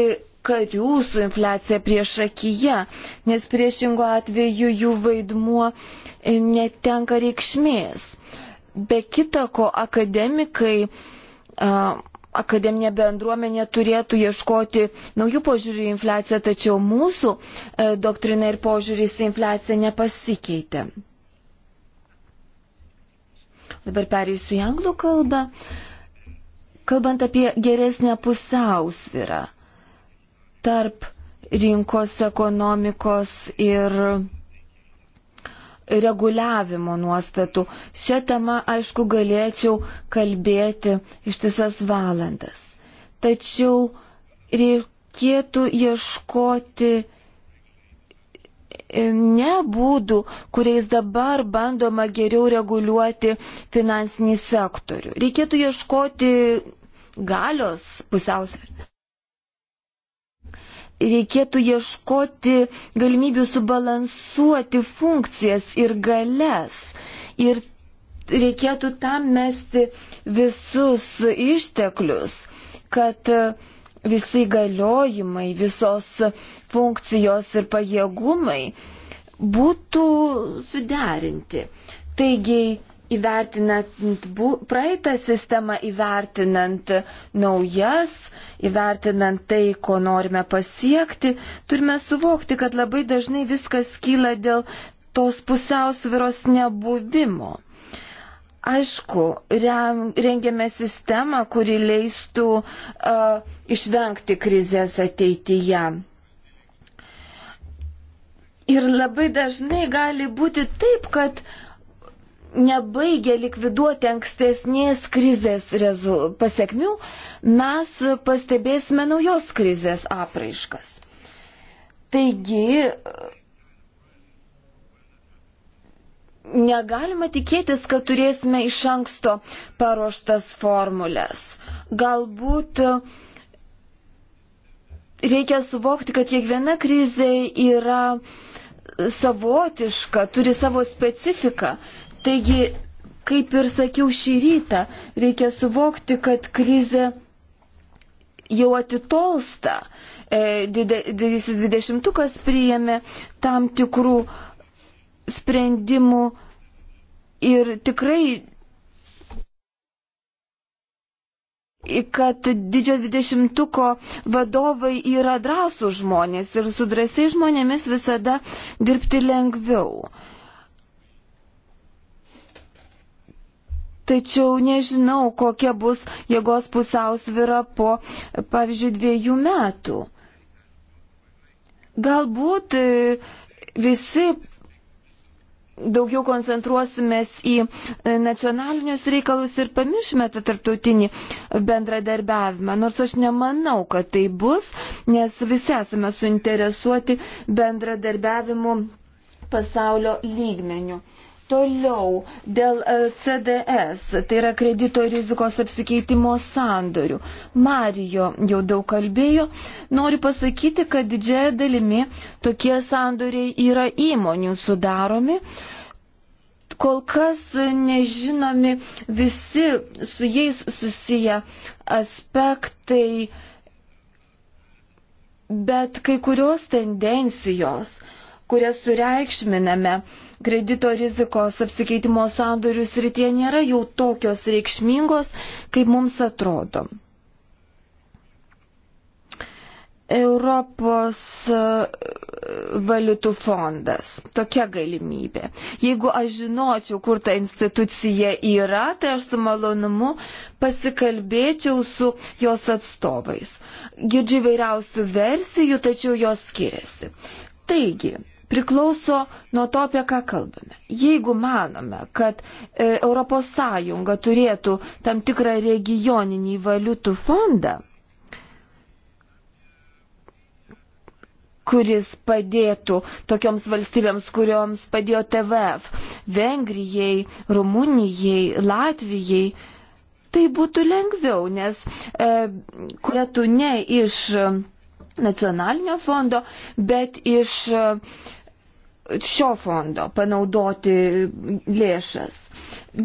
karių su infliacija prieš akiją, nes priešingo atveju jų vaidmuo netenka reikšmės be kitako akademikai, akademinė bendruomenė turėtų ieškoti naujų požiūrių į infliaciją, tačiau mūsų e, doktrina ir požiūris į infliaciją nepasikeitė. Dabar pereisiu į anglų kalbą. Kalbant apie geresnę pusiausvyrą tarp rinkos ekonomikos ir reguliavimo nuostatų. Šią temą, aišku, galėčiau kalbėti ištisas valandas. Tačiau reikėtų ieškoti e, ne būdų, kuriais dabar bandoma geriau reguliuoti finansinį sektorių. Reikėtų ieškoti galios pusiausvėrį reikėtų ieškoti galimybių subalansuoti funkcijas ir galias. Ir reikėtų tam mesti visus išteklius, kad visi galiojimai, visos funkcijos ir pajėgumai būtų suderinti. Taigi įvertinant praeitą sistemą, įvertinant naujas, įvertinant tai, ko norime pasiekti, turime suvokti, kad labai dažnai viskas kyla dėl tos pusiausviros nebuvimo. Aišku, rengėme sistemą, kuri leistų uh, išvengti krizės ateityje. Ir labai dažnai gali būti taip, kad uh, nebaigia likviduoti ankstesnės krizės pasiekmių, mes pastebėsime naujos krizės apraiškas. Taigi, negalima tikėtis, kad turėsime iš anksto paruoštas formulės. Galbūt reikia suvokti, kad kiekviena krizė yra savotiška, turi savo specifiką. Taigi, kaip ir sakiau šį rytą, reikia suvokti, kad krize jau atitolsta. E, didysis dvidešimtukas priėmė tam tikrų sprendimų ir tikrai, kad didžio dvidešimtuko vadovai yra drąsų žmonės ir su drąsiai žmonėmis visada dirbti lengviau. Tačiau nežinau, kokia bus jėgos pusiausvyra po, pavyzdžiui, dviejų metų. Galbūt e, visi daugiau koncentruosimės į e, nacionalinius reikalus ir pamiršime tą tarptautinį bendradarbiavimą. Nors aš nemanau, kad tai bus, nes visi esame suinteresuoti bendradarbiavimu pasaulio lygmeniu. Toliau dėl e, CDS, tai yra kredito rizikos apsikeitimo sandorių. Marijo jau daug kalbėjo. Noriu pasakyti, kad didžiaja dalimi tokie sandoriai yra įmonių sudaromi. Kol kas nežinomi visi su jais susiję aspektai, bet kai kurios tendencijos, kurias sureikšminame, kredito rizikos apsikeitimo sandorių srityje nėra jau tokios reikšmingos, kaip mums atrodo. Europos e, valiutų fondas. Tokia galimybė. Jeigu aš žinočiau, kur ta institucija yra, tai aš su malonumu pasikalbėčiau su jos atstovais. Girdžiu vairiausių versijų, tačiau jos skiriasi. Taigi, priklauso nuo to, apie ką kalbame. Jeigu manome, kad ES turėtų tam tikrą regioninį valiutų fondą, kuris padėtų tokioms valstybėms, kurioms padėjo TVF - Vengrijai, Rumunijai, Latvijai. Tai būtų lengviau, nes e, kuria tu ne iš nacionalinio fondo, bet iš e, šio fondo panaudoti lėšas.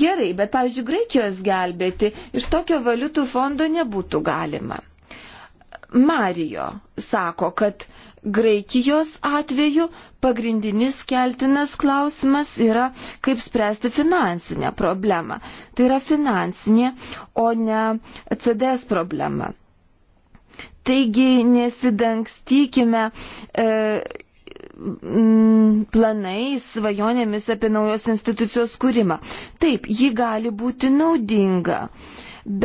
Gerai, bet pavyzdžiui, Graikijos gelbėti iš tokio valiutų fondo nebūtų galima. Marijo sako, kad Graikijos atveju pagrindinis keltinas klausimas yra, kaip spręsti finansinę problemą. Tai yra finansinė, o ne CDS problema. Taigi nesidangstykime e, Mm, planais, svajonėmis apie naujos institucijos kūrimą. Taip, ji gali būti naudinga,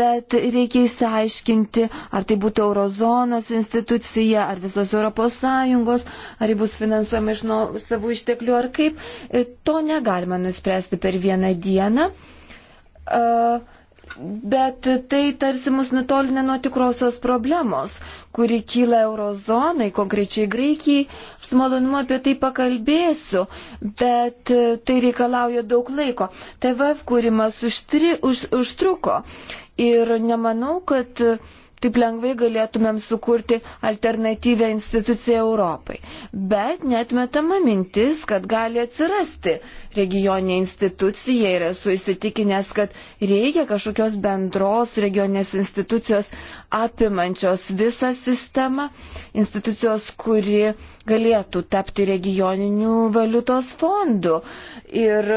bet reikia įsiaiškinti, ar tai būtų eurozonos institucija, ar visos ES, ar ji bus finansuojama iš nuo savų išteklių, ar kaip. E, to negalima nuspręsti per vieną dieną. Uh, Bet tai tarsi mus nutolina nuo tikrosios problemos, kuri kyla eurozonai, konkrečiai Graikijai. Aš su malonumu apie tai pakalbėsiu, bet e, tai reikalauja daug laiko. TVF kūrimas užtri, už, užtruko ir nemanau, kad uh, taip lengvai galėtumėm sukurti alternatyvę instituciją Europai. Bet netmetama mintis, kad gali atsirasti regioninė institucija ir esu įsitikinęs, kad reikia kažkokios bendros regioninės institucijos apimančios visą sistemą, institucijos, kuri galėtų tapti regioninių valiutos fondų. Ir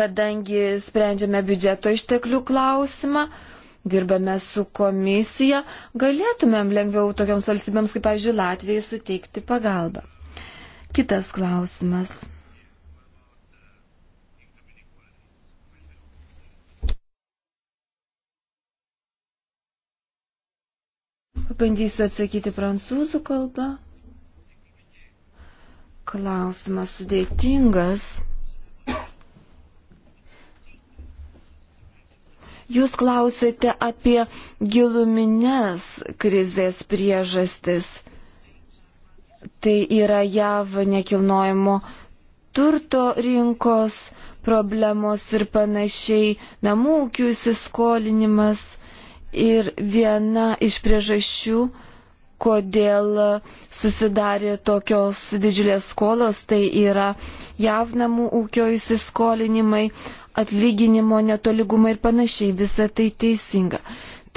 kadangi sprendžiame biudžeto išteklių klausimą, dirbame su komisija, galėtumėm lengviau tokioms valstybėms kaip, pavyzdžiui, Latvijai suteikti pagalbą. Kitas klausimas. Pabandysiu atsakyti prancūzų kalbą. Klausimas sudėtingas. Jūs klausėte apie gilumines krizės priežastis. Tai yra JAV nekilnojimo turto rinkos problemos ir panašiai, namų ūkių įsiskolinimas. Ir viena iš priežasčių, kodėl susidarė tokios didžiulės skolos, tai yra jav namų ūkio įsiskolinimai, atlyginimo netoligumą ir panašiai, visa tai teisinga.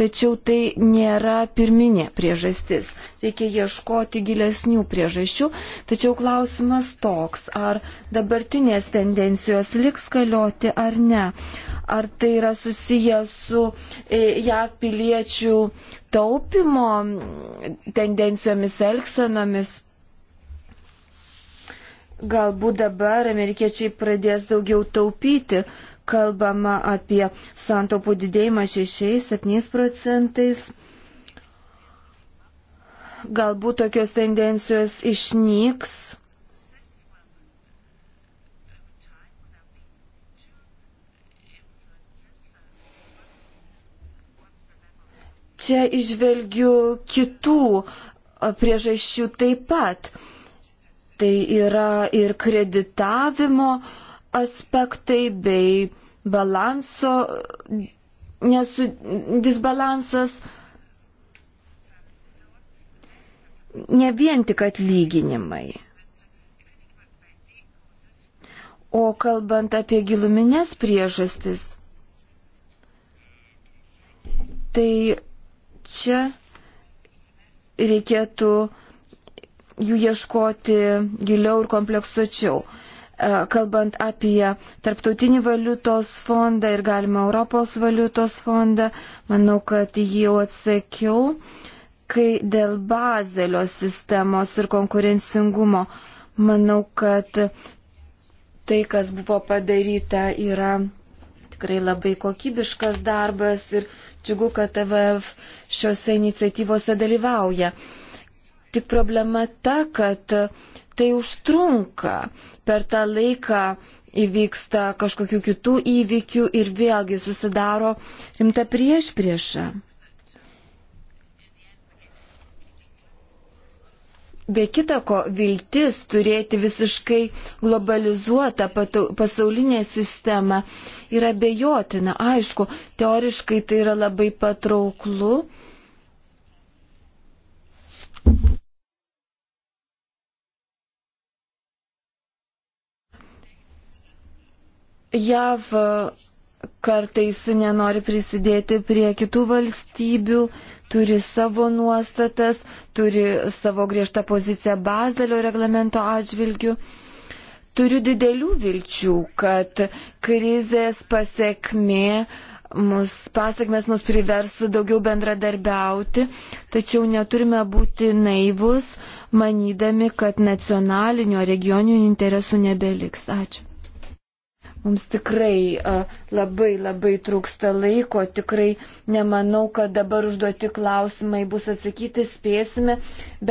Tačiau tai nėra pirminė priežastis. Reikia ieškoti gilesnių priežasčių. Tačiau klausimas toks, ar dabartinės tendencijos liks galioti ar ne. Ar tai yra susijęs su e, JAV piliečių taupimo tendencijomis, elgsenomis, Galbūt dabar amerikiečiai pradės daugiau taupyti. Kalbama apie santaupų didėjimą 6-7 procentais. Galbūt tokios tendencijos išnyks. Čia išvelgiu kitų priežasčių taip pat. Tai yra ir kreditavimo aspektai bei balanso nesu, disbalansas. Ne vien tik atlyginimai. O kalbant apie giluminės priežastis, tai čia reikėtų jų ieškoti giliau ir kompleksuočiau. E, kalbant apie tarptautinį valiutos fondą ir galima Europos valiutos fondą, manau, kad jau atsakiau, kai dėl bazelio sistemos ir konkurencingumo, manau, kad tai, kas buvo padaryta, yra tikrai labai kokybiškas darbas ir džiugu, kad TVF šiuose iniciatyvose dalyvauja. Uh, Tik problema ta, kad tai užtrunka. Per tą laiką įvyksta kažkokių kitų įvykių ir vėlgi susidaro rimta prieš priešą. Be kitako, viltis turėti visiškai globalizuotą pasaulinę sistemą yra bejotina. Aišku, teoriškai tai yra labai patrauklu, JAV kartais nenori prisidėti prie kitų valstybių, turi savo nuostatas, turi savo griežtą poziciją Bazelio reglamento atžvilgių. Turiu didelių vilčių, kad krizės pasiekmė mus, pasiekmes mus privers daugiau bendradarbiauti, tačiau neturime būti naivus, manydami, kad nacionalinio regioninių interesų nebeliks. Ačiū. Mums tikrai labai labai trūksta laiko, tikrai nemanau, kad dabar užduoti klausimai bus atsakyti, spėsime,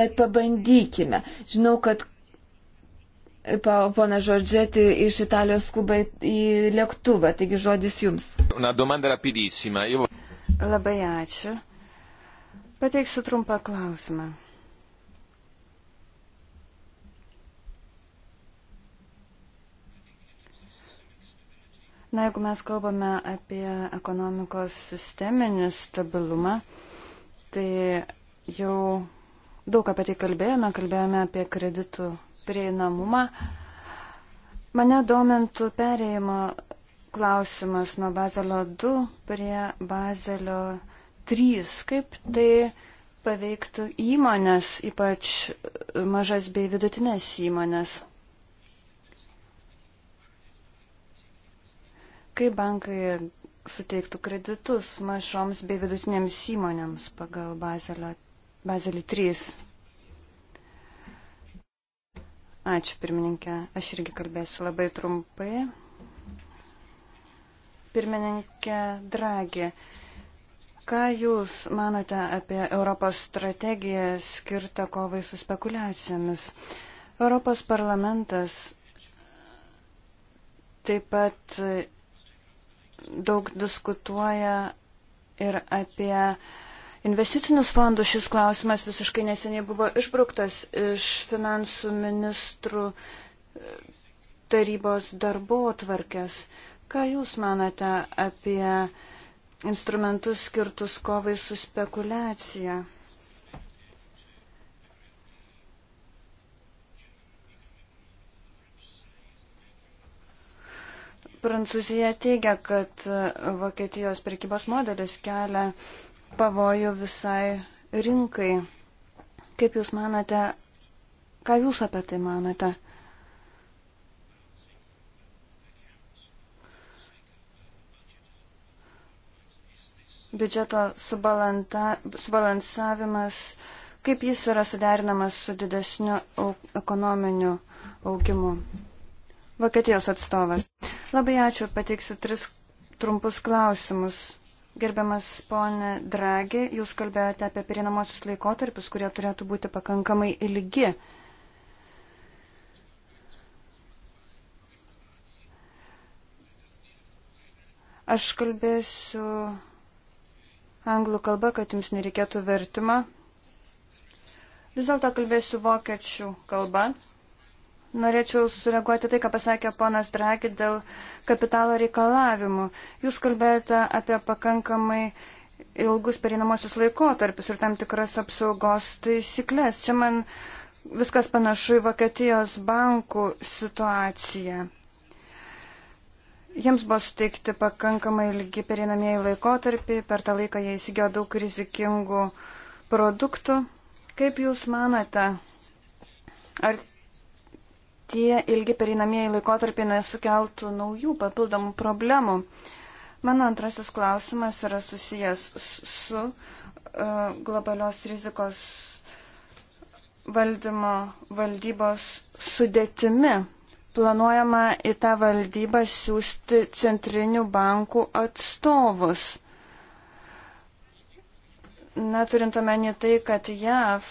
bet pabandykime. Žinau, kad e, pona Žodžetį iš Italijos skuba į lėktuvą, taigi žodis jums. Labai ačiū. Pateiksiu trumpą klausimą. Na, jeigu mes kalbame apie ekonomikos sisteminį stabilumą, tai jau daug apie tai kalbėjome, kalbėjome apie kreditų prieinamumą. Mane domintų perėjimo klausimas nuo Bazelio 2 prie Bazelio 3. Kaip tai paveiktų įmonės, ypač mažas bei vidutinės įmonės? kaip bankai suteiktų kreditus mažoms bei vidutinėms įmonėms pagal Bazelio, Bazelį 3. Ačiū, pirmininkė. Aš irgi kalbėsiu labai trumpai. Pirmininkė Dragi, ką Jūs manote apie Europos strategiją skirtą kovai su spekulacijomis? Europos parlamentas taip pat daug diskutuoja ir apie investicinius fondus. Šis klausimas visiškai neseniai buvo išbruktas iš finansų ministrų e, tarybos darbo tvarkės. Ką Jūs manate apie instrumentus skirtus kovai su spekulacija? Prancūzija teigia, kad Vokietijos prekybos modelis kelia pavojų visai rinkai. Kaip Jūs manate, ką Jūs apie tai manate? biudžeto subalanta, subalansavimas, kaip jis yra suderinamas su didesniu au, ekonominiu augimu. Vokietijos atstovas. Labai ačiū, pateiksiu tris trumpus klausimus. Gerbiamas ponė Dragi, jūs kalbėjote apie perinamosius laikotarpius, kurie turėtų būti pakankamai ilgi. Aš kalbėsiu anglų kalba, kad jums nereikėtų vertimą. Vis dėlto kalbėsiu vokiečių kalba. Norėčiau sureaguoti tai, ką pasakė ponas Dragi dėl kapitalo reikalavimų. Jūs kalbėjote apie pakankamai ilgus perinamosius laikotarpius ir tam tikras apsaugos taisyklės. Čia man viskas panašu į Vokietijos bankų situaciją. Jiems buvo suteikti pakankamai ilgi perinamieji laikotarpiai, per tą laiką jie įsigijo daug rizikingų produktų. Kaip Jūs manate, ar tie ilgi pereinamieji laikotarpiai nesukeltų naujų papildomų problemų. Mano antrasis klausimas yra susijęs su uh, globalios rizikos valdymo valdybos sudėtimi. Planuojama į tą valdybą siūsti centrinių bankų atstovus. Neturint omeny tai, kad JAV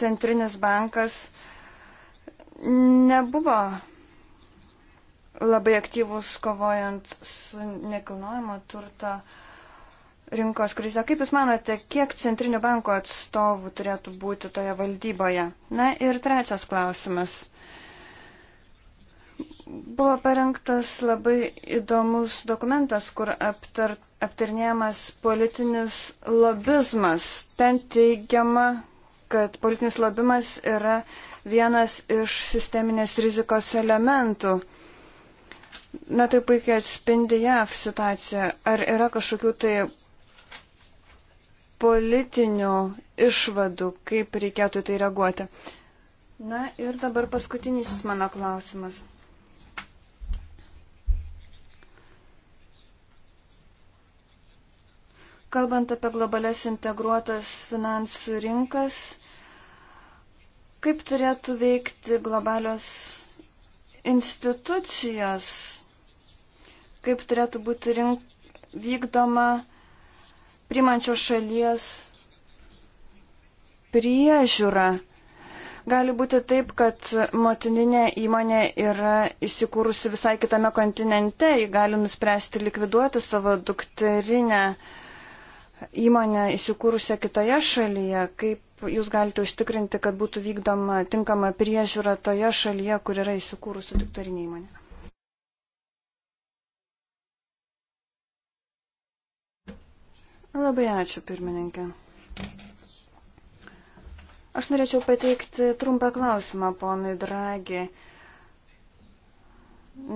centrinis bankas uh, nebuvo labai aktyvus kovojant su nekilnojamo turto rinkos krize. Kaip Jūs manote, kiek centrinio banko atstovų turėtų būti toje valdyboje? Na ir trečias klausimas. Buvo parengtas labai įdomus dokumentas, kur aptart, aptarnėjamas politinis lobizmas. Ten teigiama, kad politinis lobimas yra vienas iš sisteminės rizikos elementų. Na tai puikiai atspindi JAV situaciją. Ar yra kažkokių tai politinių išvadų, kaip reikėtų tai reaguoti? Na ir dabar paskutinis mano klausimas. Kalbant apie globales integruotas finansų rinkas, Kaip turėtų veikti globalios institucijos, kaip turėtų būti rink, vykdoma primančios šalies priežiūra. Gali būti taip, kad motininė įmonė yra įsikūrusi visai kitame kontinente, ji gali nuspręsti likviduoti savo dukterinę įmonę įsikūrusią kitoje šalyje. Kaip jūs galite užtikrinti, kad būtų vykdoma tinkama priežiūra toje šalyje, kur yra įsikūrusi dukterinė įmonė? Labai ačiū, pirmininkė. Aš norėčiau pateikti trumpą klausimą ponui Dragi.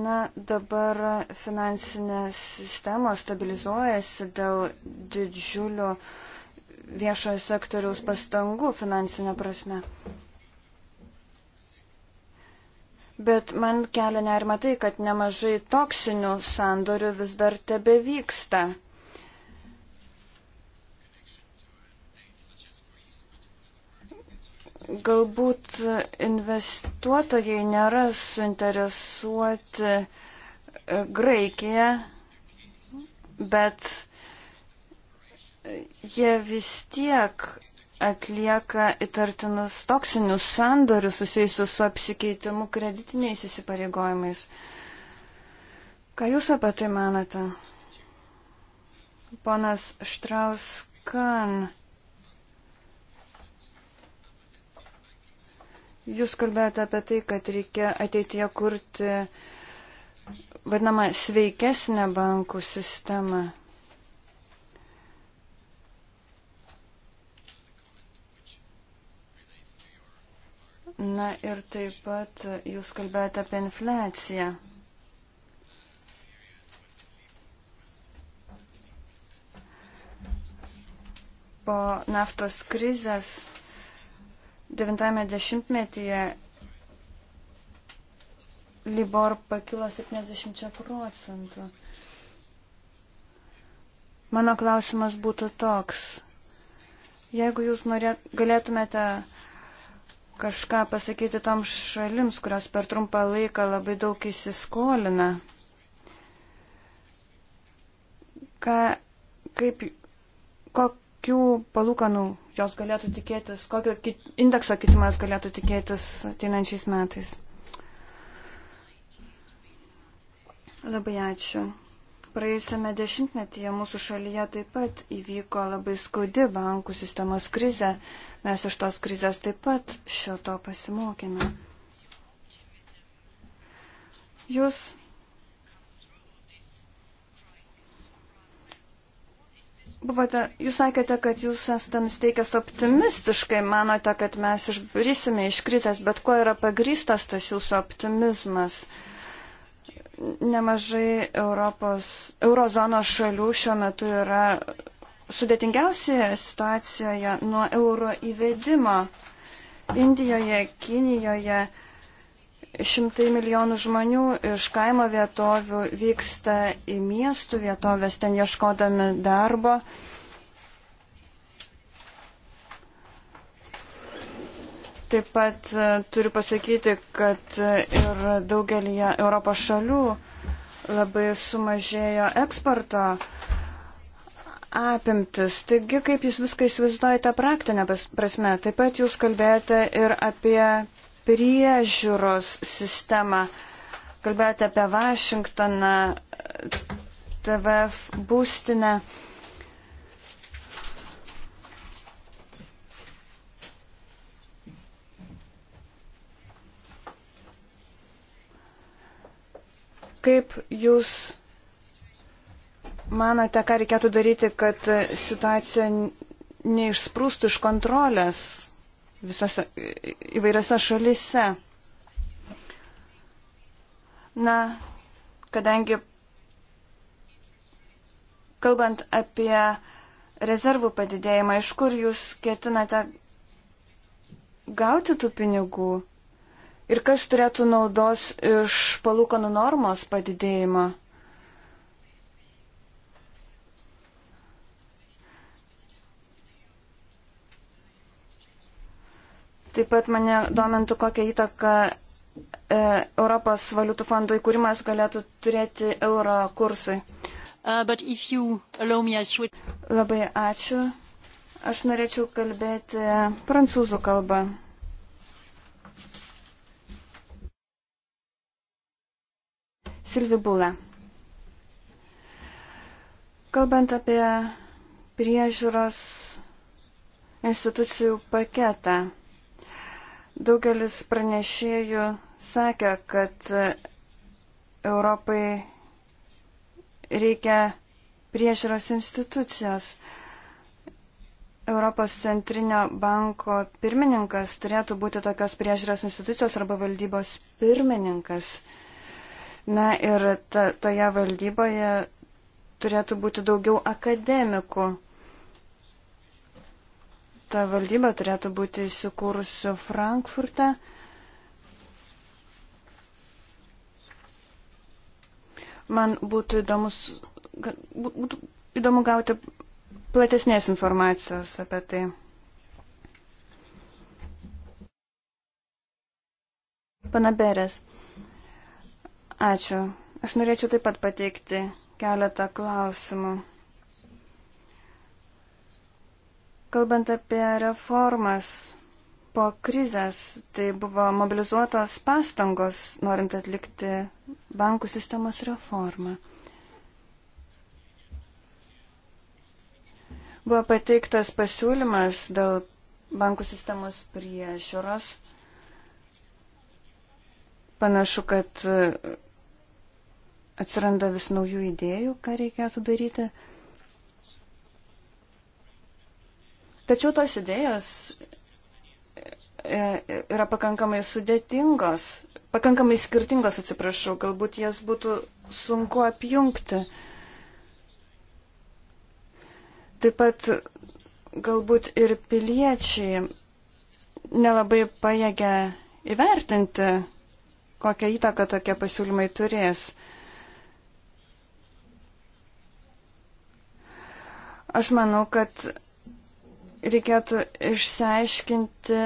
Na, dabar finansinės sistemos stabilizuojasi dėl didžiulių uh, viešojo sektoriaus pastangų finansinė prasme. Bet man kelia nerima tai, kad nemažai toksinių sandorių vis dar tebe vyksta. Galbūt investuotojai nėra suinteresuoti Graikiją, bet jie vis tiek atlieka įtartinus toksinius sandorius susijusius su apsikeitimu kreditiniais įsipareigojimais. Ką Jūs apie tai manate? Ponas Štrauskan. Jūs kalbėjote apie tai, kad reikia ateityje kurti vadinamą sveikesnę bankų sistemą. Na ir taip pat jūs kalbėjote apie infliaciją. Po naftos krizės 90-metyje Libor pakilo 70 procentų. Mano klausimas būtų toks. Jeigu jūs norėt, galėtumėte kažką pasakyti toms šalims, kurios per trumpą laiką labai daug įsiskolina? Ką, kaip, kokių palūkanų jos galėtų tikėtis, kokio kit, indekso kitimas galėtų tikėtis ateinančiais metais? Labai ačiū. Praėjusiame dešimtmetyje mūsų šalyje taip pat įvyko labai skaudi bankų sistemos krizė. Mes iš tos krizės taip pat šio to pasimokėme. Jūs buvote, jūs sakėte, kad jūs esate nusteikęs optimistiškai, manote, kad mes išbrisime iš krizės, bet kuo yra pagrystas tas jūsų optimizmas? Uh, nemažai Europos, eurozonos šalių šiuo metu yra sudėtingiausioje situacijoje nuo euro įvedimo. Indijoje, Kinijoje šimtai milijonų žmonių iš kaimo vietovių vyksta į miestų vietovės ten ieškodami darbo. Uh, Taip pat e, turiu pasakyti, kad e, ir daugelį Europos šalių labai sumažėjo eksporto apimtis. Taigi, kaip jūs viską įsivaizduojate praktinę prasme? Taip pat jūs kalbėjote ir apie priežiūros sistemą. Kalbėjote apie Vašingtoną, TVF būstinę. Uh, Kaip jūs manote, ką reikėtų daryti, kad situacija neišsprūstų iš kontrolės visose įvairiose šalise? Na, kadangi kalbant apie rezervų padidėjimą, iš kur jūs ketinate gauti tų pinigų? Ir kas turėtų naudos iš palūkanų normos padidėjimo? Taip pat mane domintų, kokią įtaką e, Europos valiutų fondo įkūrimas galėtų turėti euro kursui. Uh, me, should... Labai ačiū. Aš norėčiau kalbėti prancūzų kalbą. Silvi Bula. Kalbant apie priežiūros institucijų paketą, daugelis pranešėjų sakė, kad Europai reikia priežiūros institucijos. Europos centrinio banko pirmininkas turėtų būti tokios priežiūros institucijos arba valdybos pirmininkas. Uh, Na ir ta, toje valdyboje turėtų būti daugiau akademikų. Ta valdyba turėtų būti įsikūrusi Frankfurte. Man būtų įdomus, būtų įdomu gauti platesnės informacijos apie tai. Panaberės. Ačiū. Aš norėčiau taip pat pateikti keletą klausimų. Kalbant apie reformas po krizės, tai buvo mobilizuotos pastangos, norint atlikti bankų sistemos reformą. Buvo pateiktas pasiūlymas dėl bankų sistemos priežiūros. Panašu, kad atsiranda vis naujų idėjų, ką reikėtų daryti. Tačiau tos idėjos e, e, yra pakankamai sudėtingos, pakankamai skirtingos, atsiprašau, galbūt jas būtų sunku apjungti. Taip pat galbūt ir piliečiai nelabai pajėgia įvertinti, kokią įtaką tokie pasiūlymai turės. Uh, Aš manau, kad reikėtų išsiaiškinti,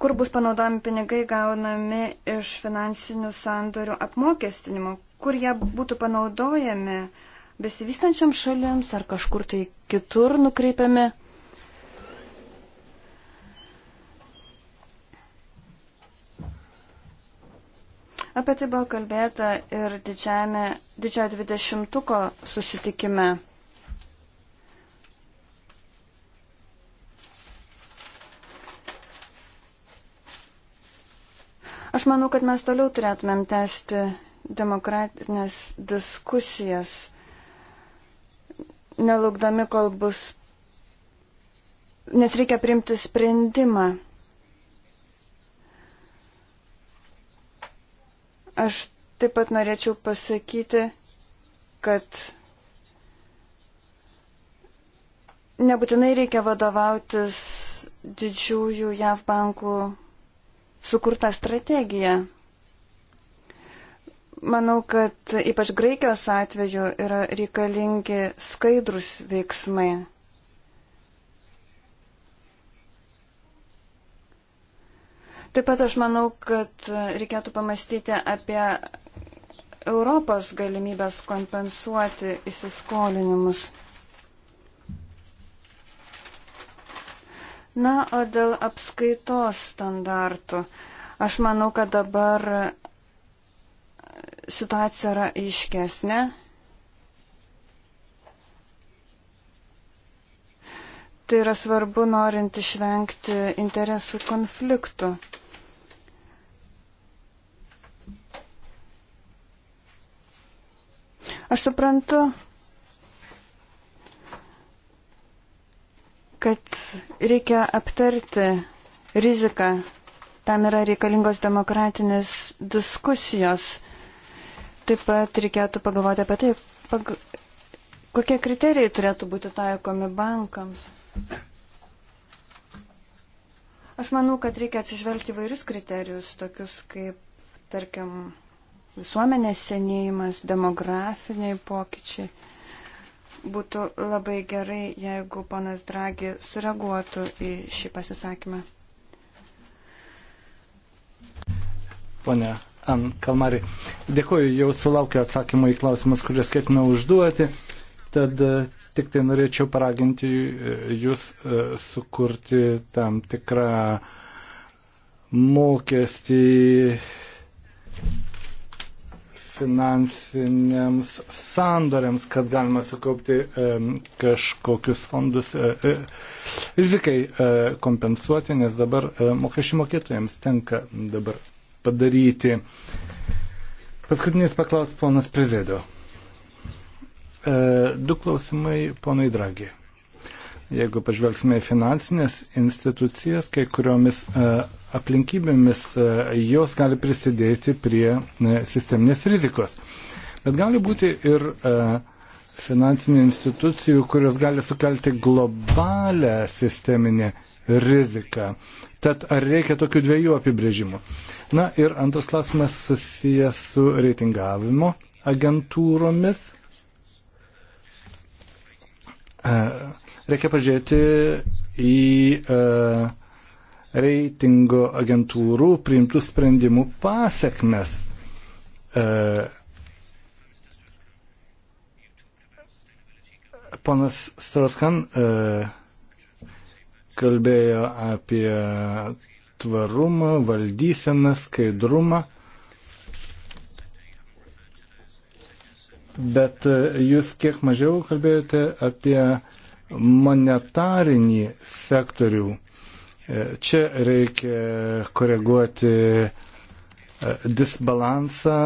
kur bus panaudojami pinigai gaunami iš finansinių sandorių apmokestinimo, kur jie būtų panaudojami besivystančiam šalims ar kažkur tai kitur nukreipiami. Apie tai buvo kalbėta ir didžiojo dvidešimtuko susitikime. Aš manau, kad mes toliau turėtumėm tęsti demokratinės diskusijas, nelaukdami, kol bus, nes reikia priimti sprendimą. Aš taip pat norėčiau pasakyti, kad nebūtinai reikia vadovautis didžiųjų JAV bankų sukurta strategija. Manau, kad ypač Graikijos atveju yra reikalingi skaidrus veiksmai. Taip pat aš manau, kad reikėtų pamastyti apie Europos galimybės kompensuoti įsiskolinimus. Na, o dėl apskaitos standartų. Aš manau, kad dabar situacija yra aiškesnė. Tai yra svarbu norint išvengti interesų konfliktų. Aš suprantu, kad reikia aptarti riziką. Tam yra reikalingos demokratinės diskusijos. Taip pat reikėtų pagalvoti apie tai, pag... kokie kriterijai turėtų būti taikomi bankams. Aš manau, kad reikia atsižvelgti vairius kriterijus, tokius kaip, tarkim, visuomenės senėjimas, demografiniai pokyčiai. Būtų labai gerai, jeigu ponas Dragi sureaguotų į šį pasisakymą. Pone An Kalmari, dėkuoju, jau sulaukiu atsakymų į klausimus, kuriuos ketinau užduoti. Tad e, tik tai norėčiau paraginti e, jūs e, sukurti tam tikrą mokestį finansiniams sandoriams, kad galima sukaupti e, kažkokius fondus e, e, rizikai e, kompensuoti, nes dabar e, mokesčių mokėtojams tenka dabar padaryti. Paskutinis paklaus ponas Prezėdo. E, du klausimai ponai Dragi. Jeigu pažvelgsime į finansinės institucijas, kai kuriomis e, aplinkybėmis e, jos gali prisidėti prie e, sisteminės rizikos. Bet gali būti ir finansinių institucijų, kurios gali sukelti globalę sisteminę riziką. Tad ar reikia tokių dviejų apibrėžimų? Na ir antras klausimas susijęs su reitingavimu agentūromis. E, reikia pažiūrėti į e, reitingo agentūrų priimtų sprendimų pasiekmes. E, ponas Straskan kalbėjo apie tvarumą, valdyseną, skaidrumą. bet e, jūs kiek mažiau kalbėjote apie monetarinį sektorių. E, čia reikia koreguoti e, disbalansą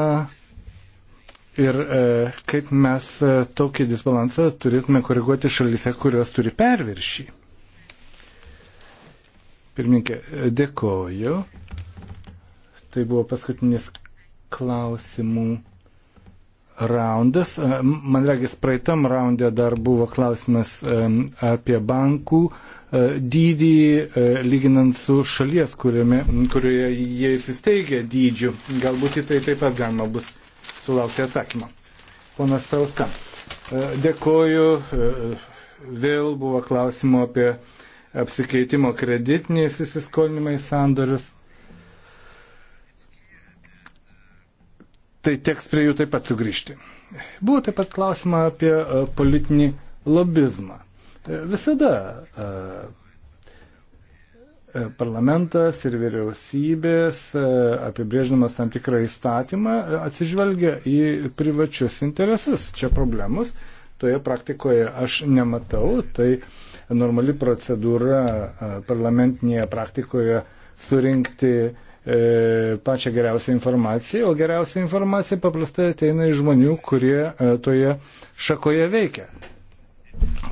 ir kaip mes tokį disbalansą turėtume koreguoti šalyse, kurios turi perviršį. Pirmininkė, dėkoju. Tai buvo paskutinis klausimų raundas. E, man regis, praeitam raundė dar buvo klausimas e, apie bankų e, dydį, lyginant su šalies, kuriame, kurioje jie įsisteigė dydžiu. Galbūt į tai taip pat galima bus sulaukti atsakymą. Ponas Tauska, dėkoju. Vėl buvo klausimų apie apsikeitimo kreditiniais įsiskolinimais sandorius. tai teks prie jų taip pat sugrįžti. Buvo taip pat klausima apie e, politinį lobizmą. E, visada e, parlamentas ir vyriausybės, apibrėždamas tam tikrą įstatymą, atsižvelgia į privačius interesus. Čia problemus toje praktikoje aš nematau. Tai normali procedūra parlamentinėje praktikoje surinkti E, pačią geriausią informaciją, o geriausia informacija paprastai ateina iš žmonių, kurie e, toje šakoje veikia.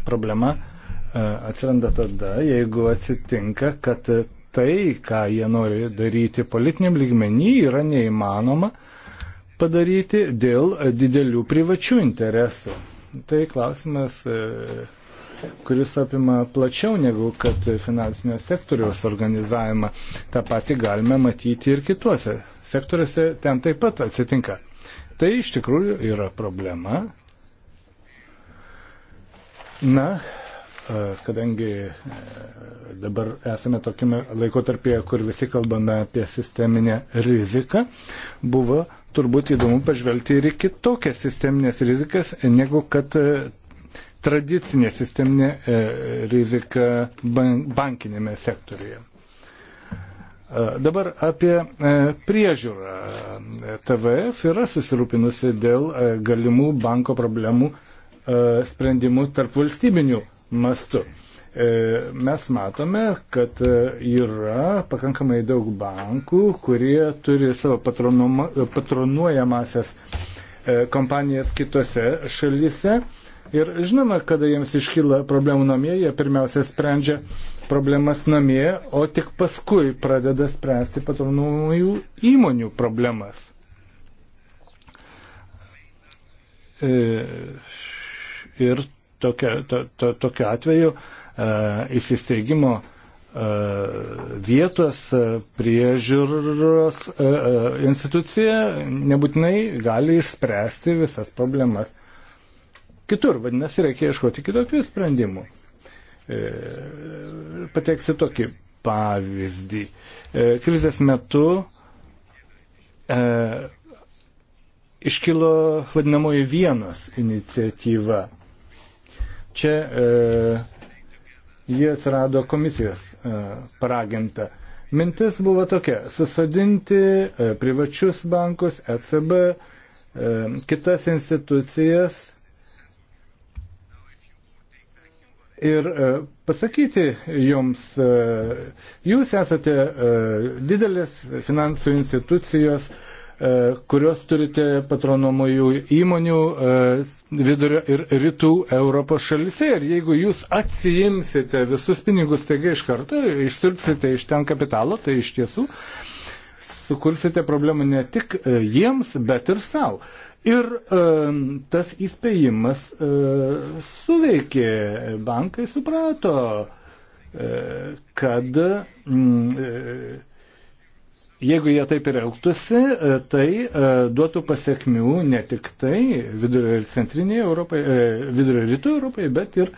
Problema e, atsiranda tada, jeigu atsitinka, kad tai, ką jie nori daryti politiniam lygmenį, yra neįmanoma padaryti dėl didelių privačių interesų. Tai klausimas kuris apima plačiau negu kad finansinio sektoriaus organizavimą. Ta pati galime matyti ir kituose sektoriuose, ten taip pat atsitinka. Tai iš tikrųjų yra problema. Na, kadangi dabar esame tokiame laikotarpyje, kur visi kalbame apie sisteminę riziką, buvo turbūt įdomu pažvelgti ir į kitokias sisteminės rizikas, negu kad tradicinė sisteminė e, rizika bankinėme sektoriuje. E, dabar apie e, priežiūrą. TVF yra susirūpinusi dėl galimų banko problemų sprendimų tarp valstybinių mastų. Mes matome, kad yra pakankamai daug bankų, kurie turi savo patronuojamasias kompanijas kitose šalyse Ir žinoma, kada jiems iškyla problemų namie, jie pirmiausia sprendžia problemas namie, o tik paskui pradeda spręsti patronųjų įmonių problemas. E, ir tokia, to, to, tokiu atveju e, įsisteigimo e, vietos priežiūros institucija nebūtinai gali išspręsti visas problemas kitur. Vadinasi, reikia ieškoti kitokių sprendimų. E, Pateiksiu tokį pavyzdį. E, krizės metu e, iškilo vadinamoji vienos iniciatyva. Čia jie atsirado komisijos paraginta. Mintis buvo tokia - susadinti privačius bankus, ECB, kitas institucijas ir e, pasakyti jums, e, jūs esate e, didelės finansų institucijos, kurios turite patronomųjų įmonių vidurio ir rytų Europos šalise. Ir jeigu jūs atsijimsite visus pinigus taigi iš karto, išsirpsite iš ten kapitalo, tai iš tiesų sukursite problemų ne tik jiems, bet ir savo. Ir e, tas įspėjimas e, suveikė, bankai suprato, e, kad m, mm, e, jeigu jie taip ir elgtųsi, e, tai e, duotų pasiekmių ne tik tai vidurio ir centrinėje Europoje, e, vidurio rytų Europoje, bet ir e,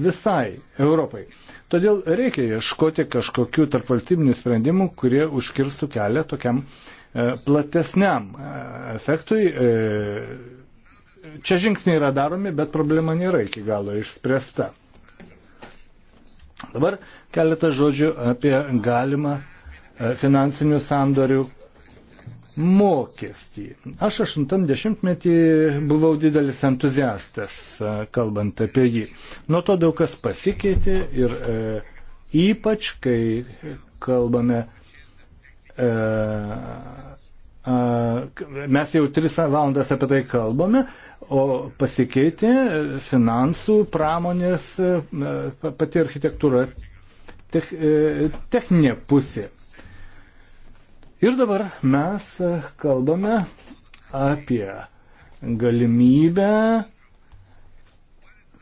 visai Europai. Todėl reikia ieškoti kažkokių tarpvalstybinių sprendimų, kurie užkirstų kelią tokiam e, E, platesniam e, efektui. E, čia žingsniai yra daromi, bet problema nėra iki galo išspręsta. Dabar keletą žodžių apie galimą finansinių sandorių mokestį. Aš 80-metį buvau didelis entuziastas, kalbant apie jį. Nuo to daug kas pasikeitė ir e, ypač, kai kalbame E, mes jau tris valandas apie tai kalbame, o pasikeitė finansų, pramonės, e, pati architektūra, tech, e, techninė pusė. Ir dabar mes kalbame apie galimybę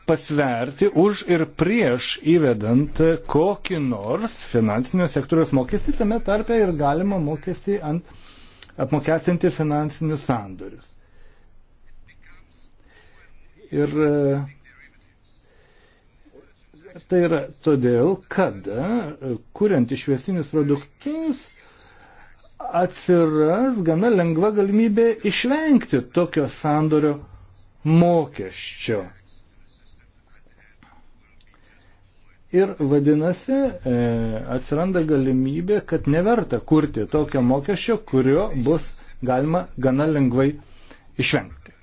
pasverti už ir prieš įvedant kokį nors finansinio sektoriaus mokestį, tame tarpe ir galima mokestį ant apmokestinti finansinius sandorius. Ir e, tai yra todėl, kad e, kuriant išvestinius produktus atsiras gana lengva galimybė išvengti tokio sandorio mokesčio. Ir vadinasi, e, atsiranda galimybė, kad neverta kurti tokio mokesčio, kurio bus galima gana lengvai išvengti.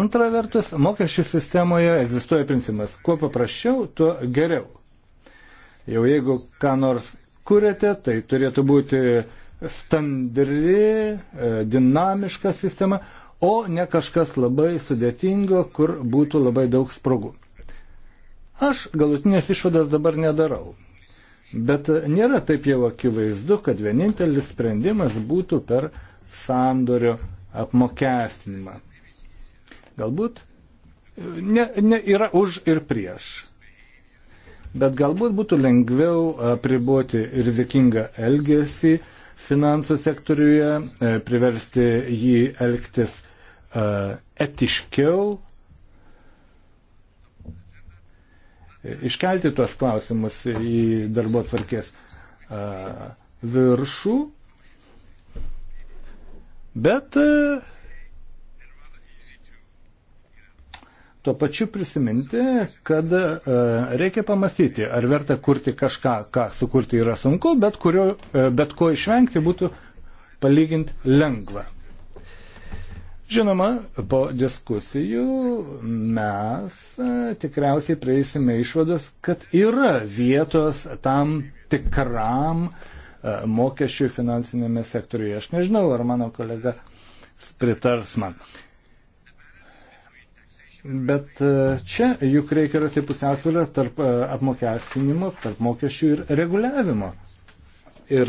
Antra vertus, mokesčių sistemoje egzistuoja principas, kuo paprasčiau, tuo geriau. Jau jeigu ką nors kuriate, tai turėtų būti standri, e, dinamiška sistema, o ne kažkas labai sudėtingo, kur būtų labai daug spragų. Aš galutinės išvadas dabar nedarau. Bet nėra taip jau akivaizdu, kad vienintelis sprendimas būtų per sandorio apmokestinimą. Galbūt ne, ne, yra už ir prieš. Bet galbūt būtų lengviau apriboti rizikingą elgesį finansų sektoriuje, e, priversti jį elgtis e, etiškiau, iškelti tuos klausimus į darbo tvarkės viršų. Bet tuo pačiu prisiminti, kad reikia pamastyti, ar verta kurti kažką, ką sukurti yra sunku, bet, kurio, bet ko išvengti būtų palyginti lengva. Žinoma, po diskusijų mes e, tikriausiai prieisime išvados, kad yra vietos tam tikram e, mokesčių finansinėme sektoriuje. Aš nežinau, ar mano kolega pritars man. Bet e, čia juk reikia rasti pusiausvyrą tarp apmokestinimo, tarp mokesčių ir reguliavimo. Ir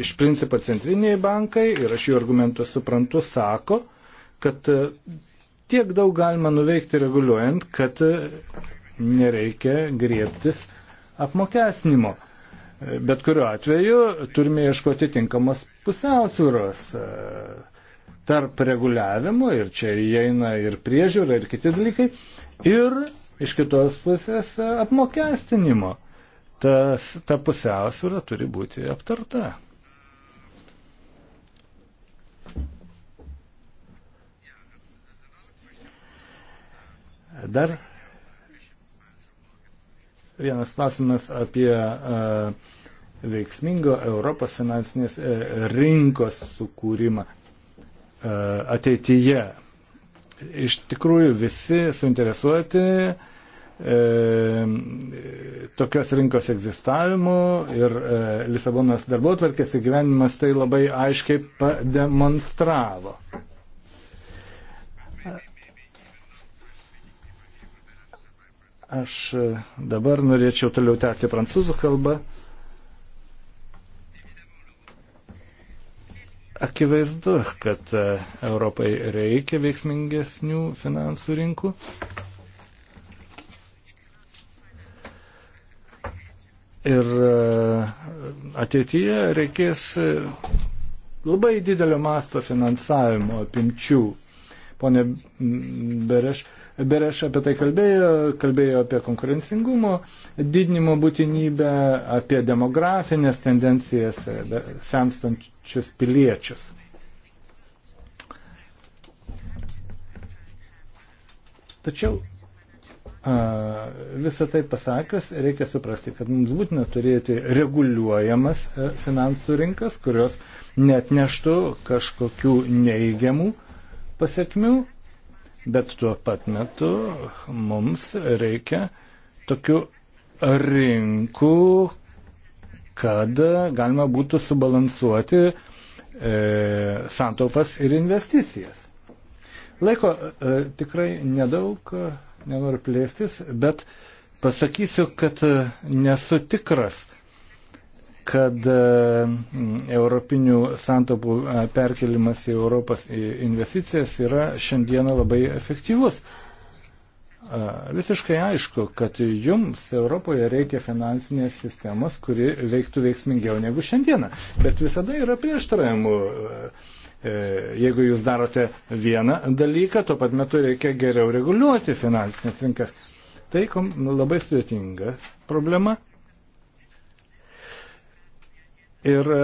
iš principo centriniai bankai, ir aš jų argumentus suprantu, sako, kad e, tiek daug galima nuveikti reguliuojant, kad e, nereikia griebtis apmokesnimo. E, bet kuriuo atveju turime ieškoti tinkamos pusiausvyros tarp reguliavimo ir čia įeina ir priežiūra ir kiti dalykai ir iš kitos pusės apmokestinimo. Tas, ta pusiausvyra turi būti aptarta. Dar vienas klausimas apie veiksmingo Europos finansinės e, rinkos sukūrimą ateityje. Iš tikrųjų visi suinteresuoti e, tokios rinkos egzistavimu ir e, Lisabonas darbo tvarkės įgyvenimas tai labai aiškiai pademonstravo. Aš dabar norėčiau toliau tęsti prancūzų kalbą. Akivaizdu, kad e, Europai reikia veiksmingesnių finansų rinkų. Ir e, ateityje reikės e, labai didelio masto finansavimo apimčių. Pone Bereš, Bereš apie tai kalbėjo, kalbėjo apie konkurencingumo didinimo būtinybę, apie demografinės tendencijas, senstančius piliečius. Tačiau visą tai pasakius, reikia suprasti, kad mums būtina turėti reguliuojamas finansų rinkas, kurios net neštų kažkokių neigiamų pasiekmių bet tuo pat metu mums reikia tokių rinkų, kad galima būtų subalansuoti e, santaupas ir investicijas. Laiko e, tikrai nedaug, nenoriu plėstis, bet pasakysiu, kad e, nesu tikras, kad e, europinių santopų e, perkelimas į Europos investicijas yra šiandieną labai efektyvus. E, visiškai aišku, kad jums Europoje reikia finansinės sistemos, kuri veiktų veiksmingiau negu šiandieną. Bet visada yra prieštaravimų. Jeigu jūs darote vieną dalyką, tuo pat metu reikia geriau reguliuoti finansinės rinkas. Tai labai sudėtinga problema. Ir e,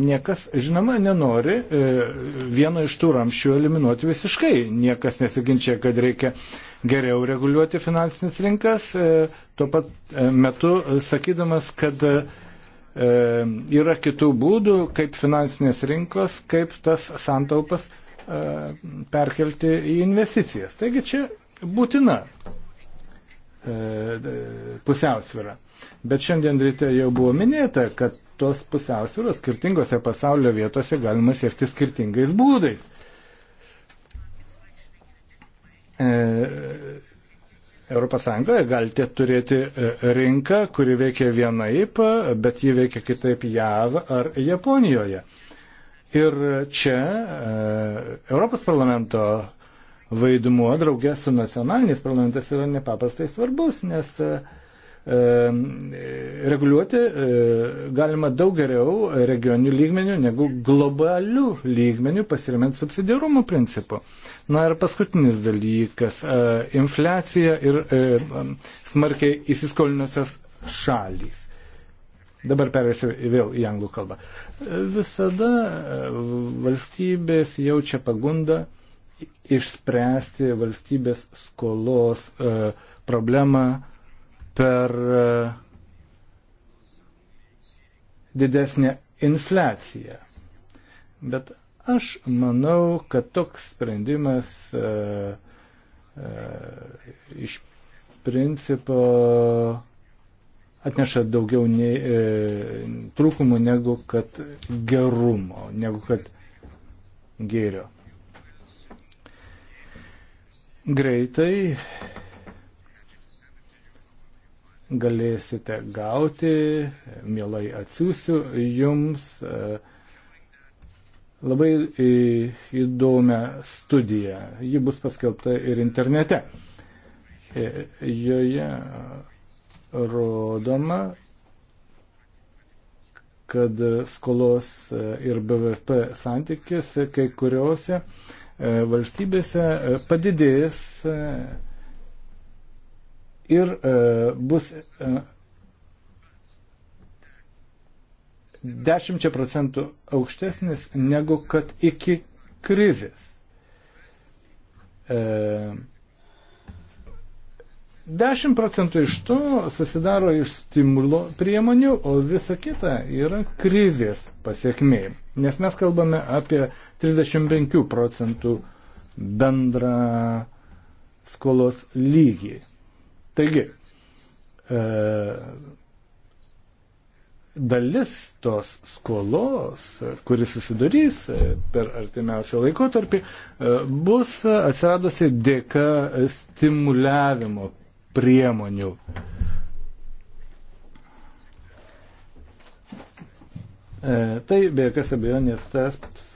niekas, žinoma, nenori e, vieno iš tų ramščių eliminuoti visiškai. Niekas nesiginčia, kad reikia geriau reguliuoti finansinės rinkas, e, tuo pat metu sakydamas, kad yra kitų būdų, kaip finansinės rinkos, kaip tas santaupas perkelti į investicijas. Taigi čia būtina pusiausvyrą. Bet šiandien ryte jau buvo minėta, kad tos pusiausvėros skirtingose pasaulio vietose galima siekti skirtingais būdais. E, Europos Sąjungoje galite turėti e, rinką, kuri veikia vienaip, bet ji veikia kitaip JAV ar Japonijoje. Ir čia e, Europos parlamento vaidmuo draugė su nacionaliniais parlamentas yra nepaprastai svarbus, nes e, reguliuoti e, galima daug geriau regioninių lygmenių negu globalių lygmenių pasiremant subsidiarumo principu. Na ir paskutinis dalykas e, - infliacija ir e, smarkiai įsiskolinusios šalys. Dabar perėsiu vėl į anglų kalbą. Visada valstybės jaučia pagundą išspręsti valstybės skolos problemą per e, didesnę infliaciją. Bet aš manau, kad toks sprendimas e, e, iš principo atneša daugiau nei, e, trūkumų negu kad gerumo, negu kad gėrio. Greitai galėsite gauti, mielai atsiųsiu jums e, labai įdomią studiją. Ji bus paskelbta ir internete. E, joje rodoma, kad skolos e, ir BVP santykis kai kuriuose valstybėse padidės ir e, bus 10 e, procentų aukštesnis negu kad iki krizės. 10 e, procentų iš to susidaro iš stimulo priemonių, o visa kita yra krizės pasiekmė. Nes mes kalbame apie 35 procentų bendrą skolos lygį. Taigi, e, dalis tos skolos, kuris susidarys e, per artimiausią laikotarpį, e, bus atsiradusi dėka stimuliavimo priemonių. E, E, tai be jokios abejonės taps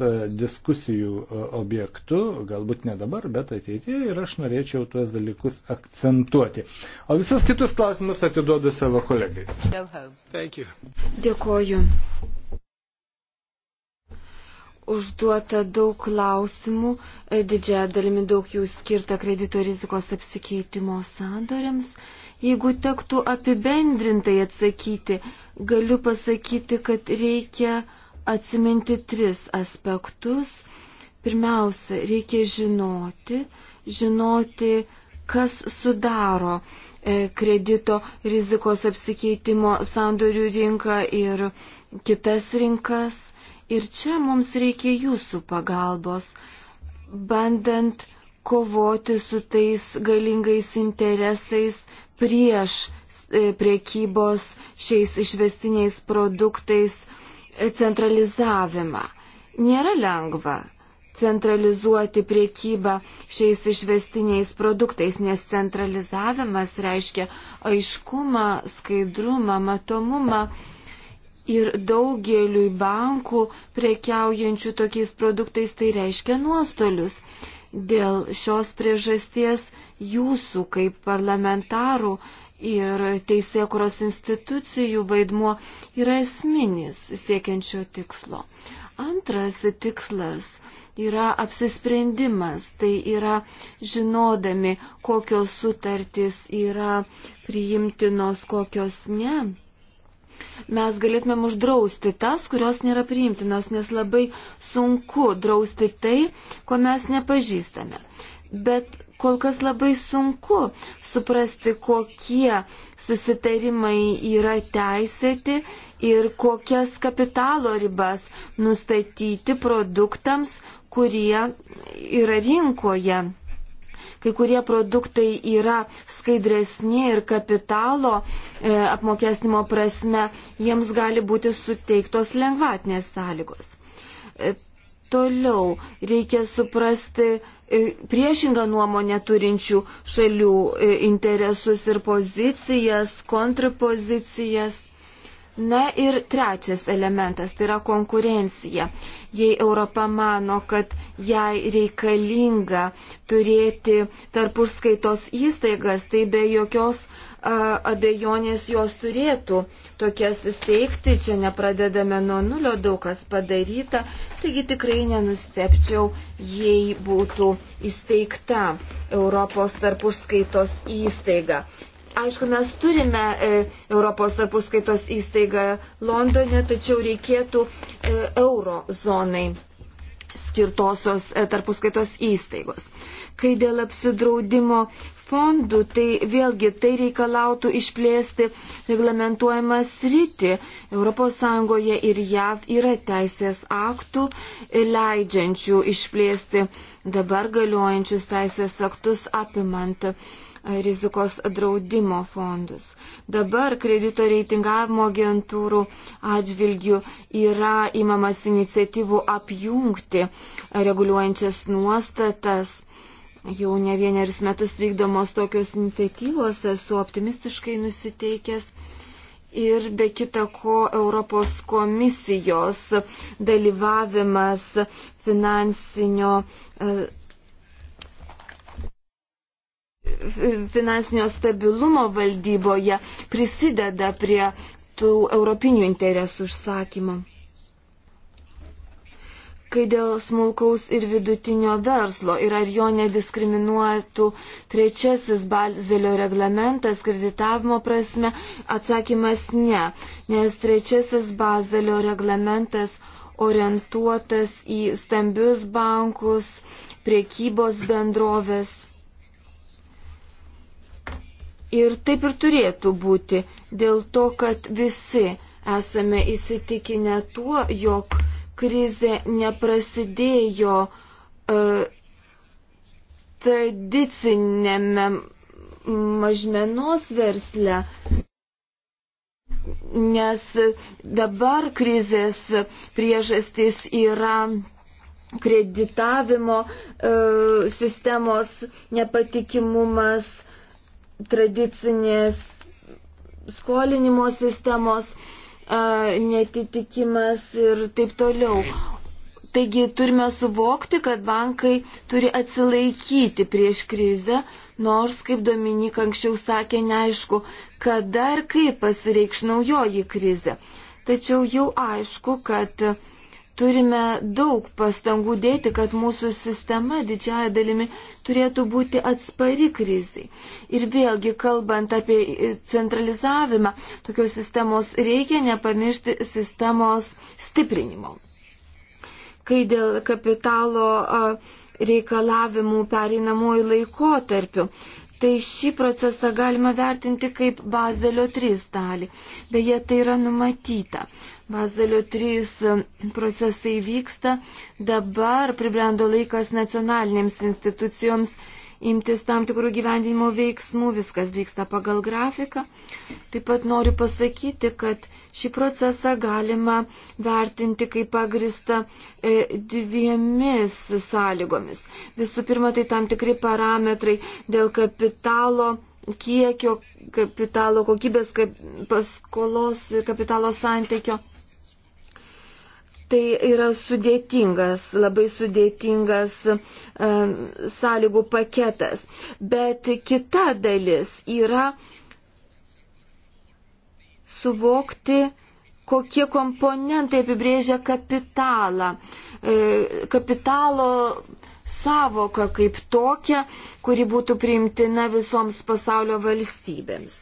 diskusijų e, objektu, galbūt ne dabar, bet ateityje ir aš norėčiau tuos dalykus akcentuoti. O visus kitus klausimus atiduodu savo kolegai. Dėkoju. Užduota daug klausimų, e, didžiąją dalimi daug jų skirta kredito rizikos apsikeitimo sandoriams. Jeigu tektų apibendrintai atsakyti, galiu pasakyti, kad reikia atsiminti tris aspektus. Pirmiausia, reikia žinoti, žinoti, kas sudaro e, kredito rizikos apsikeitimo sandorių rinką ir kitas rinkas. Ir čia mums reikia jūsų pagalbos, bandant kovoti su tais galingais interesais prieš E, priekybos šiais išvestiniais produktais centralizavimą. Nėra lengva centralizuoti priekybą šiais išvestiniais produktais, nes centralizavimas reiškia aiškumą, skaidrumą, matomumą. Ir daugeliui bankų prekiaujančių tokiais produktais tai reiškia nuostolius. Dėl šios priežasties jūsų kaip parlamentarų ir teisėkuros institucijų vaidmuo yra esminis siekiančio tikslo. Antras tikslas yra apsisprendimas, tai yra žinodami, kokios sutartys yra priimtinos, kokios ne. Mes galėtumėm uždrausti tas, kurios nėra priimtinos, nes labai sunku drausti tai, ko mes nepažįstame. Bet kol kas labai sunku suprasti, kokie susitarimai yra teisėti ir kokias kapitalo ribas nustatyti produktams, kurie yra rinkoje. Kai kurie produktai yra skaidresni ir kapitalo e, apmokestinimo prasme, jiems gali būti suteiktos lengvatinės sąlygos. E, toliau reikia suprasti, E, priešingą nuomonę turinčių šalių e, interesus ir pozicijas, kontrapozicijas. Na ir trečias elementas tai yra konkurencija. Jei Europa mano, kad jai reikalinga turėti tarpuskaitos įstaigas, tai be jokios abejonės jos turėtų tokias įsteigti, čia nepradedame nuo nulio, daug kas padaryta, taigi tikrai nenustepčiau, jei būtų įsteigta Europos tarpuskaitos įstaiga. Aišku, mes turime e, Europos tarpuskaitos įstaigą Londone, tačiau reikėtų e, euro zonai skirtosios e, tarpuskaitos įstaigos. Kai dėl apsidraudimo fondų, tai vėlgi tai reikalautų išplėsti reglamentuojamą sritį. ES ir JAV yra teisės aktų leidžiančių išplėsti dabar galiojančius teisės aktus apimant rizikos draudimo fondus. Dabar kredito reitingavimo agentūrų atžvilgių yra įmamas iniciatyvų apjungti reguliuojančias nuostatas. Jau ne vienerius metus vykdomos tokios iniciatyvos esu optimistiškai nusiteikęs ir be kita ko Europos komisijos dalyvavimas finansinio e, finansinio stabilumo valdyboje prisideda prie tų europinių interesų užsakymo. Kai dėl smulkaus ir vidutinio verslo ir ar jo nediskriminuotų trečiasis Balzelio reglamentas kreditavimo prasme, atsakymas ne, nes trečiasis Balzelio reglamentas orientuotas į stambius bankus, priekybos bendrovės Ir taip ir turėtų būti, dėl to, kad visi esame įsitikinę tuo, jog krizė neprasidėjo uh, tradicinėme mažmenos versle, nes dabar krizės priežastis yra kreditavimo e, sistemos nepatikimumas, tradicinės skolinimo sistemos netitikimas ir taip toliau. Taigi turime suvokti, kad bankai turi atsilaikyti prieš krizę, nors, kaip Dominik anksčiau sakė, neaišku, kada ir kaip pasireikš naujoji krizė. Tačiau jau aišku, kad uh, turime daug pastangų dėti, kad mūsų sistema didžiaja dalimi turėtų būti atspari krizai. Ir vėlgi, kalbant apie centralizavimą, tokios sistemos reikia nepamiršti sistemos stiprinimo. Kai dėl kapitalo reikalavimų pereinamųjų laikotarpių, tai šį procesą galima vertinti kaip Bazelio 3 dalį. Beje, tai yra numatyta. Bazelio 3 e, procesai vyksta, dabar pribrendo laikas nacionalinėms institucijoms imtis tam tikrų gyvendinimo veiksmų, viskas vyksta pagal grafiką. Taip pat noriu pasakyti, kad šį procesą galima vertinti kaip pagrista e, dviemis sąlygomis. Visų pirma, tai tam tikri parametrai dėl kapitalo kiekio, kapitalo kokybės, kap, paskolos ir kapitalo santykio. Tai yra sudėtingas, labai sudėtingas um, sąlygų paketas. Bet kita dalis yra suvokti, kokie komponentai apibrėžia kapitalą. E, kapitalo savoka kaip tokia, kuri būtų priimtina visoms pasaulio valstybėms.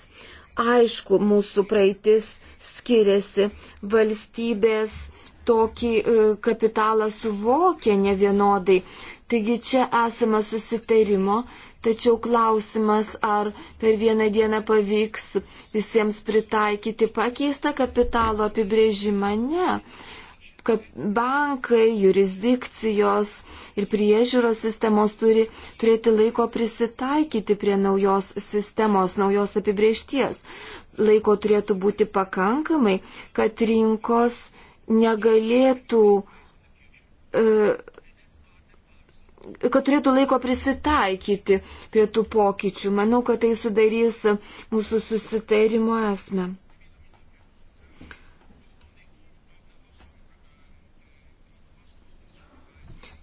Aišku, mūsų praeitis skiriasi valstybės tokį e, kapitalą suvokia nevienodai. Taigi čia esama susitarimo, tačiau klausimas, ar per vieną dieną pavyks visiems pritaikyti pakeistą kapitalo apibrėžimą, ne. Kap bankai, jurisdikcijos ir priežiūros sistemos turi turėti laiko prisitaikyti prie naujos sistemos, naujos apibrėžties. Laiko turėtų būti pakankamai, kad rinkos negalėtų, e, kad turėtų laiko prisitaikyti prie tų pokyčių. Manau, kad tai sudarys mūsų susitarimo esmę.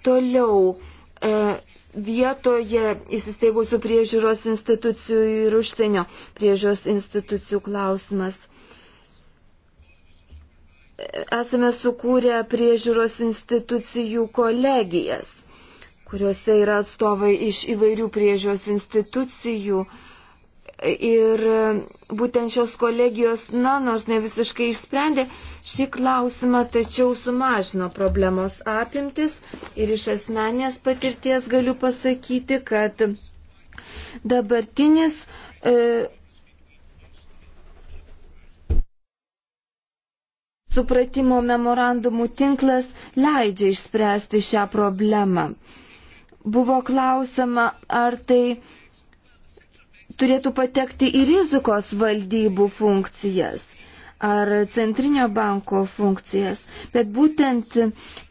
Toliau e, vietoje įsisteigusių priežiūros institucijų ir užsienio priežiūros institucijų klausimas esame sukūrę priežiūros institucijų kolegijas, kuriuose yra atstovai iš įvairių priežiūros institucijų. Ir būtent šios kolegijos, na, nors ne visiškai išsprendė šį klausimą, tačiau sumažino problemos apimtis ir iš asmenės patirties galiu pasakyti, kad dabartinis e, supratimo memorandumų tinklas leidžia išspręsti šią problemą. Buvo klausima, ar tai turėtų patekti į rizikos valdybų funkcijas ar centrinio banko funkcijas, bet būtent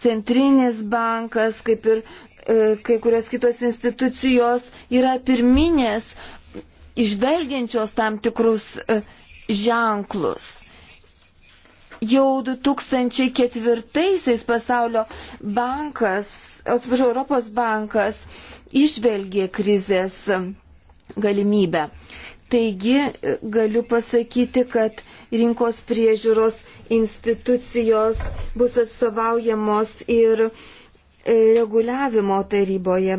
centrinis bankas, kaip ir e, kai kurios kitos institucijos, yra pirminės, išvelgiančios tam tikrus e, ženklus. Jau 2004 pasaulio bankas, atsiprašau, Europos bankas išvelgė krizės galimybę. Taigi galiu pasakyti, kad rinkos priežiūros institucijos bus atstovaujamos ir e, reguliavimo taryboje.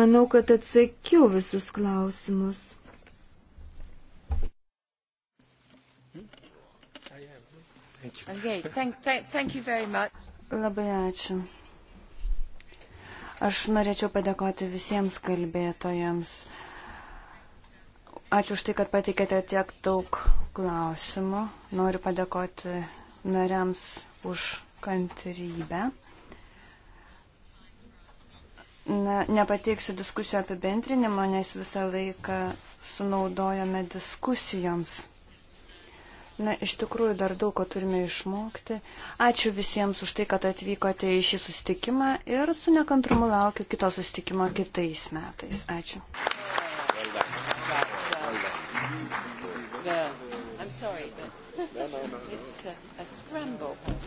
Manau, kad atsakiau visus klausimus. Okay, thank, thank, thank you very much. Labai ačiū. Aš norėčiau padėkoti visiems kalbėtojams. Ačiū už tai, kad patikėte tiek daug klausimų. Noriu padėkoti nariams už kantrybę. Na, nepateiksiu diskusijų apibendrinimo, nes visą laiką sunaudojame diskusijoms. Na, iš tikrųjų dar daug ko turime išmokti. Ačiū visiems už tai, kad atvykote į šį susitikimą ir su nekantrumu laukiu kito susitikimo kitais metais. Ačiū. Well, I'm sorry, but it's a, a scramble.